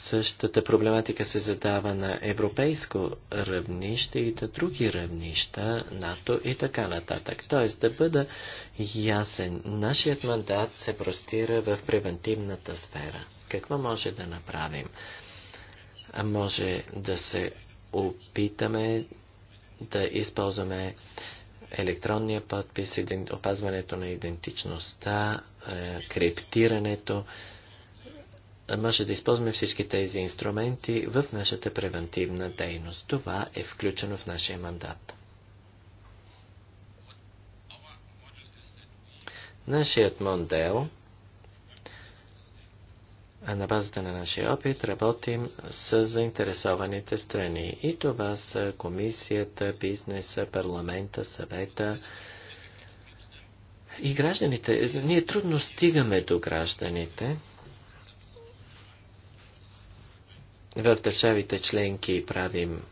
Същата проблематика се задава на европейско равнище и на други равнища, НАТО и така нататък. Тоест да бъда ясен, нашият мандат се простира в превентивната сфера. Какво може да направим? А може да се опитаме да използваме електронния подпис, опазването на идентичността, е, криптирането, може да използваме всички тези инструменти в нашата превентивна дейност. Това е включено в нашия мандат. Нашият модел, а на базата на нашия опит, работим с заинтересованите страни. И това са комисията, бизнеса, парламента, съвета, и гражданите, ние трудно стигаме до гражданите, в държавите членки правим,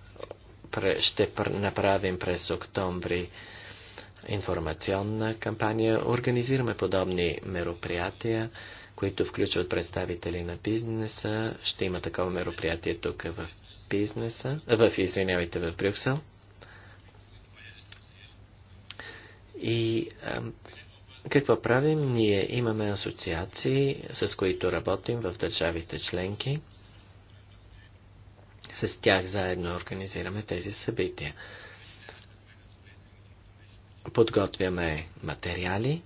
ще направим през октомври информационна кампания. Организираме подобни мероприятия, които включват представители на бизнеса. Ще има такова мероприятие тук в бизнеса, в, извинявайте, в Брюксел. И какво правим? Ние имаме асоциации, с които работим в държавите членки. С тях заедно организираме тези събития. Подготвяме материали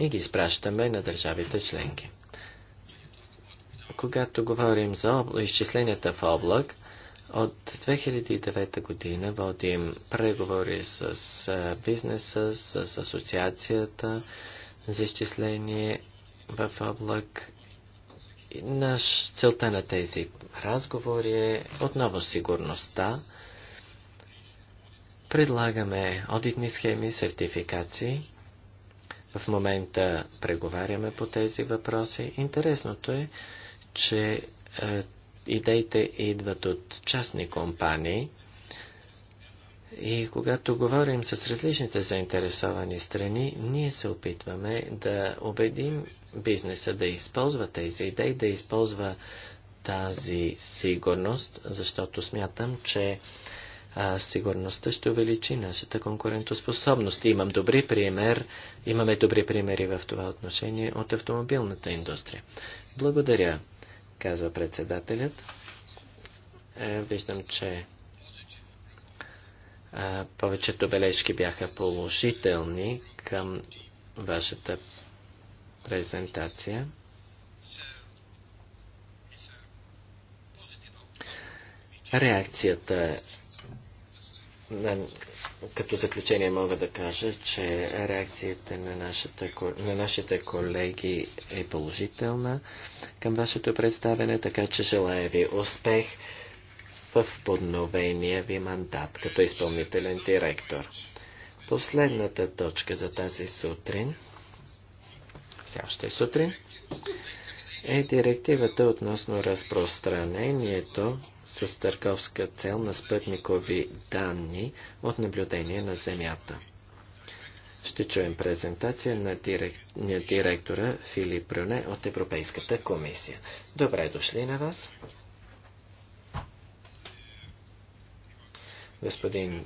и ги изпращаме на държавите членки. Когато говорим за изчисленията в облак, от 2009 година водим преговори с бизнеса, с асоциацията за изчисление в облак. Наш целта на тези Разговор е отново сигурността. Предлагаме одитни схеми, сертификации. В момента преговаряме по тези въпроси. Интересното е, че е, идеите идват от частни компании. И когато говорим с различните заинтересовани страни, ние се опитваме да убедим бизнеса да използва тези идеи, да използва тази сигурност, защото смятам, че а, сигурността ще увеличи нашата конкурентоспособност. Имам добри пример, имаме добри примери в това отношение от автомобилната индустрия. Благодаря, казва председателят. Е, виждам, че а, повечето бележки бяха положителни към вашата презентация. реакцията на, като заключение мога да кажа, че реакцията на, нашата, на нашите колеги е положителна към вашето представене, така че желая ви успех в подновения ви мандат като изпълнителен директор. Последната точка за тази сутрин, все още е сутрин, е директивата относно разпространението с търговска цел на спътникови данни от наблюдение на Земята. Ще чуем презентация на, директ, на директора Филип Брюне от Европейската комисия. Добре дошли на вас. Господин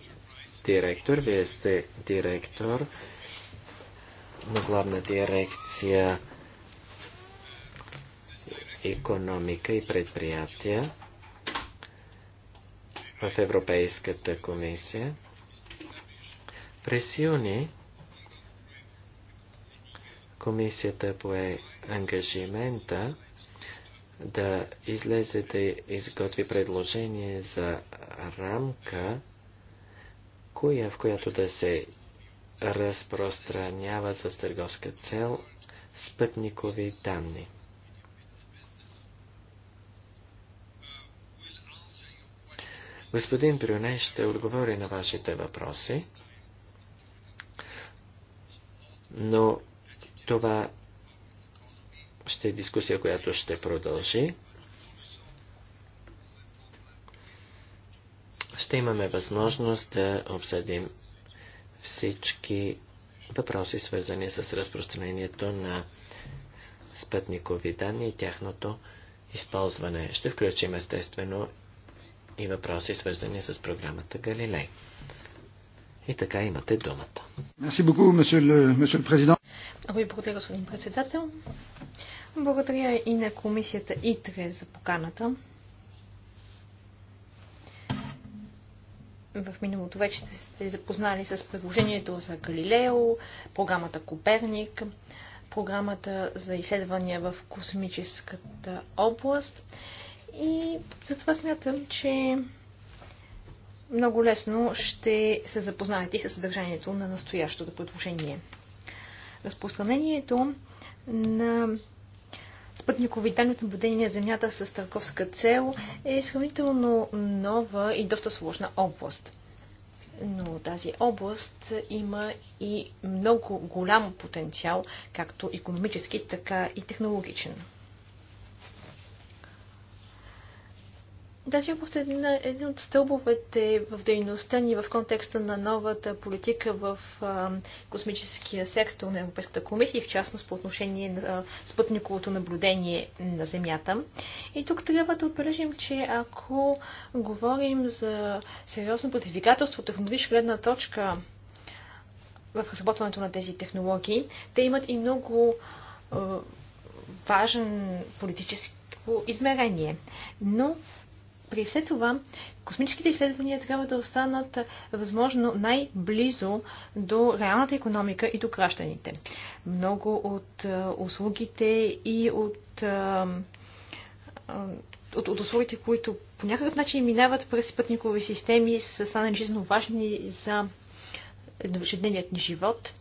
директор, вие сте директор на главна дирекция економика и предприятия в Европейската комисия. През юни комисията пое ангажимента да излезе да изготви предложение за рамка, коя, в която да се разпространяват с търговска цел спътникови данни. Господин Брюне ще отговори на вашите въпроси, но това ще е дискусия, която ще продължи. Ще имаме възможност да обсъдим всички въпроси, свързани с разпространението на спътникови данни и тяхното използване. Ще включим естествено и въпроси, свързани с програмата Галилей. И така имате думата. Много ви благодаря, господин председател. Благодаря и на комисията ИТРЕ за поканата. В миналото вече сте се запознали с предложението за Галилео, програмата Коперник, програмата за изследвания в космическата област и затова смятам, че много лесно ще се запознаете и с съдържанието на настоящото предложение. Разпространението на спътникови данни от наблюдение на Земята с търговска цел е сравнително нова и доста сложна област. Но тази област има и много голям потенциал, както економически, така и технологичен. Тази област е един от стълбовете в дейността ни в контекста на новата политика в космическия сектор на Европейската комисия, в частност по отношение на спътниковото наблюдение на Земята. И тук трябва да отбележим, че ако говорим за сериозно предизвикателство от технологична гледна точка в разработването на тези технологии, те имат и много важен политически измерение. Но при все това, космическите изследвания трябва да останат е, възможно най-близо до реалната економика и до гражданите. Много от е, услугите и от, е, от, от услугите, които по някакъв начин минават през спътникови системи, са станали жизненно важни за ежедневният ни живот.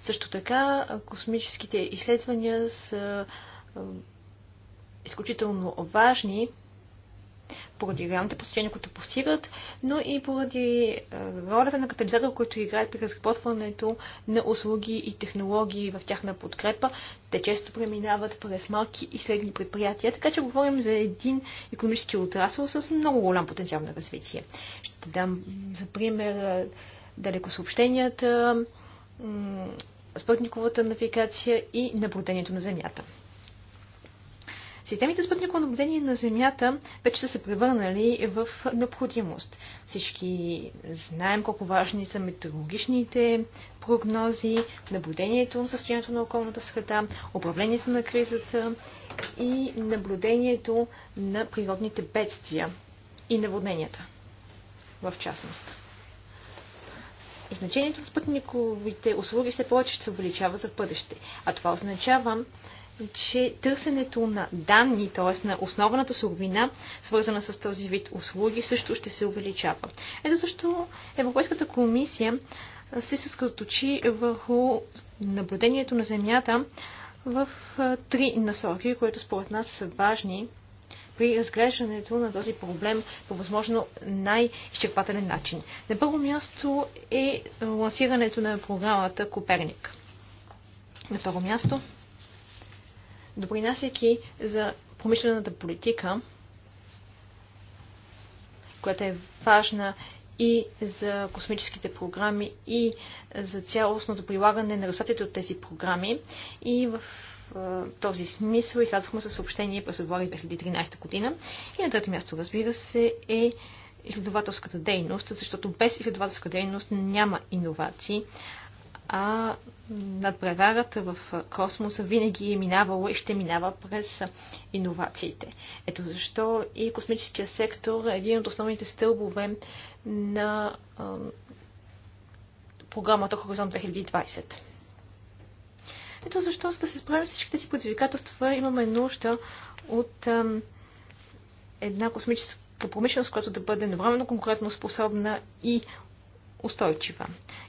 Също така, космическите изследвания са изключително важни поради реалните постижения, които постигат, но и поради ролята на катализатор, който играе при разработването на услуги и технологии в тяхна подкрепа. Те често преминават през малки и средни предприятия, така че говорим за един економически отрасъл с много голям потенциал на развитие. Ще дам за пример далекосъобщенията, спътниковата навигация и наблюдението на Земята. Системите спътниково наблюдение на Земята вече са се превърнали в необходимост. Всички знаем колко важни са метеорологичните прогнози, наблюдението на състоянието на околната среда, управлението на кризата и наблюдението на природните бедствия и наводненията в частност. значението на спътниковите услуги все повече се увеличава за бъдеще. А това означава, че търсенето на данни, т.е. на основната суровина, свързана с този вид услуги, също ще се увеличава. Ето защо Европейската комисия се съсредоточи върху наблюдението на Земята в три насоки, които според нас са важни при разглеждането на този проблем по възможно най-изчерпателен начин. На първо място е лансирането на програмата Коперник. На второ място допринасяйки за промишлената политика, която е важна и за космическите програми, и за цялостното прилагане на резултатите от тези програми. И в този смисъл излязохме със съобщение през февруари 2013 година. И на трето място, разбира се, е изследователската дейност, защото без изследователска дейност няма иновации, а надпреварата в космоса винаги е минавала и ще минава през иновациите. Ето защо и космическия сектор е един от основните стълбове на програмата Хоризонт 2020. Ето защо, за да се справим с всичките си предизвикателства, имаме нужда от ам, една космическа промишленост, която да бъде навременно конкурентно способна и устойчива.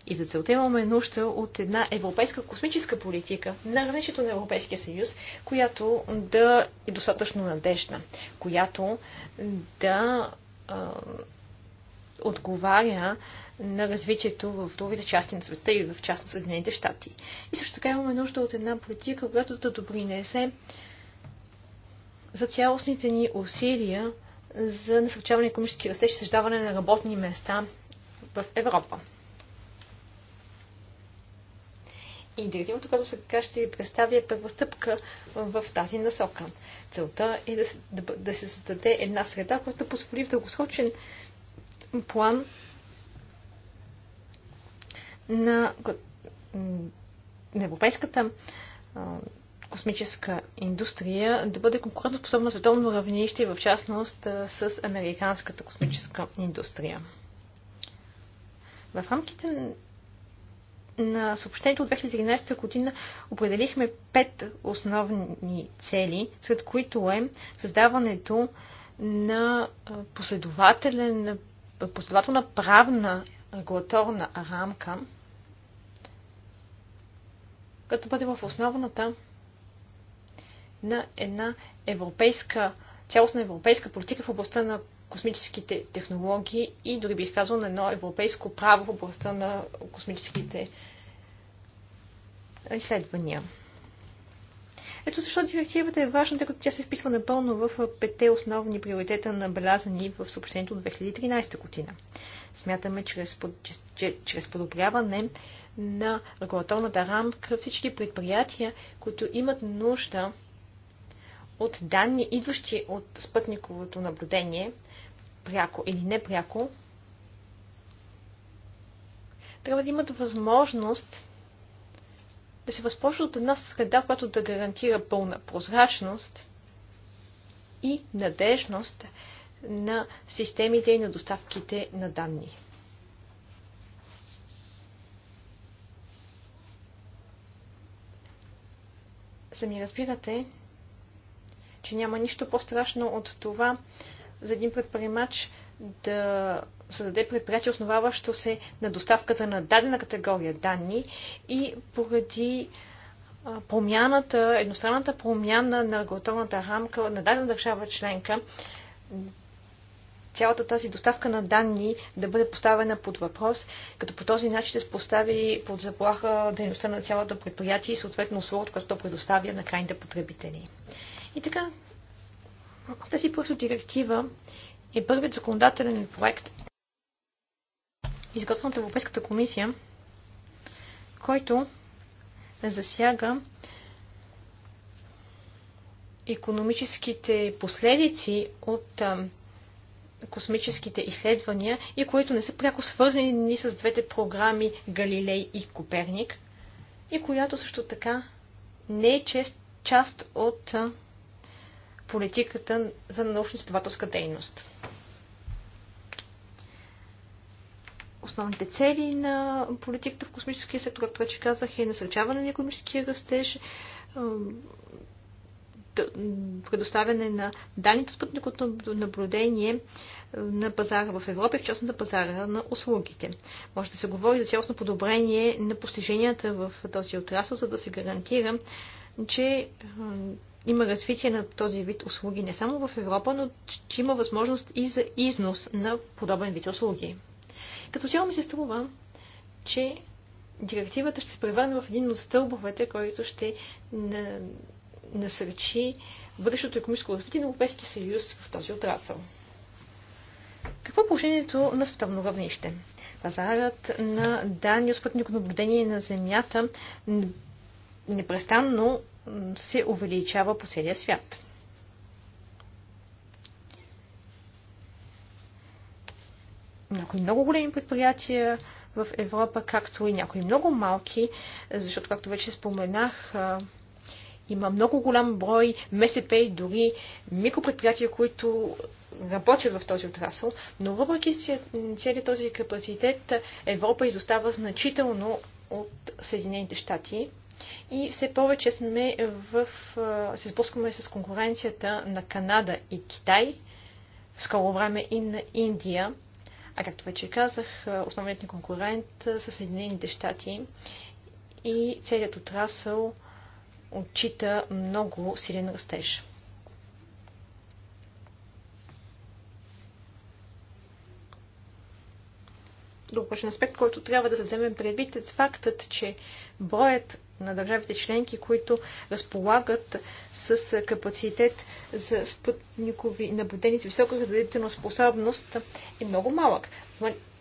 И за целта имаме нужда от една европейска космическа политика на равнището на Европейския съюз, която да е достатъчно надежна, която да а, отговаря на развитието в другите части на света и в частност Съединените щати. И също така имаме нужда от една политика, която да допринесе за цялостните ни усилия за насърчаване на економически растеж и създаване на работни места в Европа. И директивата, която сега ще ви представя, е първа стъпка в тази насока. Целта е да се, да, да се създаде една среда, която да позволи в дългосрочен план на, на европейската а, космическа индустрия да бъде конкурентоспособна на световно равнище и в частност с американската космическа индустрия. В рамките на съобщението от 2013 година определихме пет основни цели, сред които е създаването на последователна правна регулаторна рамка, като бъде в основната на една европейска, цялостна европейска политика в областта на космическите технологии и дори бих казал на едно европейско право в областта на космическите изследвания. Ето защо директивата е важна, тъй като тя се вписва напълно в пете основни приоритета, набелязани в съобщението от 2013 година. Смятаме, чрез, че чрез подобряване на регулаторната рамка всички предприятия, които имат нужда от данни, идващи от спътниковото наблюдение, пряко или непряко, трябва да имат възможност да се възползват от една среда, която да гарантира пълна прозрачност и надежност на системите и на доставките на данни. Сами разбирате, че няма нищо по-страшно от това за един предприемач да създаде предприятие, основаващо се на доставката на дадена категория данни и поради промяната, едностранната промяна на регулаторната рамка на дадена държава членка, цялата тази доставка на данни да бъде поставена под въпрос, като по този начин да се постави под заплаха дейността на цялото предприятие и съответно услугата, която предоставя на крайните потребители. И така, тази първа директива е първият законодателен проект, изготвен от Европейската комисия, който засяга економическите последици от космическите изследвания и които не са пряко свързани ни с двете програми Галилей и Коперник и която също така не е част от а, политиката за научно-изследователска дейност. основните цели на политиката в космическия сектор, както вече казах, е насърчаване на економическия растеж, предоставяне на данните с наблюдение на пазара в Европа и в частната пазара на услугите. Може да се говори за цялостно подобрение на постиженията в този отрасъл, за да се гарантира, че има развитие на този вид услуги не само в Европа, но ще има възможност и за износ на подобен вид услуги. Като цяло ми се струва, че директивата ще се превърне в един от стълбовете, който ще насърчи бъдещото економическо развитие на Европейския съюз в този отрасъл. Какво е положението на световно равнище? Пазарът на данни от спътнико наблюдение на Земята непрестанно се увеличава по целия свят. Някои много големи предприятия в Европа, както и някои много малки, защото, както вече споменах, има много голям брой МСП и дори микропредприятия, които работят в този отрасъл, но въпреки целият този капацитет Европа изостава значително от Съединените щати и все повече сме в, се сблъскваме с конкуренцията на Канада и Китай, в скоро време и на Индия, а както вече казах, основният ни конкурент са Съединените щати и целият отрасъл отчита много силен растеж. важен аспект, който трябва да се вземе предвид е фактът, че броят на държавите членки, които разполагат с капацитет за спътникови наблюдения с висока разделителна способност е много малък.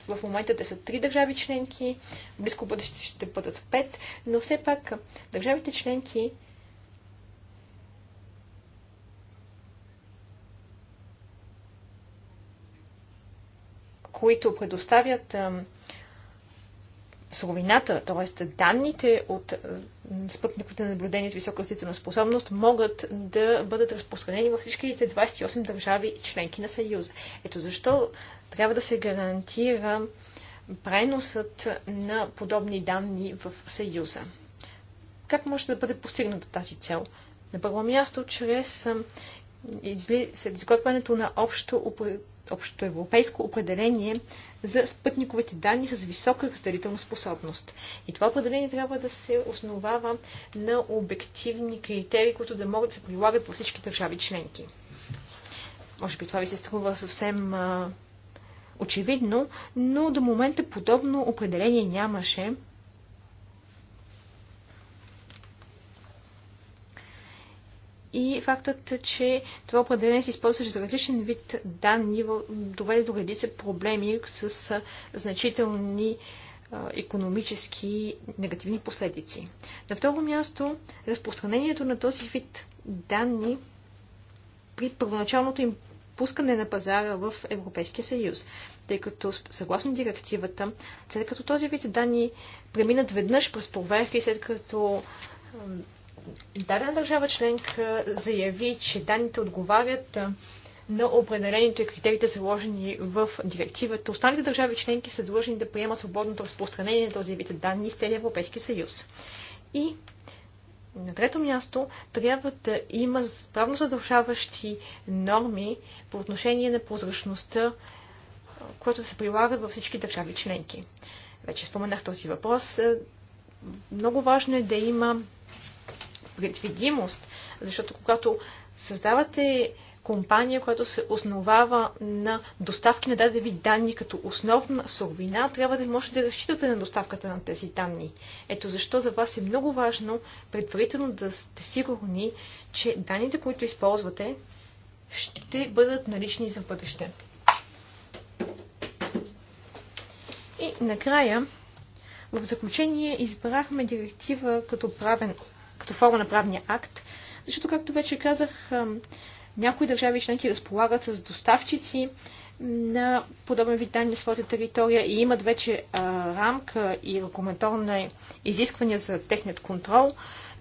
В момента те са три държави членки, близко бъдеще ще бъдат пет, но все пак държавите членки които предоставят суровината, т.е. данните от спътниковите наблюдения с висока зрителна способност могат да бъдат разпространени във всичките 28 държави членки на Съюза. Ето защо трябва да се гарантира преносът на подобни данни в Съюза. Как може да бъде постигната тази цел? На първо място, чрез изготвянето на общо европейско определение за спътниковите данни с висока разделителна способност. И това определение трябва да се основава на обективни критерии, които да могат да се прилагат във всички държави членки. Може би това ви се струва съвсем а, очевидно, но до момента подобно определение нямаше и фактът, че това определение се използва за различен вид данни, доведе до редица проблеми с значителни економически негативни последици. На второ място, разпространението на този вид данни при първоначалното им пускане на пазара в Европейския съюз, тъй като съгласно директивата, след като този вид данни преминат веднъж през проверка и след като дадена държава членка заяви, че данните отговарят на определените критериите, заложени в директивата. Останалите държави членки са длъжни да приемат свободното разпространение на този вид данни с целия Европейски съюз. И на трето място трябва да има правно задължаващи норми по отношение на прозрачността, която се прилагат във всички държави членки. Вече споменах този въпрос. Е, много важно е да има предвидимост, защото когато създавате компания, която се основава на доставки на дадени ви данни като основна суровина, трябва да можете да разчитате на доставката на тези данни. Ето защо за вас е много важно предварително да сте сигурни, че данните, които използвате, ще бъдат налични за бъдеще. И накрая, в заключение избрахме директива като правен като форма на правния акт, защото, както вече казах, някои държави членки разполагат с доставчици на подобен вид данни на своята територия и имат вече рамка и регуляторни изисквания за техният контрол.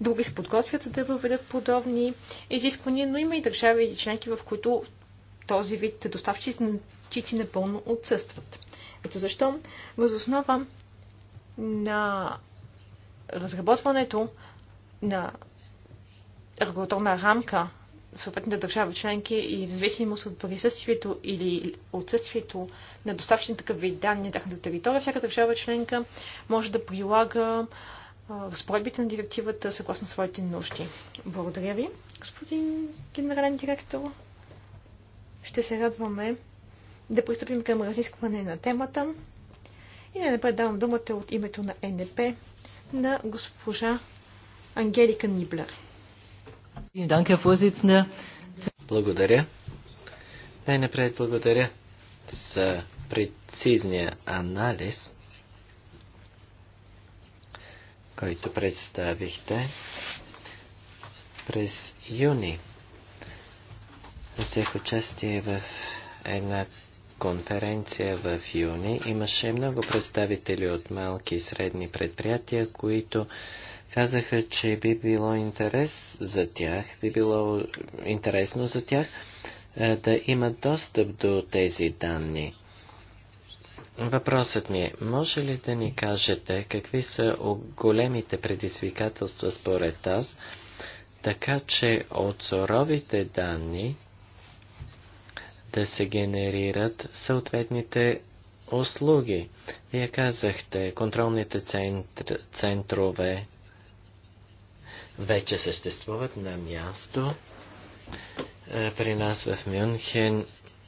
Други се подготвят да въведат подобни изисквания, но има и държави и членки, в които този вид доставчици напълно отсъстват. Ето защо възоснова на разработването на регулаторна рамка в съответните държави членки и в зависимост от присъствието или отсъствието на доставчици такъв вид данни на тяхната територия, всяка държава членка може да прилага разпоредбите на директивата съгласно своите нужди. Благодаря ви, господин генерален директор. Ще се радваме да пристъпим към разискване на темата. И да не предавам думата от името на НДП на госпожа Ангелика Ниблер. Благодаря. Най-напред благодаря за прецизния анализ, който представихте през юни. Взех участие в една конференция в юни. Имаше много представители от малки и средни предприятия, които Казаха, че би било интерес за тях, би било интересно за тях е, да имат достъп до тези данни. Въпросът ми е, може ли да ни кажете какви са големите предизвикателства според аз, така че от суровите данни да се генерират съответните услуги? Вие казахте контролните центр, центрове вече съществуват на място. Е, при нас в Мюнхен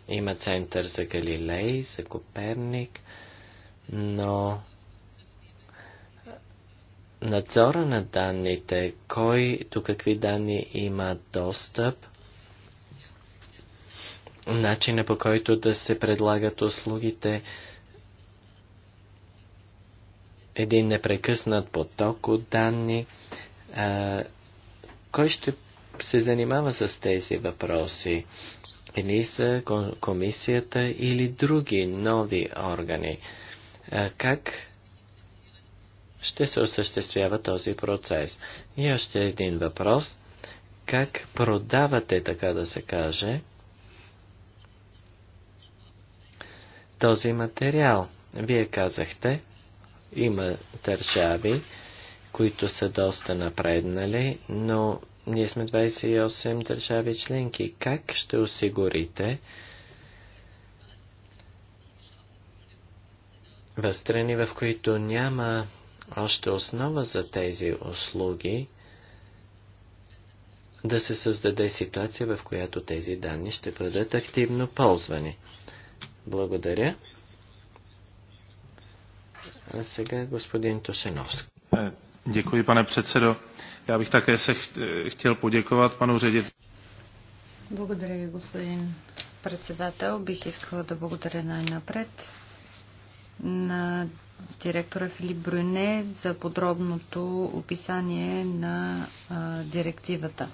има център за Галилей, за Коперник, но надзора на данните, кой до какви данни има достъп, начина по който да се предлагат услугите, един непрекъснат поток от данни – а, кой ще се занимава с тези въпроси? Или са комисията или други нови органи? А, как ще се осъществява този процес? И още един въпрос. Как продавате, така да се каже, този материал? Вие казахте, има държави, които са доста напреднали, но ние сме 28 държави членки. Как ще осигурите в страни, в които няма още основа за тези услуги, да се създаде ситуация, в която тези данни ще бъдат активно ползвани. Благодаря. А сега господин Тошеновски. Е, Děkuji, pane předsedo. Já bych také se chtěl poděkovat panu řediteli. Благодаря ви, господин председател. Бих искала да благодаря най-напред на директора Филип Бруйне за подробното описание на а, директивата.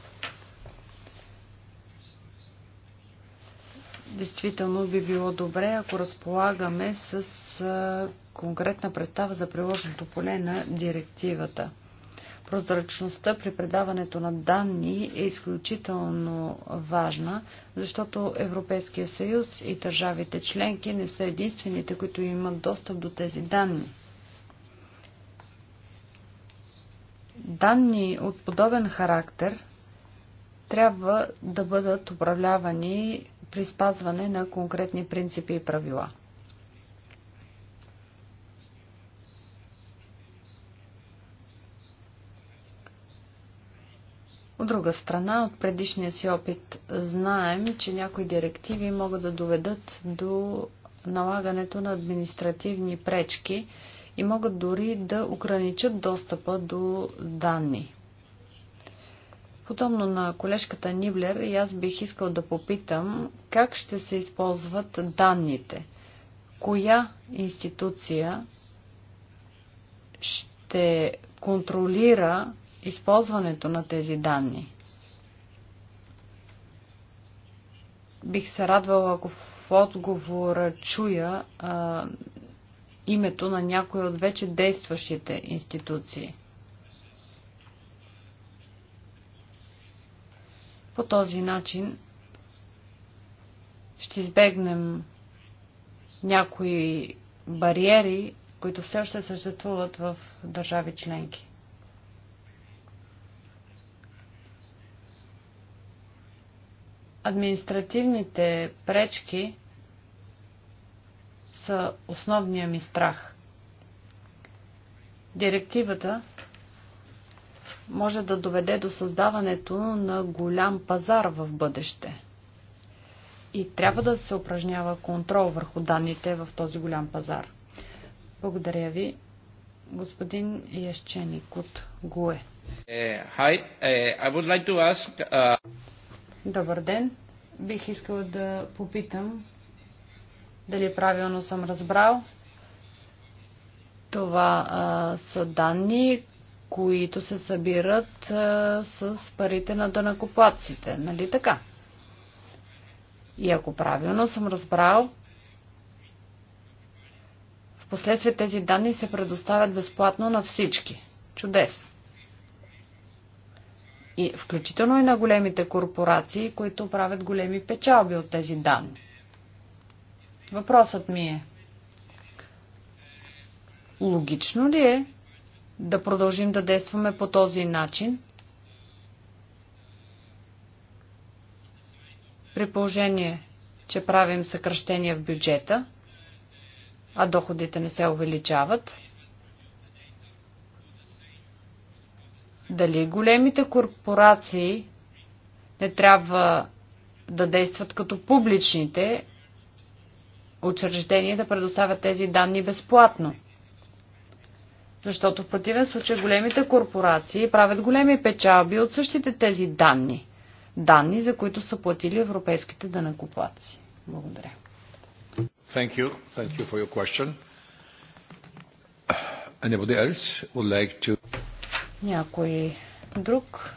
действително би било добре, ако разполагаме с конкретна представа за приложното поле на директивата. Прозрачността при предаването на данни е изключително важна, защото Европейския съюз и държавите членки не са единствените, които имат достъп до тези данни. Данни от подобен характер трябва да бъдат управлявани при спазване на конкретни принципи и правила. От друга страна, от предишния си опит знаем, че някои директиви могат да доведат до налагането на административни пречки и могат дори да ограничат достъпа до данни. Подобно на колежката Ниблер, и аз бих искал да попитам как ще се използват данните. Коя институция ще контролира използването на тези данни? Бих се радвала, ако в отговора чуя а, името на някои от вече действащите институции. По този начин ще избегнем някои бариери, които все още съществуват в държави членки. Административните пречки са основния ми страх. Директивата може да доведе до създаването на голям пазар в бъдеще. И трябва да се упражнява контрол върху данните в този голям пазар. Благодаря ви, господин Ященик от ГУЕ. Е, е, Добър ден. Бих искал да попитам дали правилно съм разбрал. Това а, са данни, които се събират а, с парите на дънакоплаците. Нали така? И ако правилно съм разбрал, в последствие тези данни се предоставят безплатно на всички. Чудесно. И включително и на големите корпорации, които правят големи печалби от тези данни. Въпросът ми е, логично ли е да продължим да действаме по този начин. При положение, че правим съкръщения в бюджета, а доходите не се увеличават, дали големите корпорации не трябва да действат като публичните учреждения да предоставят тези данни безплатно? Защото в противен случай големите корпорации правят големи печалби от същите тези данни. Данни, за които са платили европейските данъкоплаци. Благодаря. Thank you. Thank you for your question. Anybody else would like to... Някой друг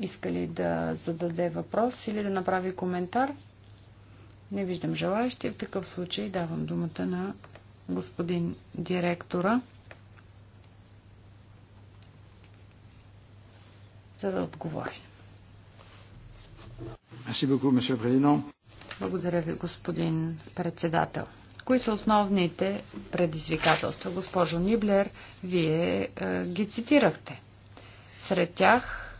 иска ли да зададе въпрос или да направи коментар? Не виждам желаящи. В такъв случай давам думата на господин директора, за да отговори. Благодаря ви, господин председател. Кои са основните предизвикателства? Госпожо Ниблер, вие е, ги цитирахте. Сред тях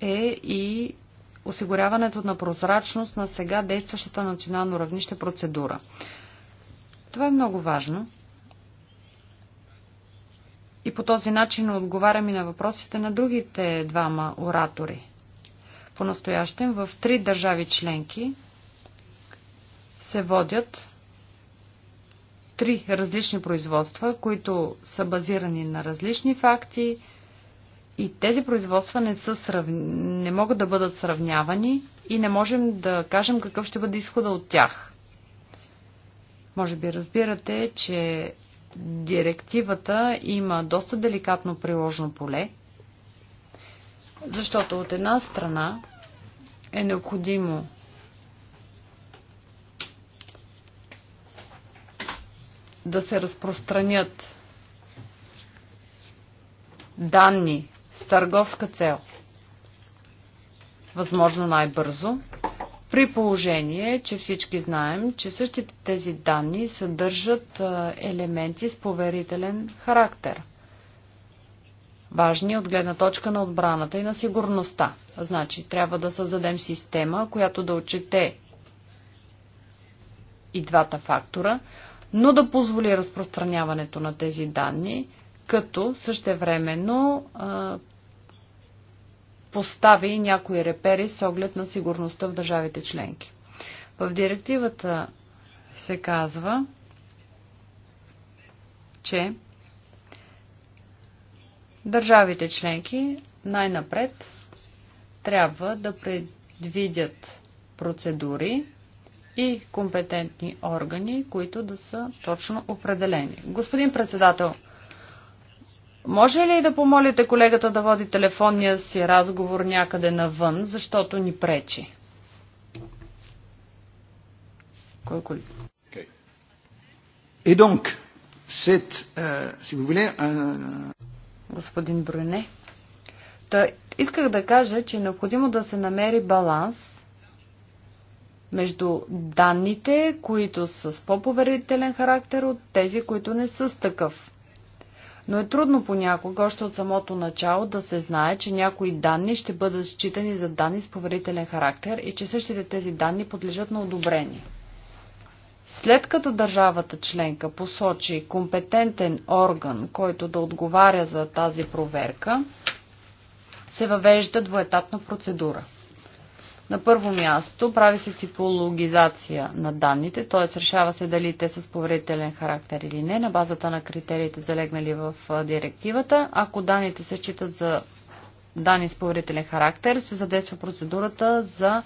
е и осигуряването на прозрачност на сега действащата национално равнище процедура. Това е много важно. И по този начин отговарям и на въпросите на другите двама оратори. По-настоящем в три държави членки се водят три различни производства, които са базирани на различни факти и тези производства не, са срав... не могат да бъдат сравнявани и не можем да кажем какъв ще бъде изхода от тях. Може би разбирате, че директивата има доста деликатно приложно поле, защото от една страна е необходимо да се разпространят данни с търговска цел, възможно най-бързо, при положение, че всички знаем, че същите тези данни съдържат елементи с поверителен характер важни от гледна точка на отбраната и на сигурността. Значи, трябва да създадем система, която да отчете и двата фактора, но да позволи разпространяването на тези данни, като същевременно а, постави някои репери с оглед на сигурността в държавите членки. В директивата се казва, че държавите членки най-напред трябва да предвидят процедури и компетентни органи, които да са точно определени. Господин председател, може ли да помолите колегата да води телефонния си разговор някъде навън, защото ни пречи? Кой коли? Okay. Et euh, Господин Бруне. Та, исках да кажа, че е необходимо да се намери баланс между данните, които са с по-поверителен характер от тези, които не са с такъв. Но е трудно понякога, още от самото начало, да се знае, че някои данни ще бъдат считани за данни с поверителен характер и че същите тези данни подлежат на одобрение. След като държавата членка посочи компетентен орган, който да отговаря за тази проверка, се въвежда двоетапна процедура – на първо място прави се типологизация на данните, т.е. решава се дали те са с поверителен характер или не, на базата на критериите залегнали в директивата. Ако данните се считат за данни с поверителен характер, се задейства процедурата за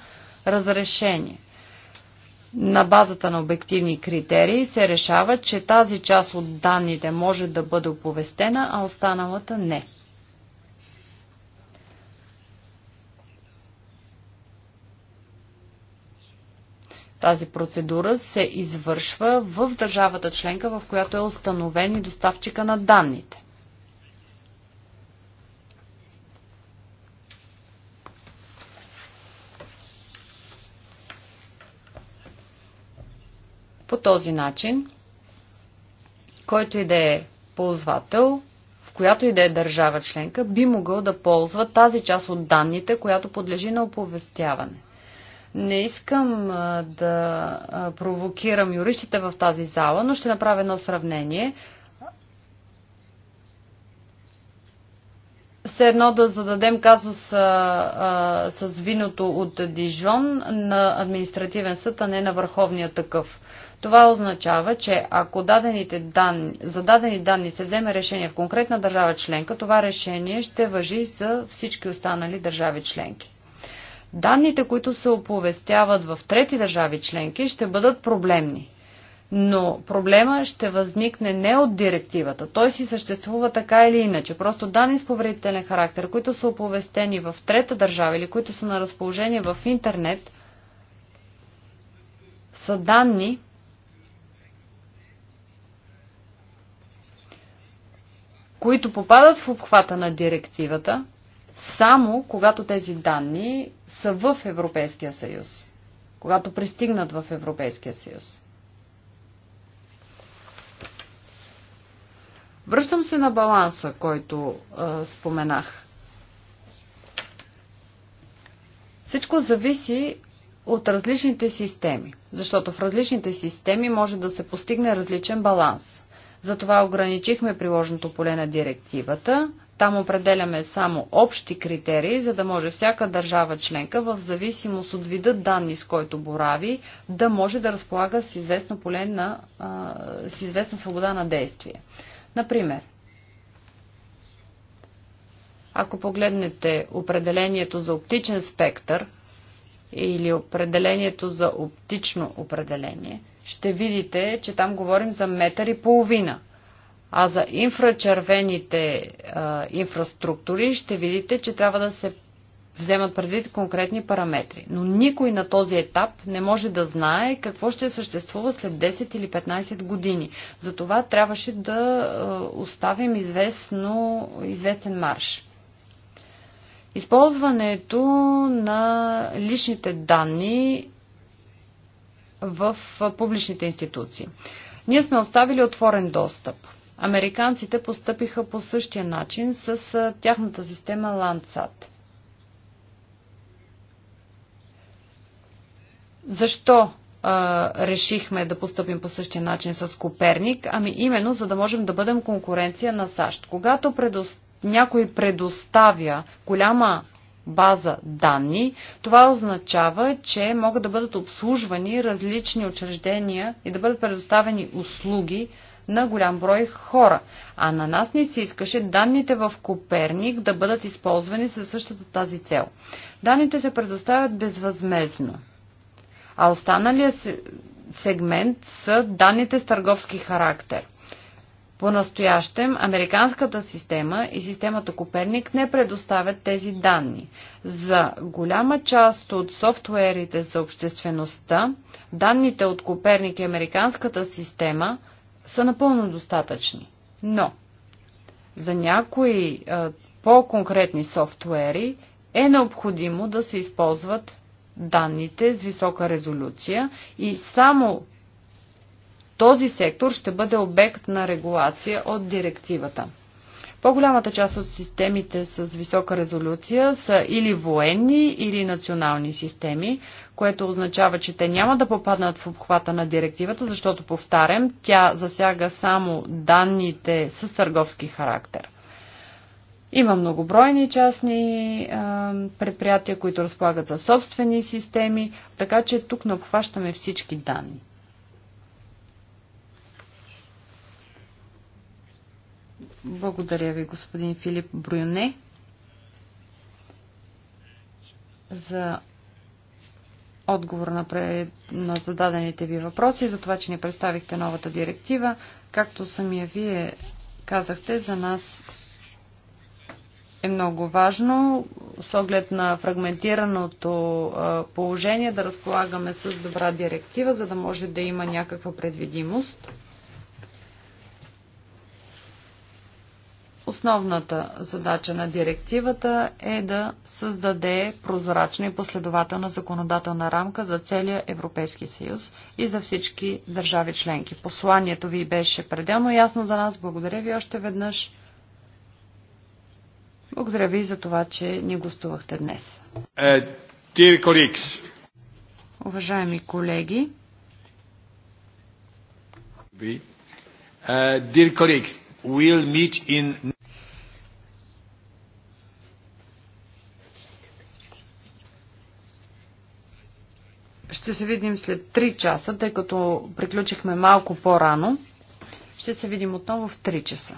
разрешение. На базата на обективни критерии се решава, че тази част от данните може да бъде оповестена, а останалата не. Тази процедура се извършва в държавата членка, в която е установен и доставчика на данните. По този начин, който и да е ползвател, в която и да е държава членка, би могъл да ползва тази част от данните, която подлежи на оповестяване. Не искам да провокирам юристите в тази зала, но ще направя едно сравнение. все едно да зададем казус а, а, с виното от Дижон на административен съд, а не на върховния такъв. Това означава, че ако дадените данни, за дадени данни се вземе решение в конкретна държава членка, това решение ще въжи за всички останали държави членки. Данните, които се оповестяват в трети държави членки, ще бъдат проблемни. Но проблема ще възникне не от директивата. Той си съществува така или иначе. Просто данни с повредителен характер, които са оповестени в трета държава или които са на разположение в интернет, са данни, които попадат в обхвата на директивата, само когато тези данни са в Европейския съюз, когато пристигнат в Европейския съюз. Връщам се на баланса, който а, споменах. Всичко зависи от различните системи, защото в различните системи може да се постигне различен баланс. Затова ограничихме приложното поле на директивата там определяме само общи критерии, за да може всяка държава членка, в зависимост от вида данни, с който борави, да може да разполага с, известно поле на, с известна свобода на действие. Например, ако погледнете определението за оптичен спектър или определението за оптично определение, ще видите, че там говорим за метър и половина – а за инфрачервените а, инфраструктури ще видите, че трябва да се вземат предвид конкретни параметри. Но никой на този етап не може да знае какво ще съществува след 10 или 15 години. Затова трябваше да оставим известно, известен марш. Използването на личните данни в публичните институции. Ние сме оставили отворен достъп. Американците постъпиха по същия начин с тяхната система Landsat. Защо а, решихме да поступим по същия начин с Коперник? Ами именно, за да можем да бъдем конкуренция на САЩ. Когато предос... някой предоставя голяма база данни, това означава, че могат да бъдат обслужвани различни учреждения и да бъдат предоставени услуги на голям брой хора. А на нас ни се искаше данните в Коперник да бъдат използвани със същата тази цел. Данните се предоставят безвъзмезно. А останалия сегмент са данните с търговски характер. По-настоящем американската система и системата Коперник не предоставят тези данни. За голяма част от софтуерите за обществеността, данните от Коперник и американската система – са напълно достатъчни. Но за някои по-конкретни софтуери е необходимо да се използват данните с висока резолюция и само този сектор ще бъде обект на регулация от директивата. По-голямата част от системите с висока резолюция са или военни, или национални системи, което означава, че те няма да попаднат в обхвата на директивата, защото, повтарям, тя засяга само данните с търговски характер. Има многобройни частни предприятия, които разполагат за собствени системи, така че тук не обхващаме всички данни. Благодаря ви, господин Филип Брюне, за отговор на, пред... на зададените ви въпроси, за това, че ни представихте новата директива. Както самия вие казахте, за нас е много важно с оглед на фрагментираното положение да разполагаме с добра директива, за да може да има някаква предвидимост. Основната задача на директивата е да създаде прозрачна и последователна законодателна рамка за целия Европейски съюз и за всички държави членки. Посланието ви беше пределно ясно за нас. Благодаря ви още веднъж. Благодаря ви за това, че ни гостувахте днес. Е, Уважаеми колеги, е, Dear colleagues, we'll meet in Ще се видим след 3 часа, тъй като приключихме малко по-рано. Ще се видим отново в 3 часа.